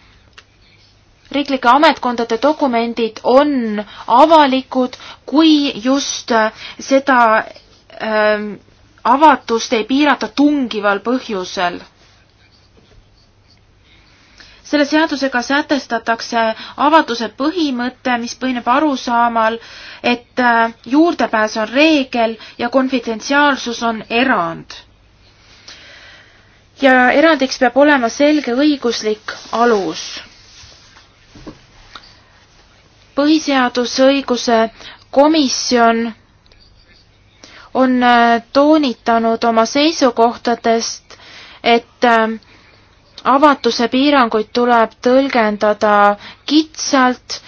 Speaker 5: riiklike ametkondade dokumendid on avalikud, kui just äh, seda ähm, avatust ei piirata tungival põhjusel. selle seadusega sätestatakse avatuse põhimõte, mis põhineb arusaamal, et äh, juurdepääs on reegel ja konfidentsiaalsus on erand ja erandiks peab olema selge õiguslik alus. põhiseadusõiguse komisjon on äh, toonitanud oma seisukohtadest, et äh, avatuse piiranguid tuleb tõlgendada kitsalt,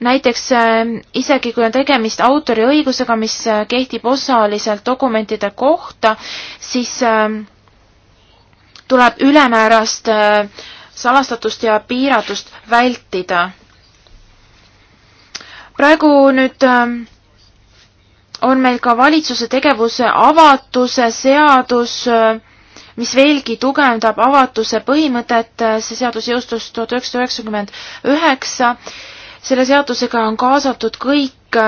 Speaker 5: näiteks äh, isegi kui on tegemist autoriõigusega, mis kehtib osaliselt dokumentide kohta, siis äh, tuleb ülemäärast äh, salastatust ja piiratust vältida. praegu nüüd äh, on meil ka valitsuse tegevuse avatuse seadus, äh, mis veelgi tugevdab avatuse põhimõtet, see seadus jõustus tuhat üheksasada üheksakümmend üheksa, selle seadusega on kaasatud kõik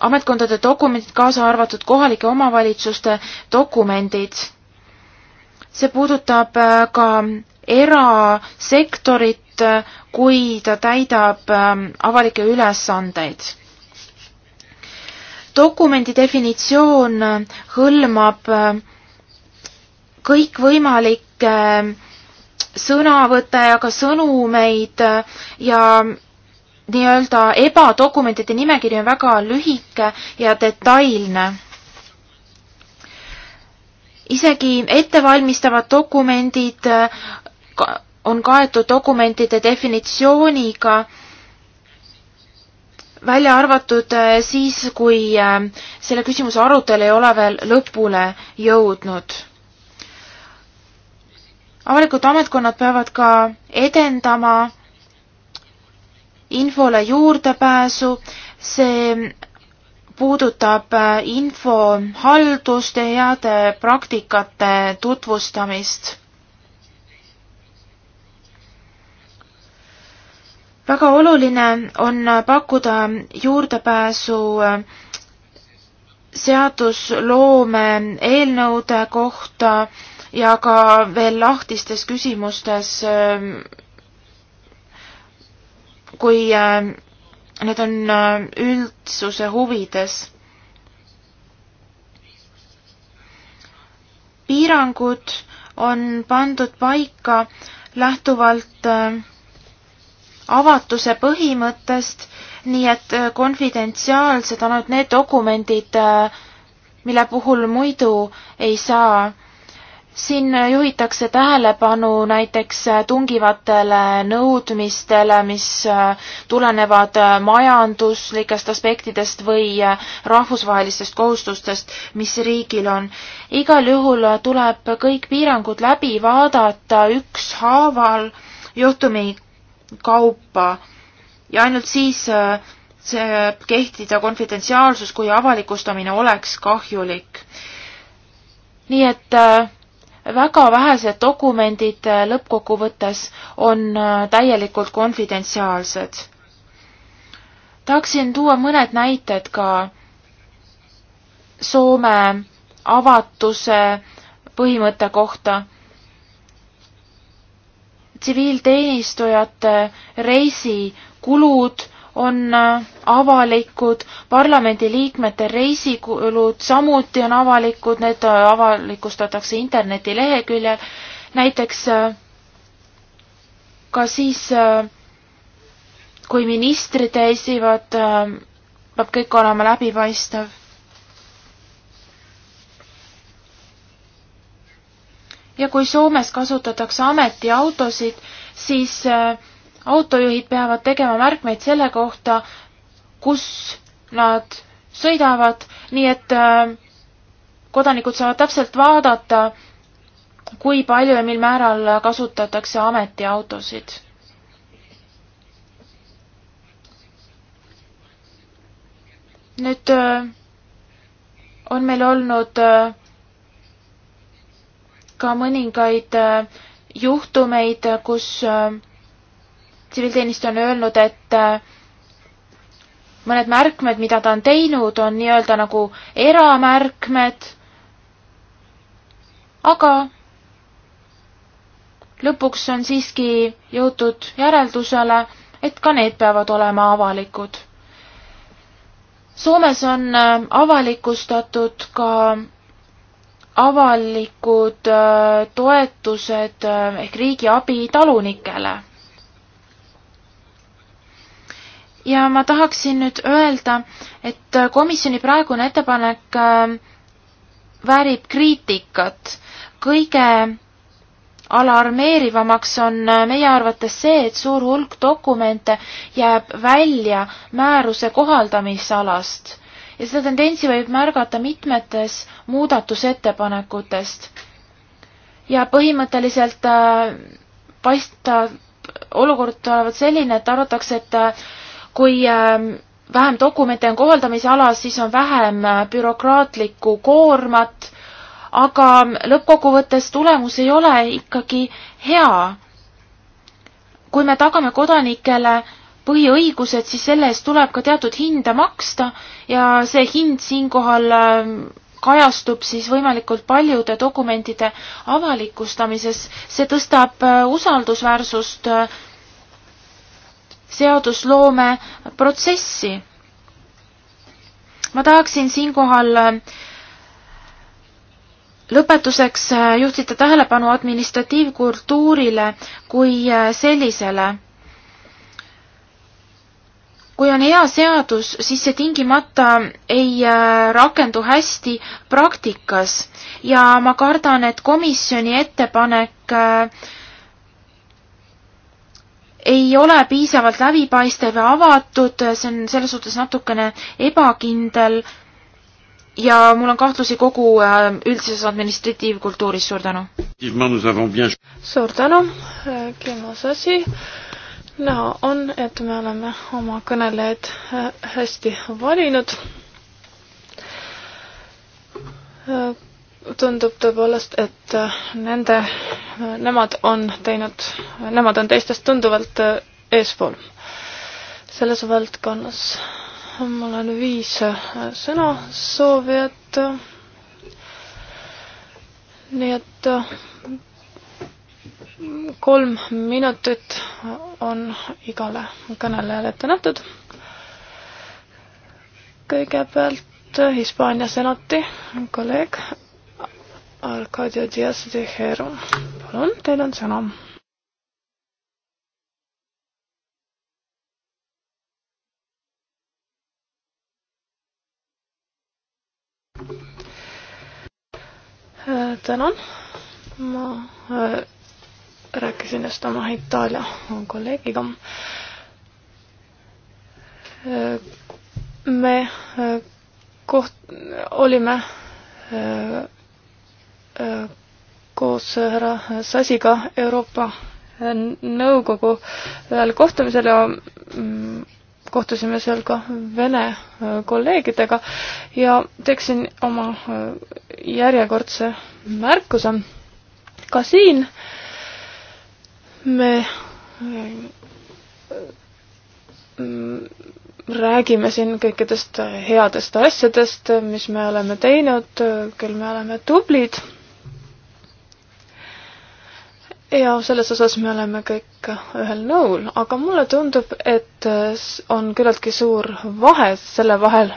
Speaker 5: ametkondade dokumendid, kaasa arvatud kohalike omavalitsuste dokumendid see puudutab äh, ka erasektorit, äh, kui ta täidab ähm, avalikke ülesandeid. dokumendi definitsioon äh, hõlmab kõikvõimalikke sõnavõtte ja ka sõnumeid ja nii-öelda ebadokumentide nimekiri on väga lühike ja detailne isegi ettevalmistavad dokumendid on kaetud dokumentide definitsiooniga, välja arvatud äh, siis, kui äh, selle küsimuse arutelu ei ole veel lõpule jõudnud. avalikud ametkonnad peavad ka edendama infole juurdepääsu, see puudutab äh, infohaldust ja heade praktikate tutvustamist. väga oluline on pakkuda juurdepääsu äh, seadusloome eelnõude kohta ja ka veel lahtistes küsimustes, äh, kui need on äh, üldsuse huvides. piirangud on pandud paika lähtuvalt äh, avatuse põhimõttest, nii et äh, konfidentsiaalsed on ainult need dokumendid, mille puhul muidu ei saa siin juhitakse tähelepanu näiteks tungivatele nõudmistele, mis äh, tulenevad äh, majanduslikest aspektidest või äh, rahvusvahelistest kohustustest, mis riigil on. igal juhul tuleb kõik piirangud läbi vaadata ükshaaval juhtumi kaupa ja ainult siis see kehtida konfidentsiaalsus, kui avalikustamine oleks kahjulik. nii et äh, väga vähesed dokumendid äh, lõppkokkuvõttes on äh, täielikult konfidentsiaalsed. tahaksin tuua mõned näited ka Soome avatuse põhimõtte kohta. tsiviilteenistujate reisikulud on äh, avalikud, parlamendiliikmete reisikulud samuti on avalikud, need äh, avalikustatakse internetileheküljel. näiteks äh, ka siis, kui ministrid esivad, peab kõik olema läbipaistev. ja kui Soomes kasutatakse ametiautosid, siis äh, autojuhid peavad tegema märkmeid selle kohta, kus nad sõidavad, nii et äh, kodanikud saavad täpselt vaadata, kui palju ja mil määral kasutatakse ametiautosid. nüüd äh, on meil olnud äh, ka mõningaid juhtumeid, kus tsiviilteenistus on öelnud, et äh, mõned märkmed, mida ta on teinud, on nii-öelda nagu eramärkmed, aga lõpuks on siiski jõutud järeldusele, et ka need peavad olema avalikud. Soomes on äh, avalikustatud ka avalikud äh, toetused ehk riigi abi talunikele ja ma tahaksin nüüd öelda, et komisjoni praegune ettepanek äh, väärib kriitikat. kõige alarmeerivamaks on äh, meie arvates see, et suur hulk dokumente jääb välja määruse kohaldamisalast ja seda tendentsi võib märgata mitmetes muudatusettepanekutest. ja põhimõtteliselt äh, paistab olukord olevat selline, et arvatakse, et kui ähm, vähem dokumente on kohaldamise alas, siis on vähem äh, bürokraatlikku koormat, aga lõppkokkuvõttes tulemus ei ole ikkagi hea. kui me tagame kodanikele põhiõigused, siis selle eest tuleb ka teatud hinda maksta ja see hind siinkohal ähm, kajastub siis võimalikult paljude dokumentide avalikustamises, see tõstab äh, usaldusväärsust äh, seadusloome protsessi. ma tahaksin siinkohal äh, lõpetuseks äh, juhtida tähelepanu administratiivkultuurile kui äh, sellisele. kui on hea seadus, siis see tingimata ei rakendu hästi praktikas ja ma kardan, et komisjoni ettepanek äh, ei ole piisavalt läbipaistev ja avatud, see on selles suhtes natukene ebakindel ja mul on kahtlusi kogu äh, üldises administratiivkultuuris, suur tänu.
Speaker 4: suur tänu, äh, Kimmo Sasi. näha on, et me oleme oma kõnelejaid äh, hästi valinud tundub tõepoolest, et äh, nende, äh, nemad on teinud, nemad on teistest tunduvalt äh, eespool selles valdkonnas. mul on viis sõnasoovijat. nii et kolm minutit on igale kõnelejale ette nähtud. kõigepealt Hispaania senati kolleeg Arkadia Dias de Hero,
Speaker 1: palun, teil on sõna.
Speaker 4: tänan, ma äh, rääkisin just oma Itaalia kolleegiga. Äh, me äh, koht-, olime koos härra Sasiga Euroopa Nõukogu ühel kohtumisel ja mm, kohtusime seal ka vene äh, kolleegidega ja teeksin oma äh, järjekordse märkuse. ka siin me äh, mm, räägime siin kõikidest headest asjadest, mis me oleme teinud, küll me oleme tublid ja selles osas me oleme kõik ühel nõul, aga mulle tundub, et on küllaltki suur vahe selle vahel,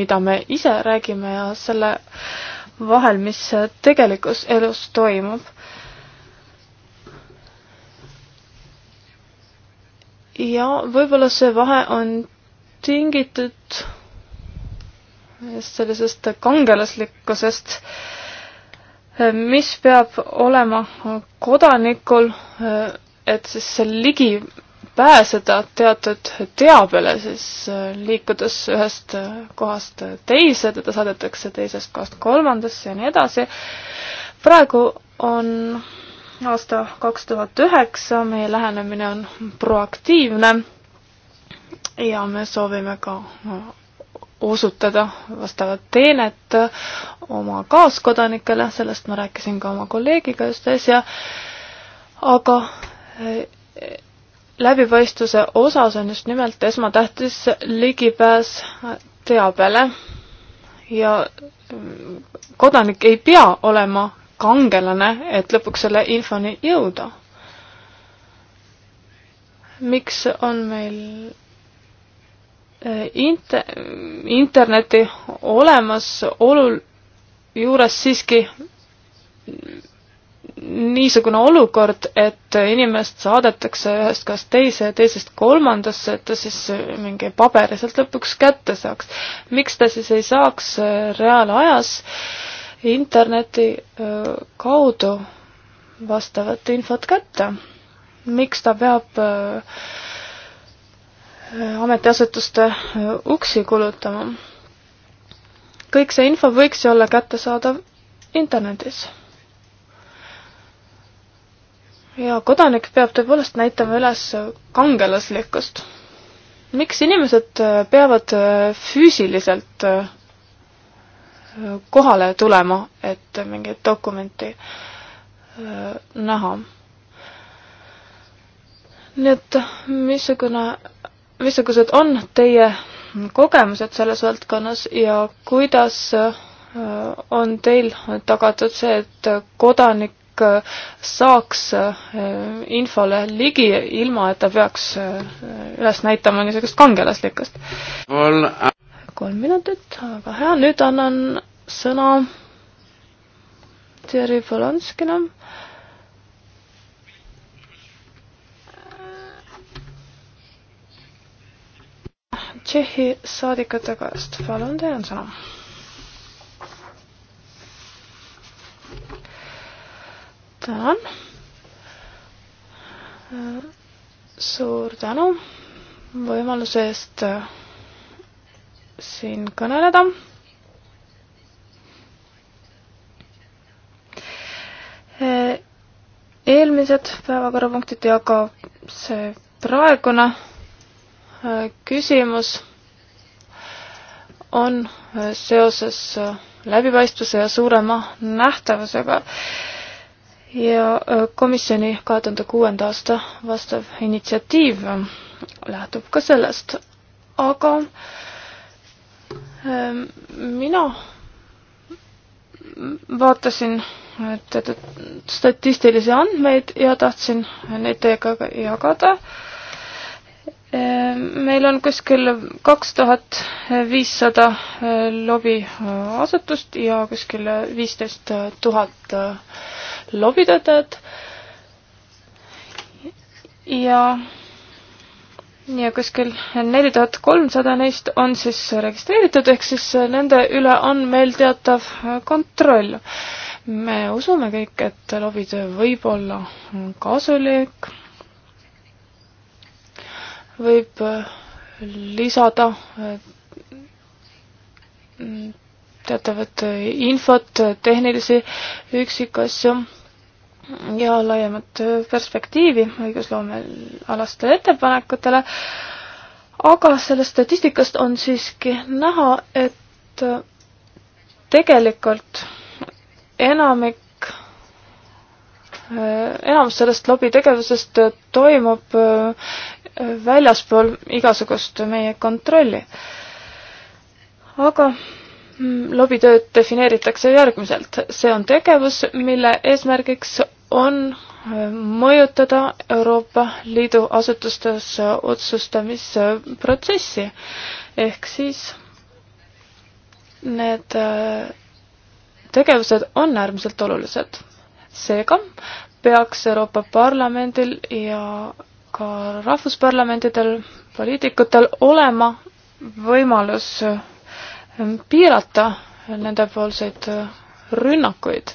Speaker 4: mida me ise räägime ja selle vahel, mis tegelikus elus toimub. ja võib-olla see vahe on tingitud sellisest kangelaslikkusest äh, mis peab olema kodanikul, et siis ligi pääseda teatud teabele, siis äh, liikudes ühest äh, kohast teise, teda saadetakse teisest kohast kolmandasse ja nii edasi. praegu on aasta kaks tuhat üheksa, meie lähenemine on proaktiivne ja me soovime ka äh, osutada vastavat teenet oma kaaskodanikele, sellest ma rääkisin ka oma kolleegiga just äsja, aga eh, läbipaistvuse osas on just nimelt esmatähtis ligipääs teabele ja mm, kodanik ei pea olema kangelane, et lõpuks selle infoni jõuda. miks on meil int-, interneti olemasolul juures siiski niisugune olukord, et inimest saadetakse ühest kohast teise ja teisest kolmandasse, et ta siis mingi paberi sealt lõpuks kätte saaks. miks ta siis ei saaks reaalajas interneti kaudu vastavat infot kätte? miks ta peab äh, ametiasutuste äh, uksi kulutama. kõik see info võiks ju olla kättesaadav internetis. ja kodanik peab tõepoolest näitama üles kangelaslikkust. miks inimesed äh, peavad äh, füüsiliselt kohale tulema, et mingit dokumenti näha? nii et missugune missugused on teie kogemused selles valdkonnas ja kuidas äh, on teil tagatud see, et kodanik äh, saaks äh, infole ligi, ilma et ta peaks üles näitama niisugust kangelaslikkust? kolm minutit, väga hea, nüüd annan sõna Thierry Polanskile Tšehhi saadikute käest. palun, teil on sõna. tänan. suur tänu võimaluse eest siin kõneleda. eelmised päevakorrapunktid ja ka see praegune küsimus on seoses läbipaistvuse ja suurema nähtavusega ja komisjoni kahe tuhande kuuenda aasta vastav initsiatiiv lähtub ka sellest, aga ähm, mina vaatasin teatud statistilisi andmeid ja tahtsin neid teiega jagada äh, Ehm, meil on kuskil kaks tuhat viissada ehm, lobiasutust ja kuskil viisteist tuhat ehm, lobitöötajat. ja, ja kuskil neli tuhat kolmsada neist on siis registreeritud, ehk siis nende üle on meil teatav kontroll. me usume kõik, et lobitöö võib olla kasulik võib äh, lisada äh, teatavat äh, infot, tehnilisi üksikasju ja laiemat perspektiivi õigusloomealastele ettepanekutele, aga sellest statistikast on siiski näha, et tegelikult enamik enamus sellest lobitegevusest toimub äh, väljaspool igasugust meie kontrolli. aga mm, lobitööd defineeritakse järgmiselt. see on tegevus, mille eesmärgiks on äh, mõjutada Euroopa Liidu asutustes otsustamisprotsessi. ehk siis need äh, tegevused on äärmiselt olulised seega peaks Euroopa Parlamendil ja ka rahvusparlamentidel, poliitikutel olema võimalus ähm, piirata nendepoolseid äh, rünnakuid.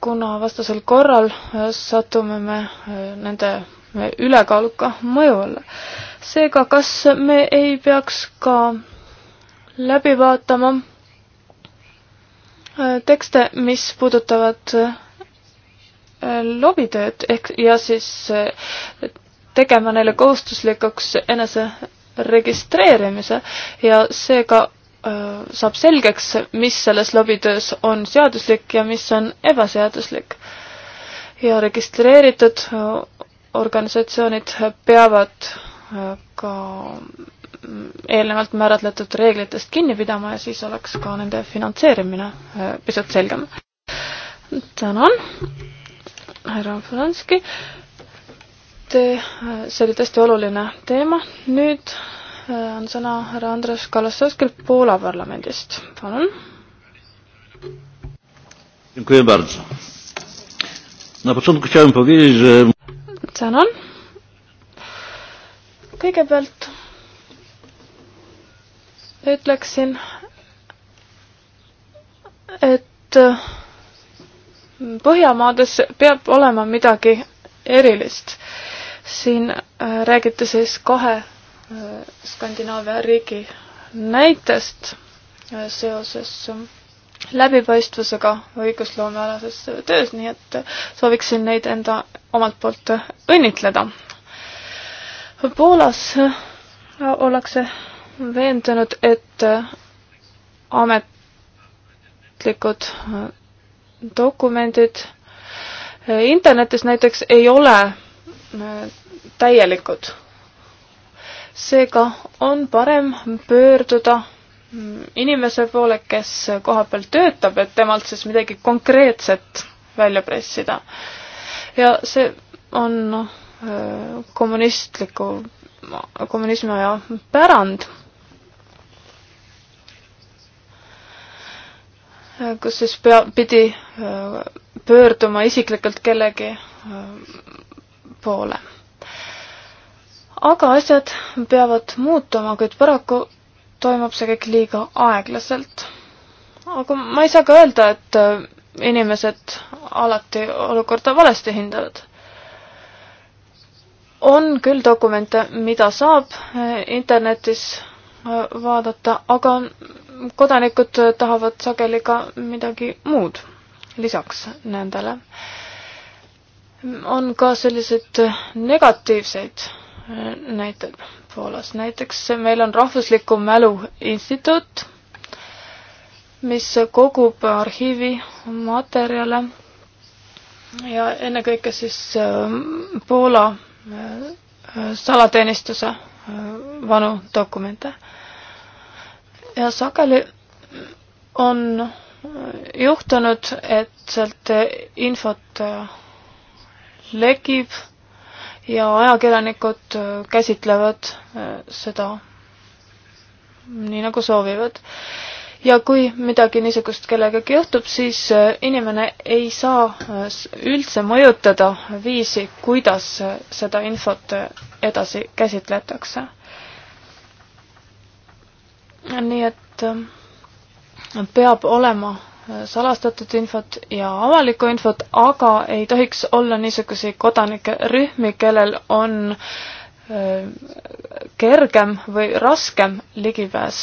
Speaker 4: kuna vastasel korral äh, satume me äh, nende ülekaaluka mõju alla. seega, kas me ei peaks ka läbi vaatama Äh, tekste, mis puudutavad äh, lobitööd ehk ja siis äh, tegema neile kohustuslikuks enese registreerimise ja seega saab selgeks, mis selles lobitöös on seaduslik ja mis on ebaseaduslik. ja registreeritud organisatsioonid peavad ka eelnevalt määratletud reeglitest kinni pidama ja siis oleks ka nende finantseerimine äh, pisut selgem. tänan, härra Franski. Te, äh, see oli tõesti oluline teema. nüüd äh, on sõna härra Andres Kalasovskil Poola parlamendist, palun. tänan. kõigepealt ütleksin, et äh, Põhjamaades peab olema midagi erilist. siin äh, räägiti siis kahe äh, Skandinaavia riigi näitest seoses läbipaistvusega õigusloomealases töös, nii et sooviksin neid enda omalt poolt õnnitleda. Poolas ollakse veendunud, et äh, ametlikud äh, dokumendid äh, internetis näiteks ei ole täielikud. seega on parem pöörduda mm, inimese poole, kes koha peal töötab, et temalt siis midagi konkreetset välja pressida. ja see on kommunistliku, kommunismi aja pärand kus siis pea, pidi äh, pöörduma isiklikult kellegi äh, poole. aga asjad peavad muutuma, kuid paraku toimub see kõik liiga aeglaselt. aga ma ei saa ka öelda, et äh, inimesed alati olukorda valesti hindavad. on küll dokumente, mida saab internetis vaadata, aga kodanikud tahavad sageli ka midagi muud lisaks nendele. on ka selliseid negatiivseid näiteid Poolas, näiteks meil on Rahvusliku Mälu Instituut, mis kogub arhiivimaterjale ja ennekõike siis ähm, Poola äh, salateenistuse äh, vanu dokumente ja sageli on juhtunud, et sealt infot lekib ja ajakirjanikud käsitlevad äh, seda nii, nagu soovivad. ja kui midagi niisugust kellegagi juhtub, siis äh, inimene ei saa äh, üldse mõjutada viisi, kuidas seda infot edasi käsitletakse nii et äh, peab olema äh, salastatud infot ja avalikku infot, aga ei tohiks olla niisuguseid kodanike rühmi, kellel on äh, kergem või raskem ligipääs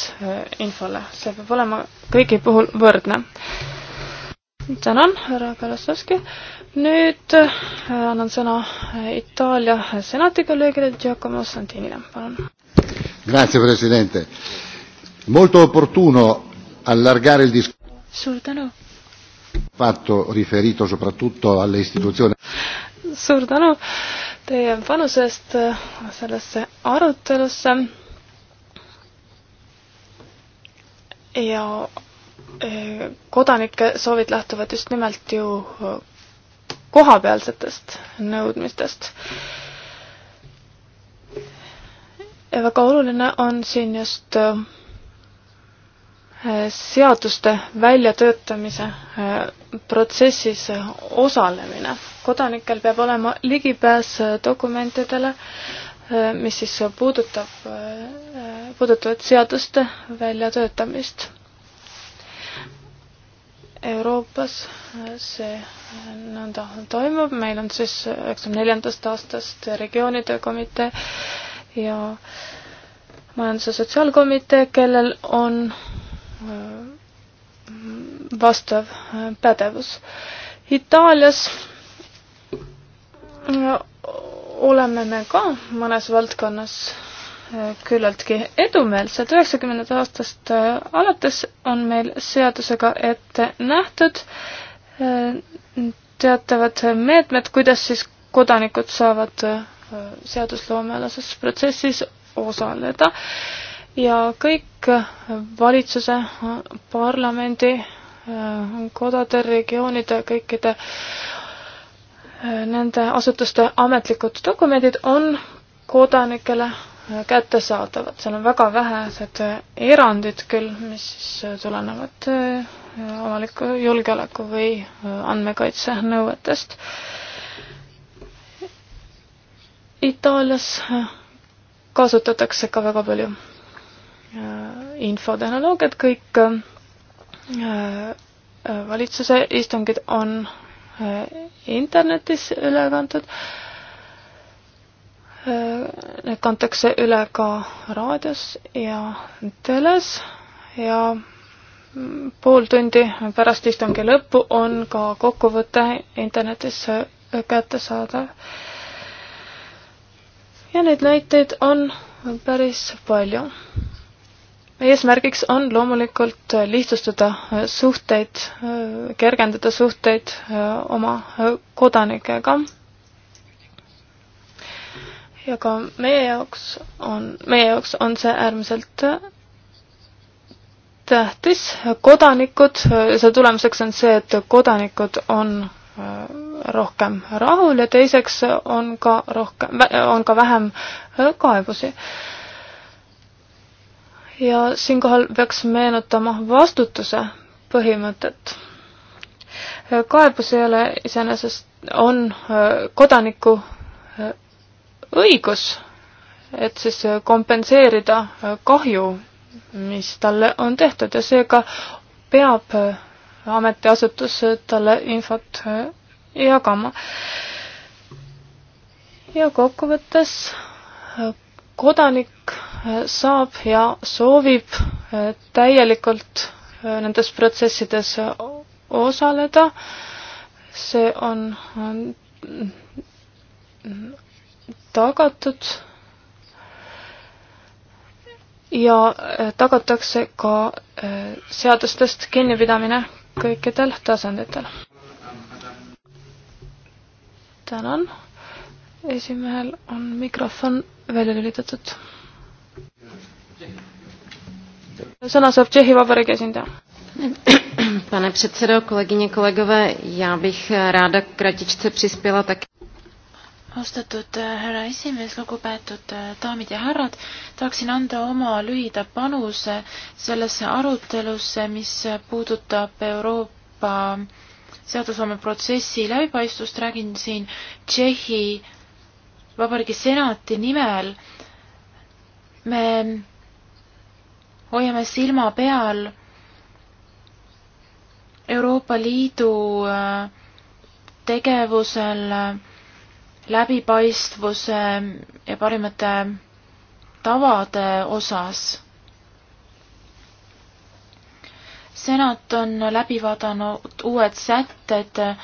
Speaker 4: infole, see peab olema kõigi puhul võrdne. tänan, härra Kalasovski. nüüd annan sõna Itaalia senati kolleegile Giacomo Santinile, palun.
Speaker 2: Grazie, president Molto opportuno allargare il
Speaker 1: discorso
Speaker 2: fatto riferito soprattutto alle istituzioni.
Speaker 4: suur tänu teie panuse eest äh, sellesse arutelusse. ja äh, kodanike soovid lähtuvad just nimelt ju äh, kohapealsetest nõudmistest. ja väga oluline on siin just seaduste väljatöötamise äh, protsessis äh, osalemine. kodanikel peab olema ligipääs äh, dokumentidele, mis siis puudutab, puudutavad seaduste väljatöötamist. Euroopas see nõnda toimub, meil on siis üheksakümne neljandast aastast regioonide komitee ja majandus- ja sotsiaalkomitee, kellel on vastav äh, pädevus. Itaalias äh, oleme me ka mõnes valdkonnas äh, küllaltki edumeelsed. üheksakümnendast aastast alates on meil seadusega ette nähtud teatavad meetmed, kuidas siis kodanikud saavad seadusloomealases protsessis osaleda ja kõik valitsuse, parlamendi, kodade, regioonide, kõikide nende asutuste ametlikud dokumendid on kodanikele kättesaadavad, seal on väga vähesed erandid küll, mis siis tulenevad äh, avaliku julgeoleku või äh, andmekaitse nõuetest. Itaalias äh, kasutatakse ka väga palju Äh, infotehnoloogiat, kõik äh, äh, valitsuse istungid on internetis üle kantud. Need kantakse üle ka raadios ja teles ja pool tundi pärast istungi lõppu on ka kokkuvõte internetis kättesaadav. ja neid näiteid on päris palju eesmärgiks on loomulikult lihtsustada suhteid, kergendada suhteid äh, oma äh, kodanikega. ja ka meie jaoks on, meie jaoks on see äärmiselt äh, tähtis, kodanikud, selle tulemuseks on see, et kodanikud on rohkem rahul ja teiseks on ka rohkem, on ka vähem kaebusi ja siinkohal peaks meenutama vastutuse põhimõtet. kaebus ei ole iseenesest, on äh, kodaniku äh, õigus, et siis äh, kompenseerida kahju, mis talle on tehtud ja seega peab ametiasutus talle infot jagama. ja kokkuvõttes kodanik saab ja soovib eh, täielikult eh, nendes protsessides osaleda, see on, on tagatud ja eh, tagatakse ka seadustest kinnipidamine kõikidel tasanditel. tänan, esimehel on mikrofon välja lülitatud sõna saab Tšehhi Vabariigi esindaja. Pane
Speaker 3: předsedo, kolegyně, kolegové, já bych ráda kratičce přispěla taky.
Speaker 5: Austatud eh, härra esimees, lugupeetud eh, daamid ja härrad, tahaksin anda oma lühida panuse sellesse arutelusse, mis puudutab Euroopa seadusloome protsessi läbipaistvust, räägin siin Tšehhi Vabariigi Senati nimel. me hoiame silma peal Euroopa Liidu äh, tegevusel äh, läbipaistvuse ja parimate tavade osas. senat on läbi vaadanud uued sätted äh,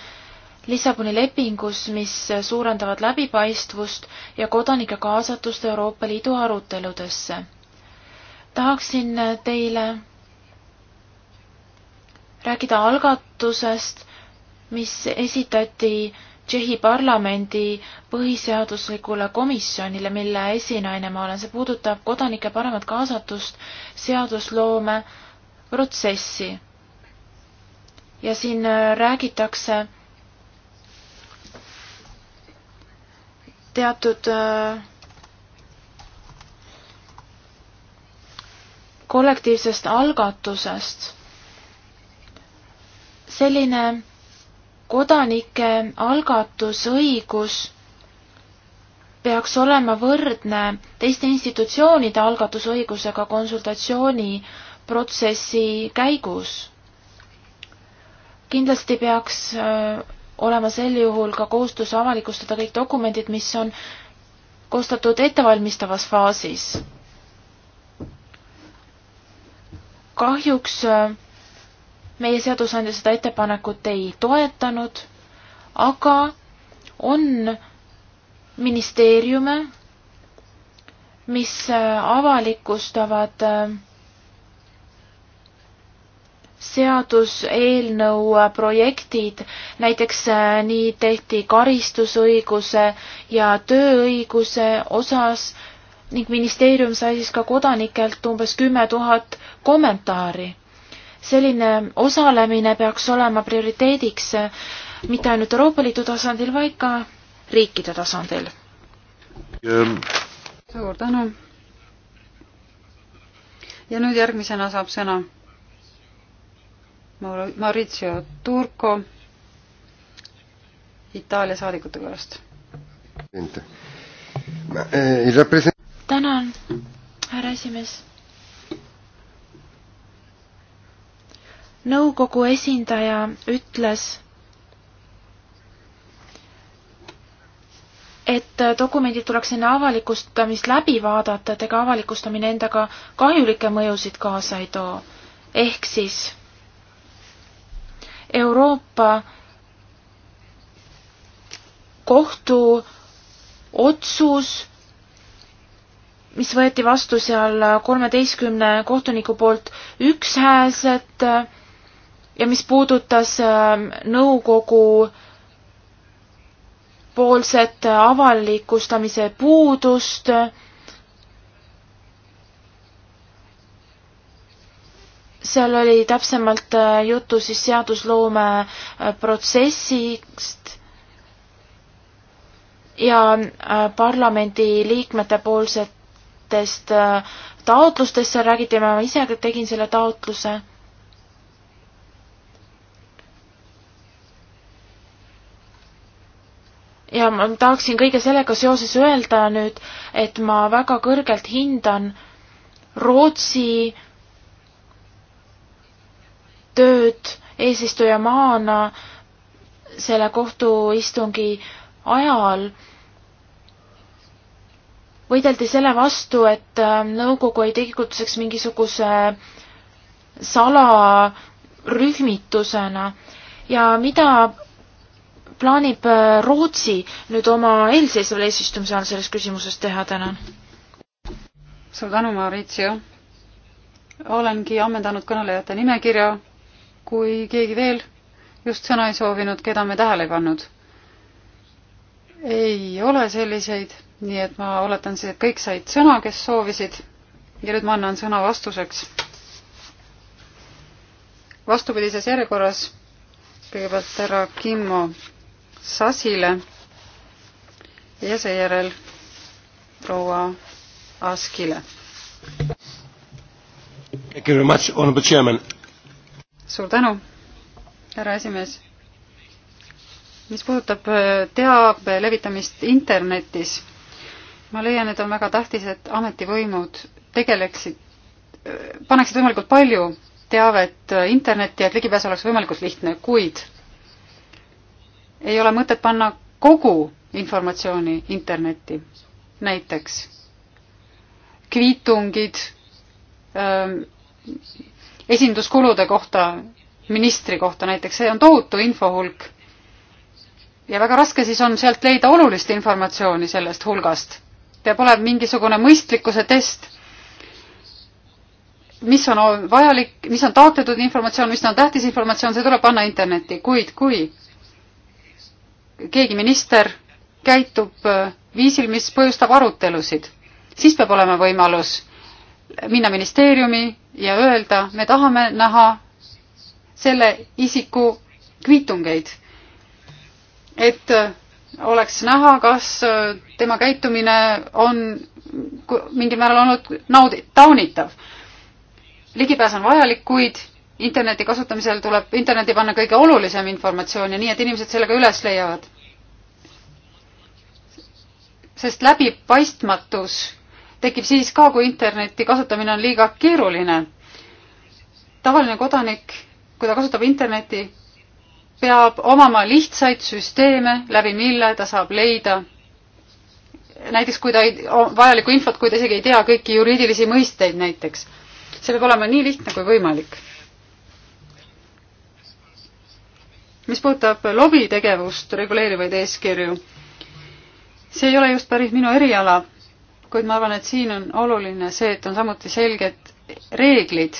Speaker 5: Lissaboni lepingus, mis suurendavad läbipaistvust ja kodanike kaasatust Euroopa Liidu aruteludesse tahaksin teile rääkida algatusest, mis esitati Tšehhi parlamendi põhiseaduslikule komisjonile, mille esinaine ma olen, see puudutab kodanike paremat kaasatust seadusloome protsessi. ja siin räägitakse teatud äh, kollektiivsest algatusest. selline kodanike algatusõigus peaks olema võrdne teiste institutsioonide algatusõigusega konsultatsiooniprotsessi käigus. kindlasti peaks äh, olema sel juhul ka kohustus avalikustada kõik dokumendid, mis on koostatud ettevalmistavas faasis kahjuks äh, meie seadusandja seda ettepanekut ei toetanud, aga on ministeeriume, mis äh, avalikustavad äh, seaduseelnõu projektid, näiteks nii tehti karistusõiguse ja tööõiguse osas ning ministeerium sai siis ka kodanikelt umbes kümme tuhat kommentaari. selline osalemine peaks olema prioriteediks eh, mitte ainult Euroopa Liidu tasandil, vaid ka riikide tasandil.
Speaker 3: suur tänu. ja nüüd järgmisena saab sõna Maurizio Turco Itaalia saadikute kõrvast tänan,
Speaker 5: härra esimees. nõukogu esindaja ütles, et dokumendid tuleks enne avalikustamist läbi vaadata, et ega avalikustamine endaga kahjulikke mõjusid kaasa ei too. ehk siis Euroopa kohtu otsus mis võeti vastu seal kolmeteistkümne kohtuniku poolt ükshäälselt ja mis puudutas ähm, nõukogu poolset avalikustamise puudust. seal oli täpsemalt äh, juttu siis seadusloome äh, protsessist ja äh, parlamendi liikmete poolset erinevatest äh, taotlustest seal räägiti, ma ise ka tegin selle taotluse. ja ma tahaksin kõige sellega seoses öelda nüüd, et ma väga kõrgelt hindan Rootsi tööd eesistujamaana selle kohtuistungi ajal võideldi selle vastu, et ähm, nõukogu ei tegutseks mingisuguse äh, salarühmitusena ja mida plaanib äh, Rootsi nüüd oma
Speaker 3: eelseisval eesistumise all selles küsimuses teha, tänan? suur tänu, Mauritio! olengi ammendanud kõnelejate nimekirja, kui keegi veel just sõna ei soovinud, keda me tähele ei pannud. ei ole selliseid nii et ma oletan, see kõik said sõna, kes soovisid ja nüüd ma annan sõna vastuseks. vastupidises järjekorras kõigepealt härra Kimmo Sasile ja seejärel proua Askile. suur tänu, härra esimees. mis puudutab äh, teabe levitamist internetis ma leian, et on väga tähtis, et ametivõimud tegeleksid, paneksid võimalikult palju teavet internetti, et ligipääs oleks võimalikult lihtne, kuid ei ole mõtet panna kogu informatsiooni internetti. näiteks kviitungid ähm, esinduskulude kohta, ministri kohta näiteks, see on tohutu infohulk. ja väga raske siis on sealt leida olulist informatsiooni sellest hulgast peab olema mingisugune mõistlikkuse test, mis on vajalik, mis on taotletud informatsioon, mis on tähtis informatsioon, see tuleb panna internetti, kuid kui keegi minister käitub äh, viisil, mis põhjustab arutelusid, siis peab olema võimalus minna ministeeriumi ja öelda, me tahame näha selle isiku kviitungeid. et äh, oleks näha, kas äh, tema käitumine on mingil määral olnud naudi-, taunitav. ligipääs on vajalik, kuid interneti kasutamisel tuleb interneti panna kõige olulisem informatsioon ja nii, et inimesed sellega üles leiavad. sest läbipaistmatus tekib siis ka, kui interneti kasutamine on liiga keeruline. tavaline kodanik, kui ta kasutab internetti, peab omama lihtsaid süsteeme, läbi mille ta saab leida näiteks kui ta ei, vajalikku infot, kui ta isegi ei tea kõiki juriidilisi mõisteid näiteks. see peab olema nii lihtne kui võimalik. mis puudutab lobitegevust reguleerivaid eeskirju, see ei ole just päris minu eriala, kuid ma arvan, et siin on oluline see, et on samuti selged reeglid,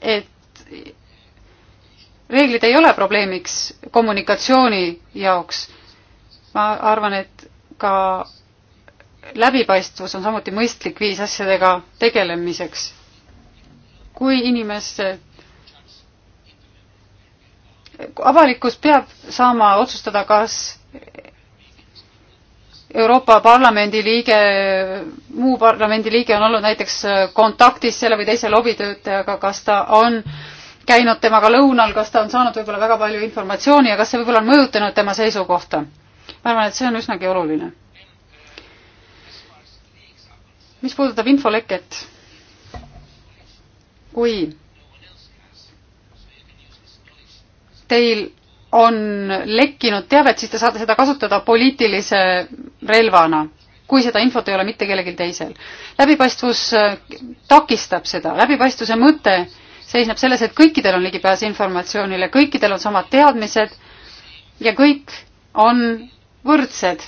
Speaker 3: et reeglid ei ole probleemiks kommunikatsiooni jaoks. ma arvan, et ka läbipaistvus on samuti mõistlik viis asjadega tegelemiseks. kui inimeste avalikkus peab saama otsustada, kas Euroopa Parlamendi liige, muu parlamendi liige on olnud näiteks kontaktis selle või teise lobitöötajaga, kas ta on äh, käinud temaga lõunal, kas ta on saanud võib-olla väga palju informatsiooni ja kas see võib-olla on mõjutanud tema seisukohta. ma arvan, et see on üsnagi oluline. mis puudutab infoleket, kui teil on lekkinud teavet, siis te saate seda kasutada poliitilise relvana, kui seda infot ei ole mitte kellelgi teisel. läbipaistvus takistab seda, läbipaistvuse mõte seisneb selles, et kõikidel on ligipääs informatsioonile, kõikidel on samad teadmised ja kõik on võrdsed.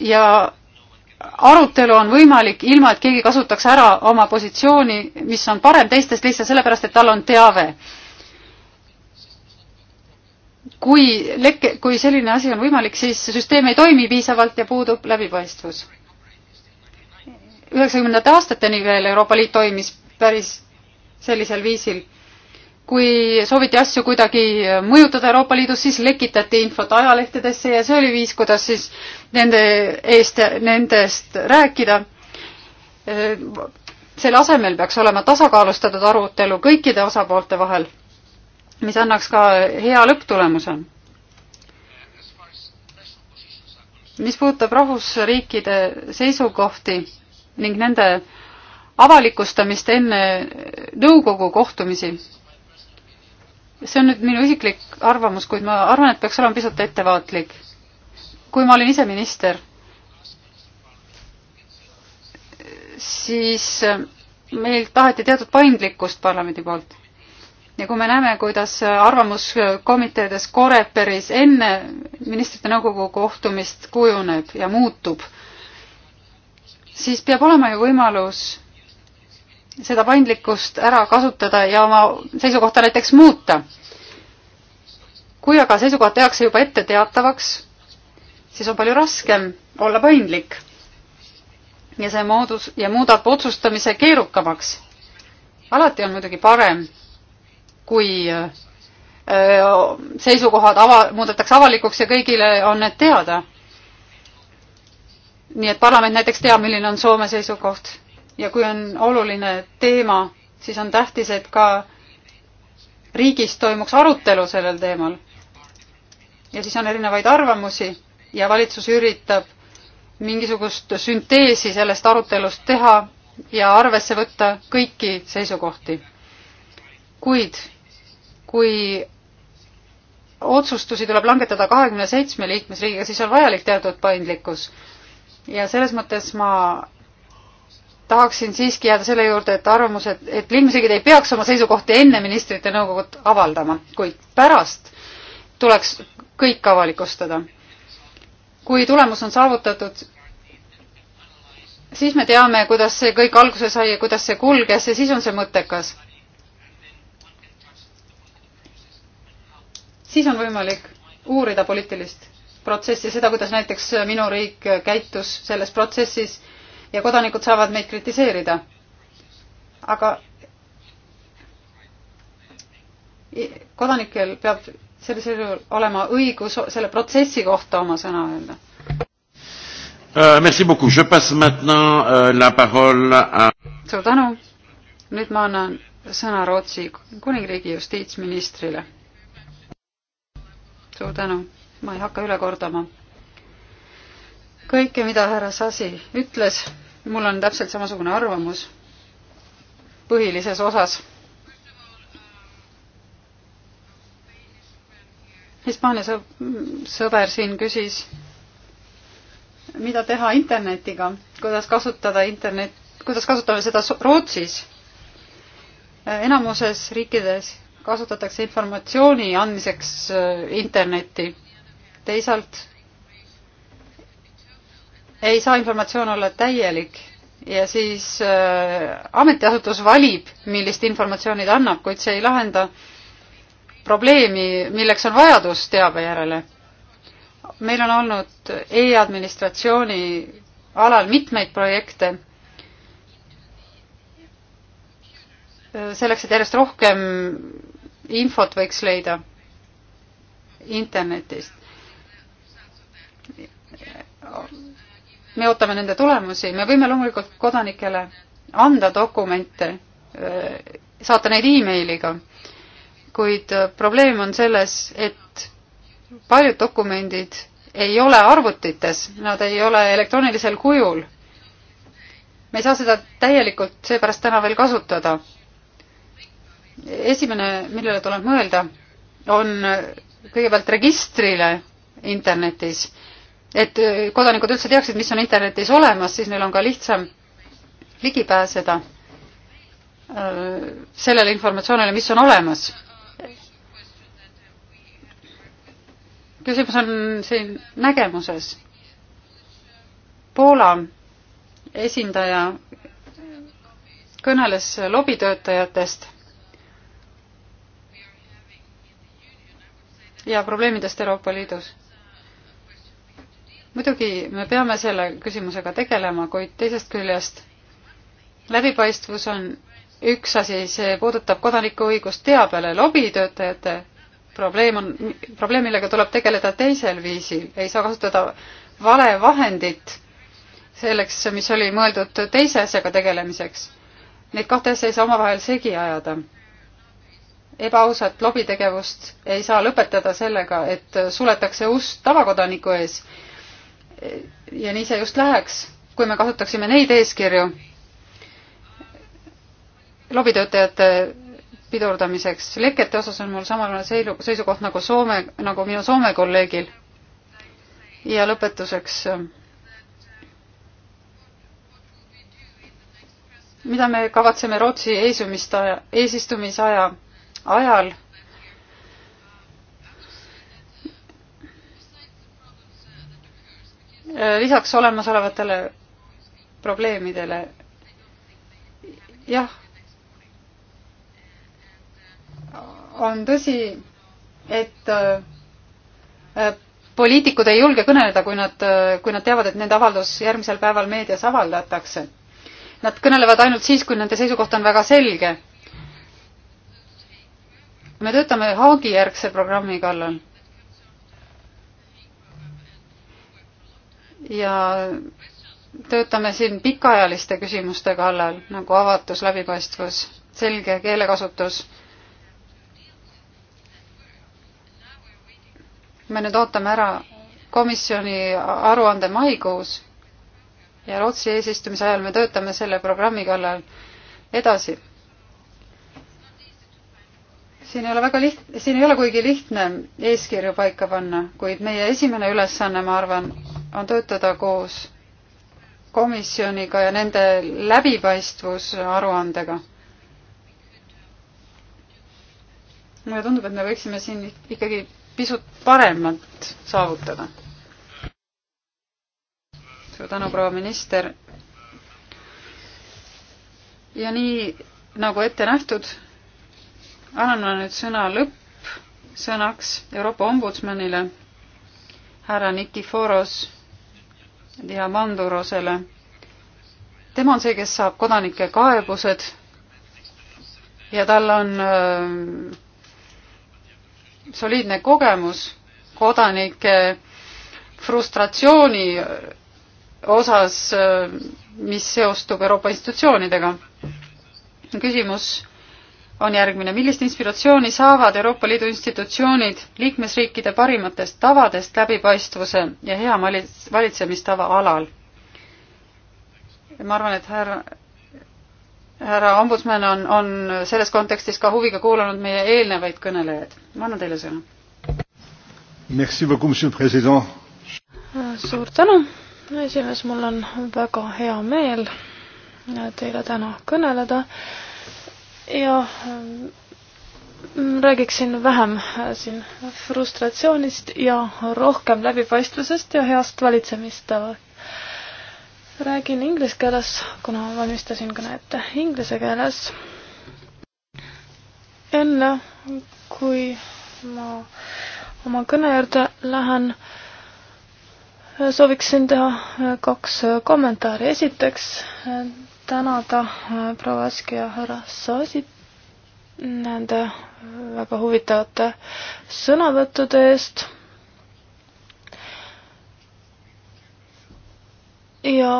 Speaker 3: ja arutelu on võimalik ilma, et keegi kasutaks ära oma positsiooni, mis on parem teistest lihtsalt sellepärast, et tal on teave. kui leke, kui selline asi on võimalik, siis süsteem ei toimi piisavalt ja puudub läbipaistvus. üheksakümnendate aastateni veel Euroopa Liit toimis päris sellisel viisil. kui sooviti asju kuidagi mõjutada Euroopa Liidus, siis lekitati infot ajalehtedesse ja see oli viis, kuidas siis nende eest, nendest rääkida. selle asemel peaks olema tasakaalustatud arutelu kõikide osapoolte vahel, mis annaks ka hea lõpptulemuse mis puudutab rahvusriikide seisukohti ning nende äh, avalikustamist enne nõukogu kohtumisi. see on nüüd minu isiklik arvamus, kuid ma arvan, et peaks olema pisut ettevaatlik. kui ma olin ise minister, siis äh, meilt taheti teatud paindlikkust parlamendi poolt. ja kui me näeme, kuidas arvamuskomiteedes Coreperis enne ministrite nõukogu kohtumist kujuneb ja muutub, siis peab olema ju võimalus seda paindlikkust ära kasutada ja oma seisukohta näiteks muuta. kui aga seisukohad tehakse juba ette teatavaks, siis on palju raskem olla paindlik. ja see moodus ja muudab otsustamise keerukamaks. alati on muidugi parem, kui seisukohad ava-, muudetakse avalikuks ja kõigile on need teada. nii et parlament näiteks teab, milline on Soome seisukoht ja kui on oluline teema, siis on tähtis, et ka riigis toimuks arutelu sellel teemal. ja siis on erinevaid arvamusi ja valitsus üritab mingisugust sünteesi sellest arutelust teha ja arvesse võtta kõiki seisukohti. kuid kui otsustusi tuleb langetada kahekümne seitsme liikmesriigiga, siis on vajalik teatud paindlikkus. ja selles mõttes ma tahaksin siiski jääda selle juurde, et arvamused, et liikmesriigid ei peaks oma seisukohti enne ministrite nõukogut avaldama, kuid pärast tuleks kõik avalikustada. kui tulemus on saavutatud, siis me teame, kuidas see kõik alguse sai ja kuidas see kulges ja siis on see mõttekas. siis on võimalik uurida poliitilist protsessi, seda, kuidas näiteks minu riik käitus selles protsessis ja kodanikud saavad meid kritiseerida. aga kodanikel peab sellisel juhul olema õigus selle protsessi kohta oma sõna öelda.
Speaker 2: Euh, merci beaucoup, je passe maintenant euh, la parole à
Speaker 3: suur tänu, nüüd ma annan sõna Rootsi kuningriigi justiitsministrile. suur tänu, ma ei hakka üle kordama kõike, mida härra Sasi ütles, mul on täpselt samasugune arvamus põhilises osas. Hispaania sõber siin küsis, mida teha internetiga, kuidas kasutada internet, kuidas kasutame seda Rootsis. enamuses riikides kasutatakse informatsiooni andmiseks äh, internetti. teisalt ei saa informatsioon olla täielik ja siis äh, ametiasutus valib, millist informatsiooni ta annab, kuid see ei lahenda probleemi, milleks on vajadus teabe järele. meil on olnud e-administratsiooni alal mitmeid projekte äh, selleks, et järjest rohkem infot võiks leida internetist me ootame nende tulemusi, me võime loomulikult kodanikele anda dokumente, saata neid emailiga, kuid probleem on selles, et paljud dokumendid ei ole arvutites, nad ei ole elektroonilisel kujul. me ei saa seda täielikult seepärast täna veel kasutada. esimene, millele tuleb mõelda, on kõigepealt registrile internetis et äh, kodanikud üldse teaksid, mis on internetis olemas, siis neil on ka lihtsam ligi pääseda äh, sellele informatsioonile, mis on olemas. küsimus on siin nägemuses. Poola esindaja kõneles lobitöötajatest ja probleemidest Euroopa Liidus muidugi me peame selle küsimusega tegelema, kuid teisest küljest läbipaistvus on üks asi, see puudutab kodanikuõigust teabele, lobitöötajate probleem on, probleem, millega tuleb tegeleda teisel viisil, ei saa kasutada vale vahendit selleks, mis oli mõeldud teise asjaga tegelemiseks. Neid kahte asja ei saa omavahel segi ajada. ebaausat lobitegevust ei saa lõpetada sellega, et suletakse ust tavakodaniku ees ja nii see just läheks, kui me kasutaksime neid eeskirju lobitöötajate pidurdamiseks. lekete osas on mul samasugune seisukoht nagu Soome, nagu minu Soome kolleegil. ja lõpetuseks. mida me kavatseme Rootsi eesistumisaja, eesistumisaja ajal Äh, lisaks olemasolevatele probleemidele. jah, on tõsi, et äh, äh, poliitikud ei julge kõneleda, kui nad, kui nad teavad, et nende avaldus järgmisel päeval meedias avaldatakse. Nad kõnelevad ainult siis, kui nende seisukoht on väga selge. me töötame Haagi järgse programmi kallal ja töötame siin pikaajaliste küsimuste kallal, nagu avatus, läbipaistvus, selge keelekasutus. me nüüd ootame ära komisjoni aruande maikuus ja Rootsi eesistumise ajal me töötame selle programmi kallal edasi. siin ei ole väga liht-, siin ei ole kuigi lihtne eeskirju paika panna, kuid meie esimene ülesanne, ma arvan, on töötada koos komisjoniga ja nende läbipaistvusaruandega. mulle tundub, et me võiksime siin ikkagi pisut paremat saavutada. suur tänu, proua minister. ja nii nagu ette nähtud, annan ma nüüd sõna lõppsõnaks Euroopa Ombudsmanile, härra Nikiforos ja Mandurosele. tema on see, kes saab kodanike kaebused ja tal on äh, soliidne kogemus kodanike frustratsiooni äh, osas äh,, mis seostub Euroopa institutsioonidega. küsimus on järgmine. millist inspiratsiooni saavad Euroopa Liidu institutsioonid liikmesriikide parimatest tavadest läbipaistvuse ja hea valitsemistava alal? ma arvan, et härra, härra ombudsman on, on selles kontekstis ka huviga kuulanud meie eelnevaid kõnelejaid. ma annan teile sõna.
Speaker 4: suur tänu, esimees, mul on väga hea meel teile täna kõneleda ja mm, räägiksin vähem äh, siin frustratsioonist ja rohkem läbipaistvusest ja heast valitsemistavast. räägin inglise keeles, kuna valmistasin kõne ette inglise keeles. enne kui ma oma kõne juurde lähen, sooviksin teha kaks kommentaari. esiteks tänada äh, proua Aski ja härra Saasip nende äh, väga huvitavate sõnavõttude eest. ja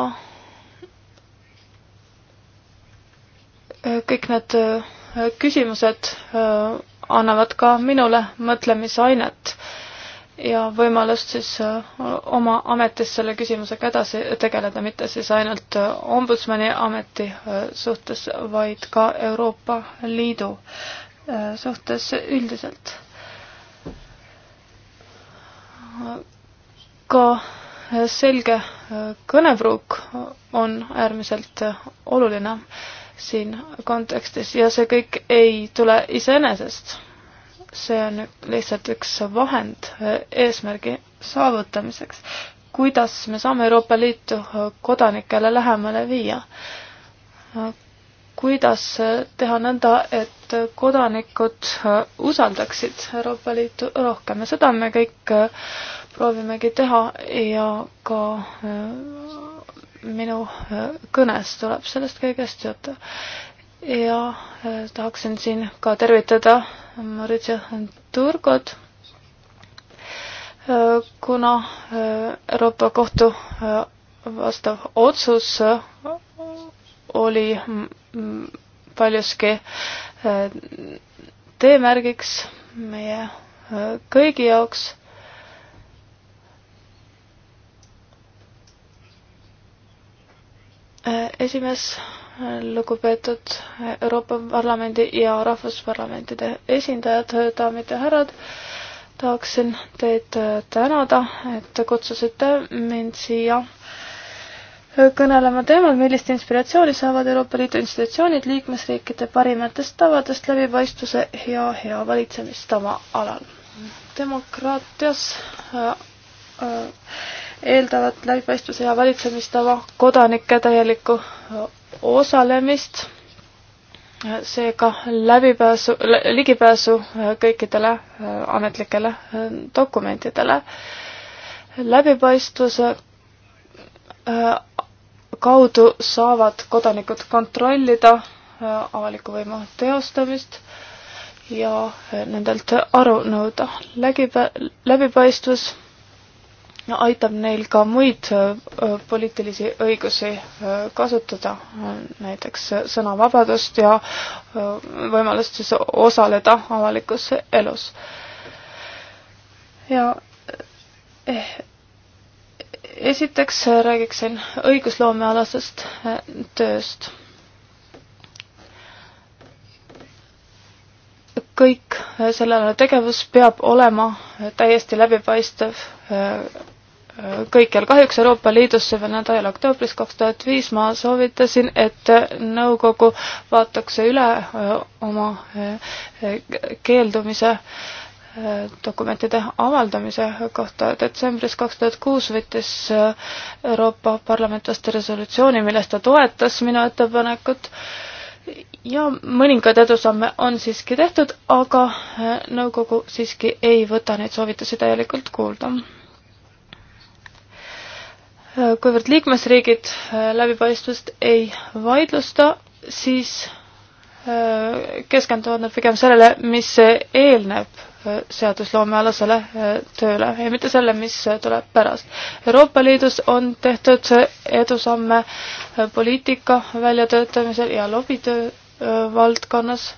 Speaker 4: äh, kõik need küsimused annavad ka minule mõtlemisainet ja võimalust siis äh, oma ametis selle küsimusega edasi tegeleda, mitte siis ainult äh, ombudsmani ameti äh, suhtes, vaid ka Euroopa Liidu suhtes üldiselt. ka selge kõnepruuk on äärmiselt oluline siin kontekstis ja see kõik ei tule iseenesest see on lihtsalt üks vahend äh, eesmärgi saavutamiseks. kuidas me saame Euroopa Liitu äh, kodanikele lähemale viia? Äh, kuidas teha nõnda, et kodanikud usaldaksid Euroopa Liitu rohkem ja seda me kõik proovimegi teha ja ka minu kõnes tuleb sellest kõigest juttu ja äh, tahaksin siin ka tervitada Maritja Turgot, äh, kuna äh, Euroopa Kohtu vastav otsus oli paljuski teemärgiks meie kõigi jaoks. esimees lugupeetud Euroopa Parlamendi ja rahvusparlamentide esindajad, daamid ja härrad, tahaksin teid tänada, et kutsusite mind siia kõnelema teemal, millist inspiratsiooni saavad Euroopa Liidu institutsioonid liikmesriikide parimatest tavadest läbipaistvuse ja hea valitsemistava alal. demokraatias äh, äh, eeldavad läbipaistvuse ja valitsemistava kodanike täielikku äh, osalemist, seega läbipääsu, ligipääsu kõikidele äh, ametlikele äh, dokumentidele. läbipaistvuse äh, kaudu saavad kodanikud kontrollida avaliku võimu teostamist ja nendelt aru nõuda. läbipä-, läbipaistvus aitab neil ka muid äh, äh, poliitilisi õigusi äh, kasutada, näiteks sõnavabadust ja võimalust siis osaleda avalikus elus. ja eh, esiteks räägiksin õigusloomealasest tööst. kõik sellealane tegevus peab olema täiesti läbipaistev kõikjal. kahjuks Euroopa Liidus see veel nädal oktoobris kaks tuhat viis ma soovitasin, et nõukogu vaataks üle äh, oma äh, keeldumise äh, dokumentide avaldamise kohta. detsembris kaks tuhat kuus võttis Euroopa Parlament vastu resolutsiooni, milles ta toetas minu ettepanekut ja mõningaid edusamme on siiski tehtud, aga nõukogu siiski ei võta neid soovitusi täielikult kuulda Äh, kuivõrd liikmesriigid äh, läbipaistvust ei vaidlusta, siis äh, keskenduvad nad pigem sellele, mis eelneb seadusloomealasele tööle ja mitte selle, mis tuleb pärast. Euroopa Liidus on tehtud edusamme poliitika väljatöötamisel ja lobitöö valdkonnas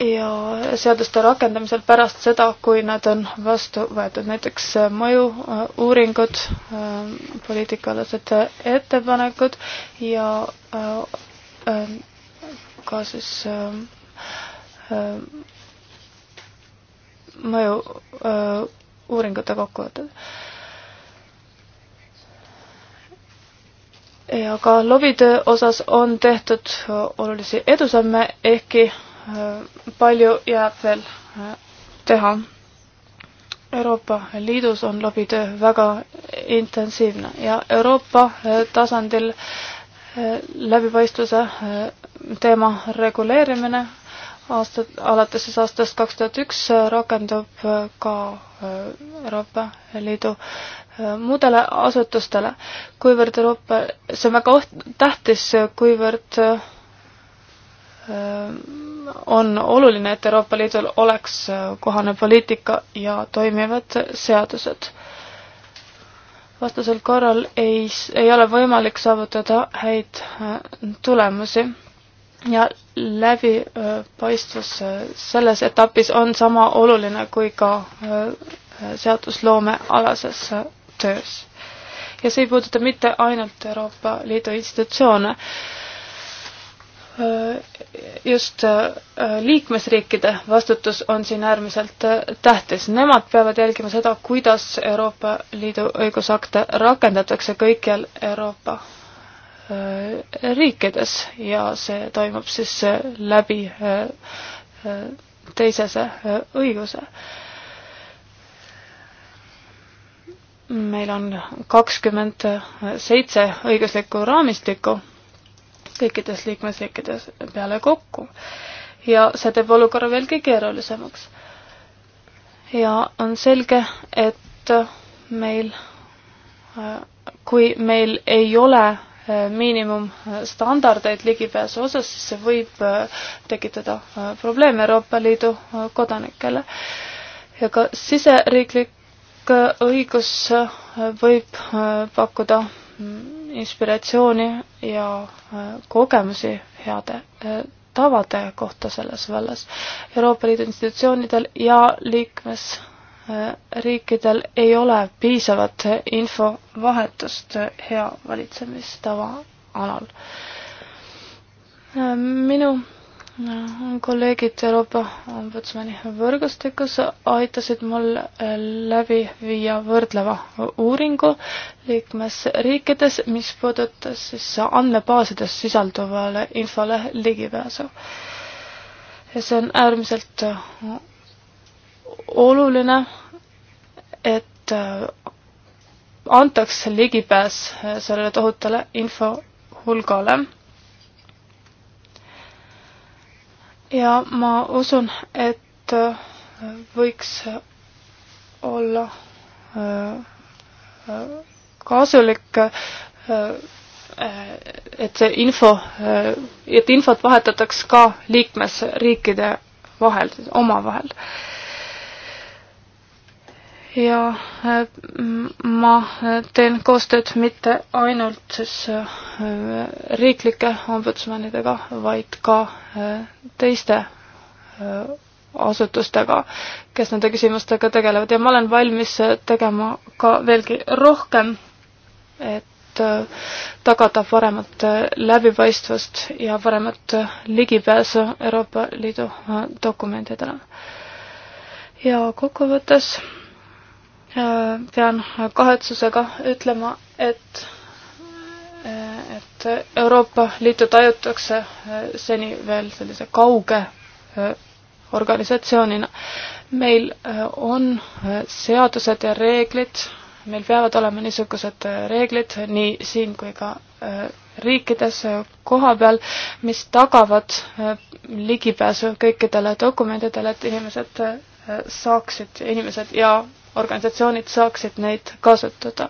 Speaker 4: ja seaduste rakendamisel pärast seda, kui nad on vastu võetud, näiteks äh, mõju-uuringud, äh, äh, poliitikaalased ettepanekud ja ka siis mõju-uuringute kokkuvõtted. ja ka lobitöö osas on tehtud olulisi edusamme, ehkki Äh, palju jääb veel äh, teha. Euroopa Liidus on lobitöö väga intensiivne ja Euroopa äh, tasandil läbipaistvuse teema reguleerimine aastat, alates siis aastast kaks tuhat üks rakendub ka Euroopa Liidu muudele asutustele. kuivõrd Euroopa, see on väga oht-, tähtis, kuivõrd on oluline, et Euroopa Liidul oleks äh, kohane poliitika ja toimivad seadused. vastasel korral ei, ei ole võimalik saavutada häid äh, tulemusi ja läbipaistvus äh, selles etapis on sama oluline kui ka seadusloome alases töös. ja see ei puuduta mitte ainult Euroopa Liidu institutsioone Äh, just äh, liikmesriikide vastutus on siin äärmiselt äh, tähtis. Nemad peavad jälgima seda, kuidas Euroopa Liidu õigusakte rakendatakse kõikjal Euroopa riikides ja see toimub siis läbi teisese õiguse. meil on kakskümmend seitse õiguslikku raamistikku kõikides liikmesriikides peale kokku. ja see teeb olukorra veelgi keerulisemaks. ja on selge, et meil, kui meil ei ole eh, miinimumstandardeid eh, ligipääsu osas, siis see võib eh, tekitada probleeme Euroopa Liidu kodanikele. ja ka siseriiklik õigus võib pakkuda inspiratsiooni ja äh, kogemusi heade äh, tavade kohta selles vallas. Euroopa Liidu institutsioonidel ja liikmesriikidel äh, ei ole piisavat infovahetust hea valitsemistava alal. minu Äh, kolleegid Euroopa Ombudsmani võrgustikus aitasid mul äh, läbi viia võrdleva uuringu liikmesriikides, mis puudutas siis andmebaasides sisalduvale infole ligipääsu. ja see on äärmiselt äh, oluline, et antakse ligipääs sellele tohutule infohulgale ja ma usun, et äh, võiks olla äh, äh, kasulik, et see info, et infot vahetataks ka liikmesriikide vahel, omavahel ja äh, ma teen koostööd mitte ainult siis äh, riiklike ombudsmanidega, vaid ka äh, teiste asutustega, kes nende küsimustega tegelevad ja ma olen valmis tegema ka veelgi rohkem, et tagada paremat läbipaistvust ja paremat ligipääsu Euroopa Liidu dokumentidele. ja kokkuvõttes pean kahetsusega ütlema, et, et Euroopa Liitu tajutakse e, seni veel sellise kauge e, organisatsioonina. meil e, on seadused ja reeglid, meil peavad olema niisugused reeglid nii siin kui ka riikides koha peal, mis tagavad ligipääsu kõikidele dokumentidele, et inimesed saaksid, inimesed ja organisatsioonid saaksid neid kasutada.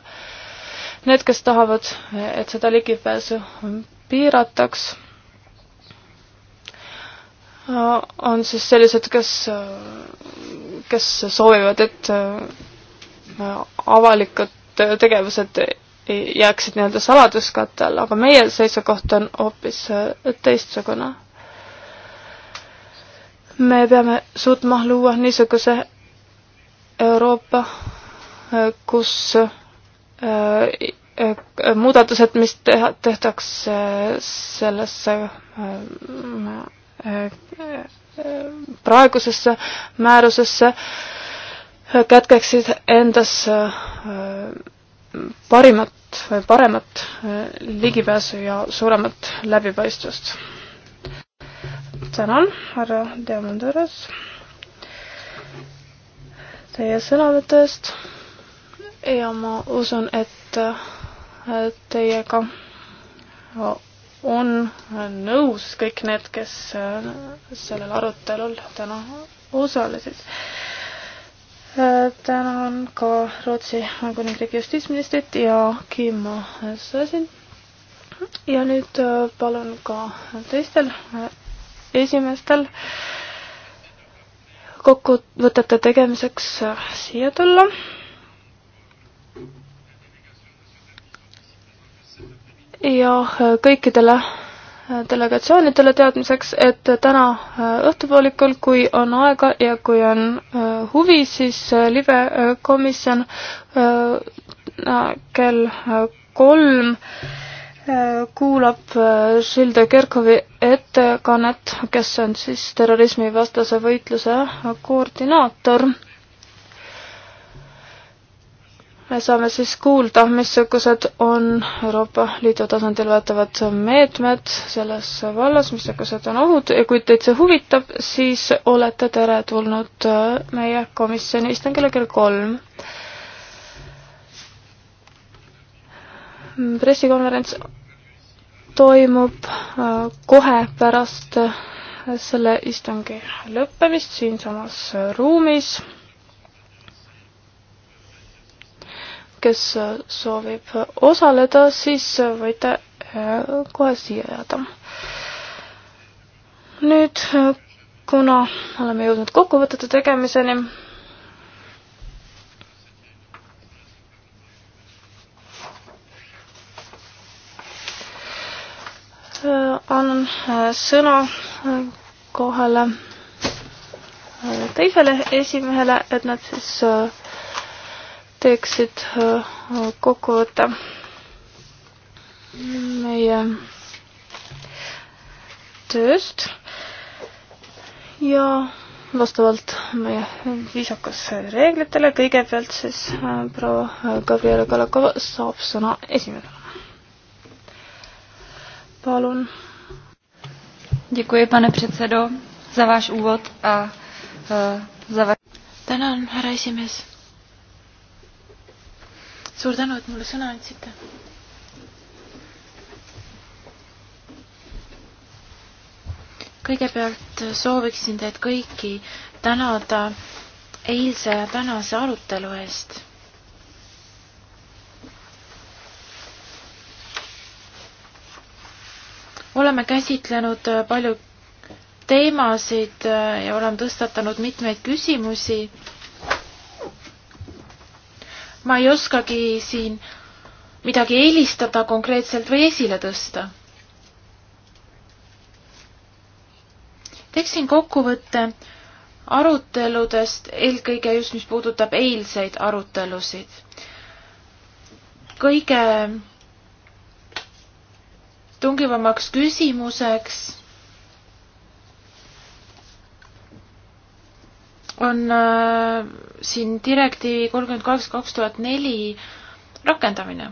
Speaker 4: Need, kes tahavad, et seda ligipääsu piirataks, on siis sellised, kes, kes soovivad, et äh, avalikud tegevused jääksid nii-öelda saladuskatte alla, aga meie seisukoht on hoopis äh, teistsugune. me peame suutma luua niisuguse Euroopa, kus äh, äh, muudatused, mis teha, tehtakse äh, sellesse praegusesse määrusesse, kätkeksid endas parimat või paremat ligipääsu ja suuremat läbipaistvust. tänan, härra Diamandoras teie sõnade eest ja ma usun, et teiega on nõus kõik need, kes sellel arutelul täna osalesid. tänan ka Rootsi kuningriigi justiitsministrit ja Kimmo Sasin. ja nüüd palun ka teistel esimestel kokkuvõtete tegemiseks äh, siia tulla. ja äh, kõikidele äh, delegatsioonidele teadmiseks, et täna õhtupoolikul, kui on aega ja kui on huvi, siis libe komisjon kell kolm kuulab äh, Žilde Kerkovi ettekannet, kes on siis terrorismivastase võitluse koordinaator. me saame siis kuulda, missugused on Euroopa Liidu tasandil võetavad meetmed selles vallas, missugused on ohud ja kui teid see huvitab, siis olete teretulnud äh, meie komisjoni istungile kell kolm pressikonverents toimub äh, kohe pärast äh, selle istungi lõppemist siinsamas äh, ruumis. kes soovib osaleda, siis võite kohe siia jääda. nüüd, kuna oleme jõudnud kokkuvõtete tegemiseni, Äh, annan äh, sõna äh, kohale teisele esimehele, et nad siis teeksid kokkuvõtte meie tööst ja vastavalt meie viisakas reeglitele kõigepealt siis proua Gabriela Kalakova saab sõna esimesena
Speaker 5: palun. Děkuji, pane předsedo, za váš úvod a uh, za va- tänan, härra esimees. suur tänu, et mulle sõna andsite. kõigepealt sooviksin teid kõiki tänada eilse ja tänase arutelu eest oleme käsitlenud äh, palju teemasid äh, ja oleme tõstatanud mitmeid küsimusi. ma ei oskagi siin midagi eelistada konkreetselt või esile tõsta. teeksin kokkuvõtte aruteludest, eelkõige just, mis puudutab eilseid arutelusid. kõige tungivamaks küsimuseks on äh, siin direktiivi kolmkümmend kaheksa kaks tuhat neli rakendamine.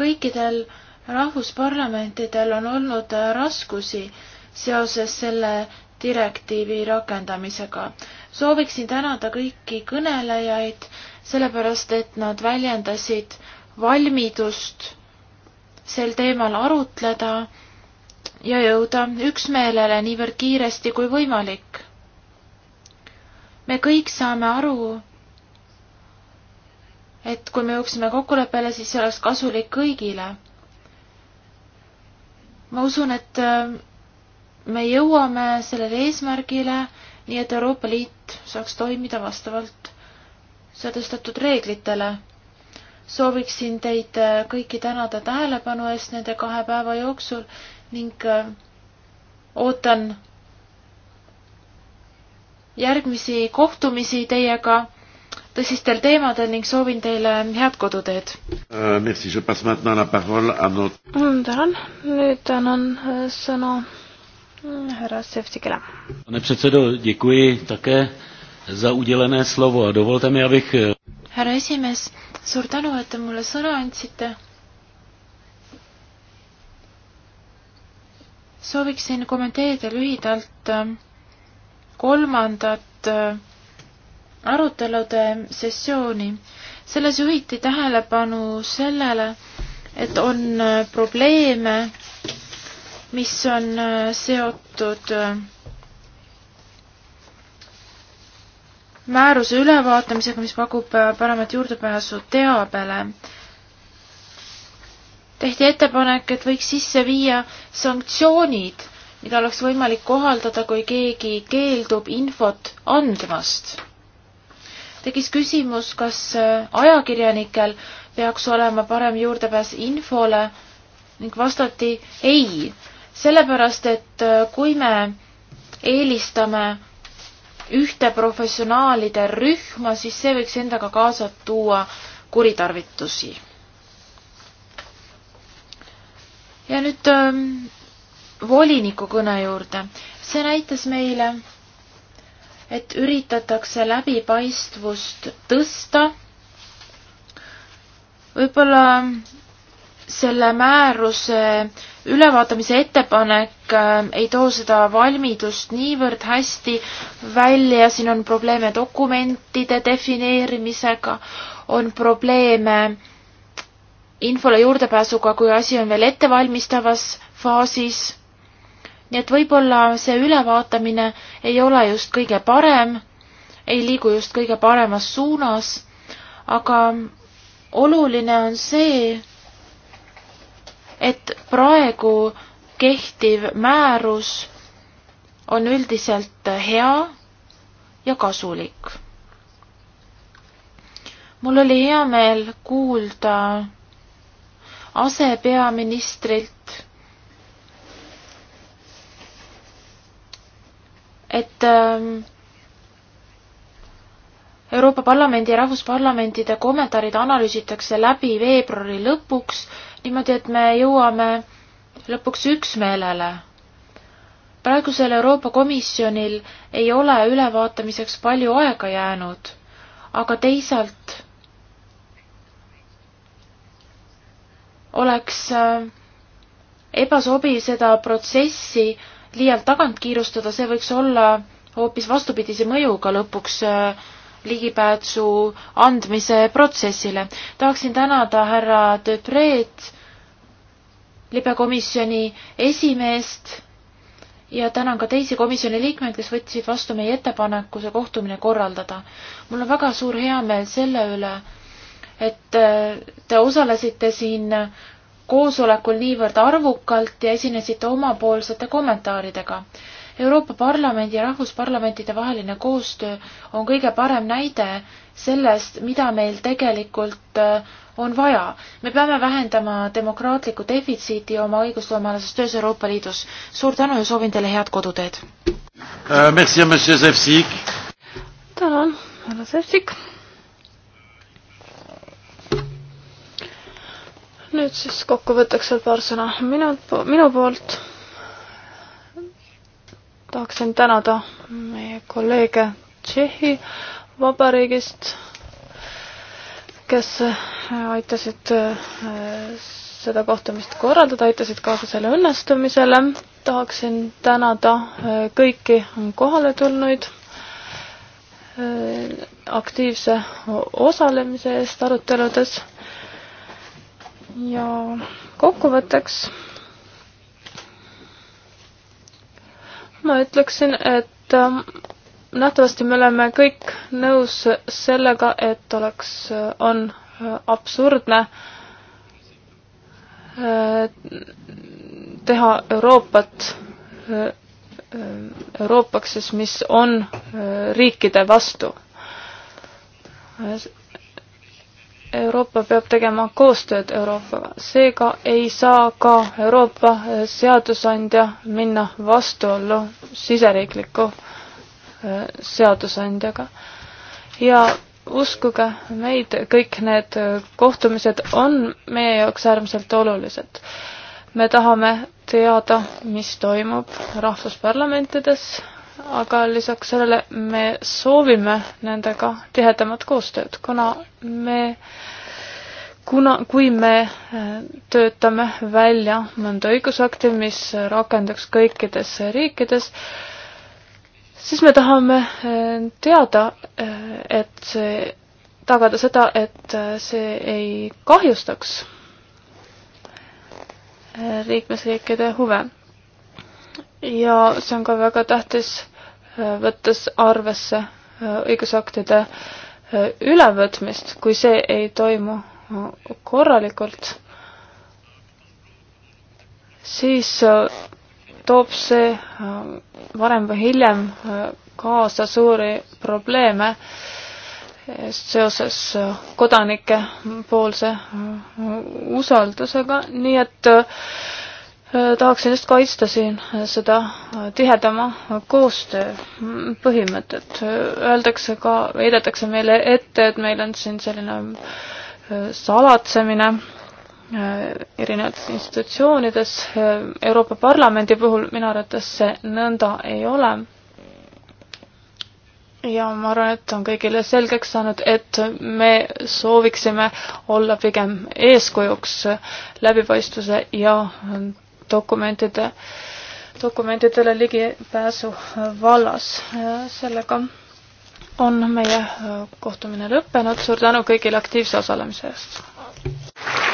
Speaker 5: kõikidel rahvusparlamentidel on olnud äh, raskusi seoses selle direktiivi rakendamisega äh, sooviksin tänada kõiki kõnelejaid, sellepärast et nad väljendasid valmidust sel teemal arutleda ja jõuda üksmeelele niivõrd kiiresti kui võimalik. me kõik saame aru, et kui me jõuaksime kokkuleppele, siis see oleks kasulik kõigile. ma usun, et me jõuame sellele eesmärgile nii et Euroopa Liit saaks toimida vastavalt sätestatud reeglitele. sooviksin teid äh, kõiki tänada tähelepanu eest nende kahe päeva jooksul ning äh, ootan järgmisi kohtumisi teiega tõsistel teemadel ning soovin teile head koduteed
Speaker 2: uh,.
Speaker 5: tänan,
Speaker 4: nüüd annan äh, sõna Hra hmm, Sevcikela.
Speaker 2: Pane předsedo, děkuji také za udělené slovo a dovolte mi, abych...
Speaker 5: Härra eh, esimees, suur tänu, et te mulle sõna andsite. sooviksin kommenteerida lühidalt eh, kolmandat eh, arutelude sessiooni. selles juhiti tähelepanu sellele, et on probleeme mis on äh, seotud äh, määruse ülevaatamisega, mis pakub äh, paremat juurdepääsu teabele. tehti ettepanek, et võiks sisse viia sanktsioonid, mida oleks võimalik kohaldada, kui keegi keeldub infot andmast. tekkis küsimus, kas ajakirjanikel peaks olema parem juurdepääs infole ning vastati ei sellepärast, et äh, kui me eelistame ühte professionaalide rühma, siis see võiks endaga kaasa tuua kuritarvitusi. ja nüüd ähm, voliniku kõne juurde. see näitas meile, et üritatakse läbipaistvust tõsta. võib-olla selle määruse ülevaatamise ettepanek äh, ei too seda valmidust niivõrd hästi välja, siin on probleeme dokumentide defineerimisega, on probleeme infole juurdepääsuga, kui asi on veel ettevalmistavas faasis. nii et võib-olla see ülevaatamine ei ole just kõige parem, ei liigu just kõige paremas suunas, aga oluline on see, et praegu kehtiv määrus on üldiselt hea ja kasulik. mul oli hea meel kuulda asepeaministrilt, et ähm, Euroopa Parlamendi ja rahvusparlamentide kommentaarid analüüsitakse läbi veebruari lõpuks niimoodi, et me jõuame lõpuks üksmeelele. praegusel Euroopa Komisjonil ei ole ülevaatamiseks palju aega jäänud, aga teisalt oleks äh, ebasobiv seda protsessi liialt tagant kiirustada, see võiks olla hoopis vastupidise mõjuga lõpuks äh, ligipääsu andmise protsessile. tahaksin tänada härra Depreed, libekomisjoni esimeest ja tänan ka teisi komisjoni liikmeid, kes võtsid vastu meie ettepaneku see kohtumine korraldada. mul on väga suur heameel selle üle, et äh, te osalesite siin koosolekul niivõrd arvukalt ja esinesite omapoolsete kommentaaridega. Euroopa Parlamendi ja rahvusparlamentide vaheline koostöö on kõige parem näide sellest, mida meil tegelikult äh, on vaja. me peame vähendama demokraatlikku defitsiiti oma õigusloomalises töös Euroopa Liidus. suur tänu ja soovin teile head koduteed
Speaker 2: äh,!
Speaker 5: tänan, härra Sefsik!
Speaker 4: nüüd siis kokkuvõtteks veel paar sõna minu, minu poolt tahaksin tänada meie kolleege Tšehhi Vabariigist, kes äh, aitasid äh, seda kohtumist korraldada, aitasid kaasa selle õnnestumisele. tahaksin tänada äh, kõiki kohale tulnuid aktiivse osalemise eest aruteludes ja kokkuvõtteks ma ütleksin, et ähm, nähtavasti me oleme kõik nõus sellega, et oleks, äh, on äh, absurdne äh, teha Euroopat Euroopaks siis, mis on riikide vastu. Euroopa peab tegema koostööd Euroopaga, seega ei saa ka Euroopa seadusandja minna vastuollu siseriikliku äh, seadusandjaga. ja uskuge meid, kõik need äh, kohtumised on meie jaoks äärmiselt olulised. me tahame teada, mis toimub rahvusparlamentides, aga lisaks sellele me soovime nendega tihedamat koostööd, kuna me, kuna, kui me äh, töötame välja mõnda õigusakti, mis rakenduks kõikides riikides, siis me tahame äh, teada, äh, et see, tagada seda, et see ei kahjustaks liikmesriikide huve. ja see on ka väga tähtis võttes arvesse äh, õigusaktide äh, ülevõtmist, kui see ei toimu äh, korralikult, siis toob see varem või hiljem kaasa suuri probleeme seoses kodanike poolse usaldusega, nii et Äh, tahaksin just kaitsta siin äh, seda äh, tihedama koostöö mm, põhimõtet. Öeldakse ka, heidetakse meile ette, et meil on siin selline salatsemine erinevates institutsioonides. Euroopa Parlamendi puhul minu arvates see nõnda ei ole. ja ma arvan, et on kõigile selgeks saanud, et me sooviksime olla pigem eeskujuks läbipaistvuse ja dokumentide, dokumentidele ligipääsu vallas. sellega on meie kohtumine lõppenud, suur tänu kõigile aktiivse osalemise eest!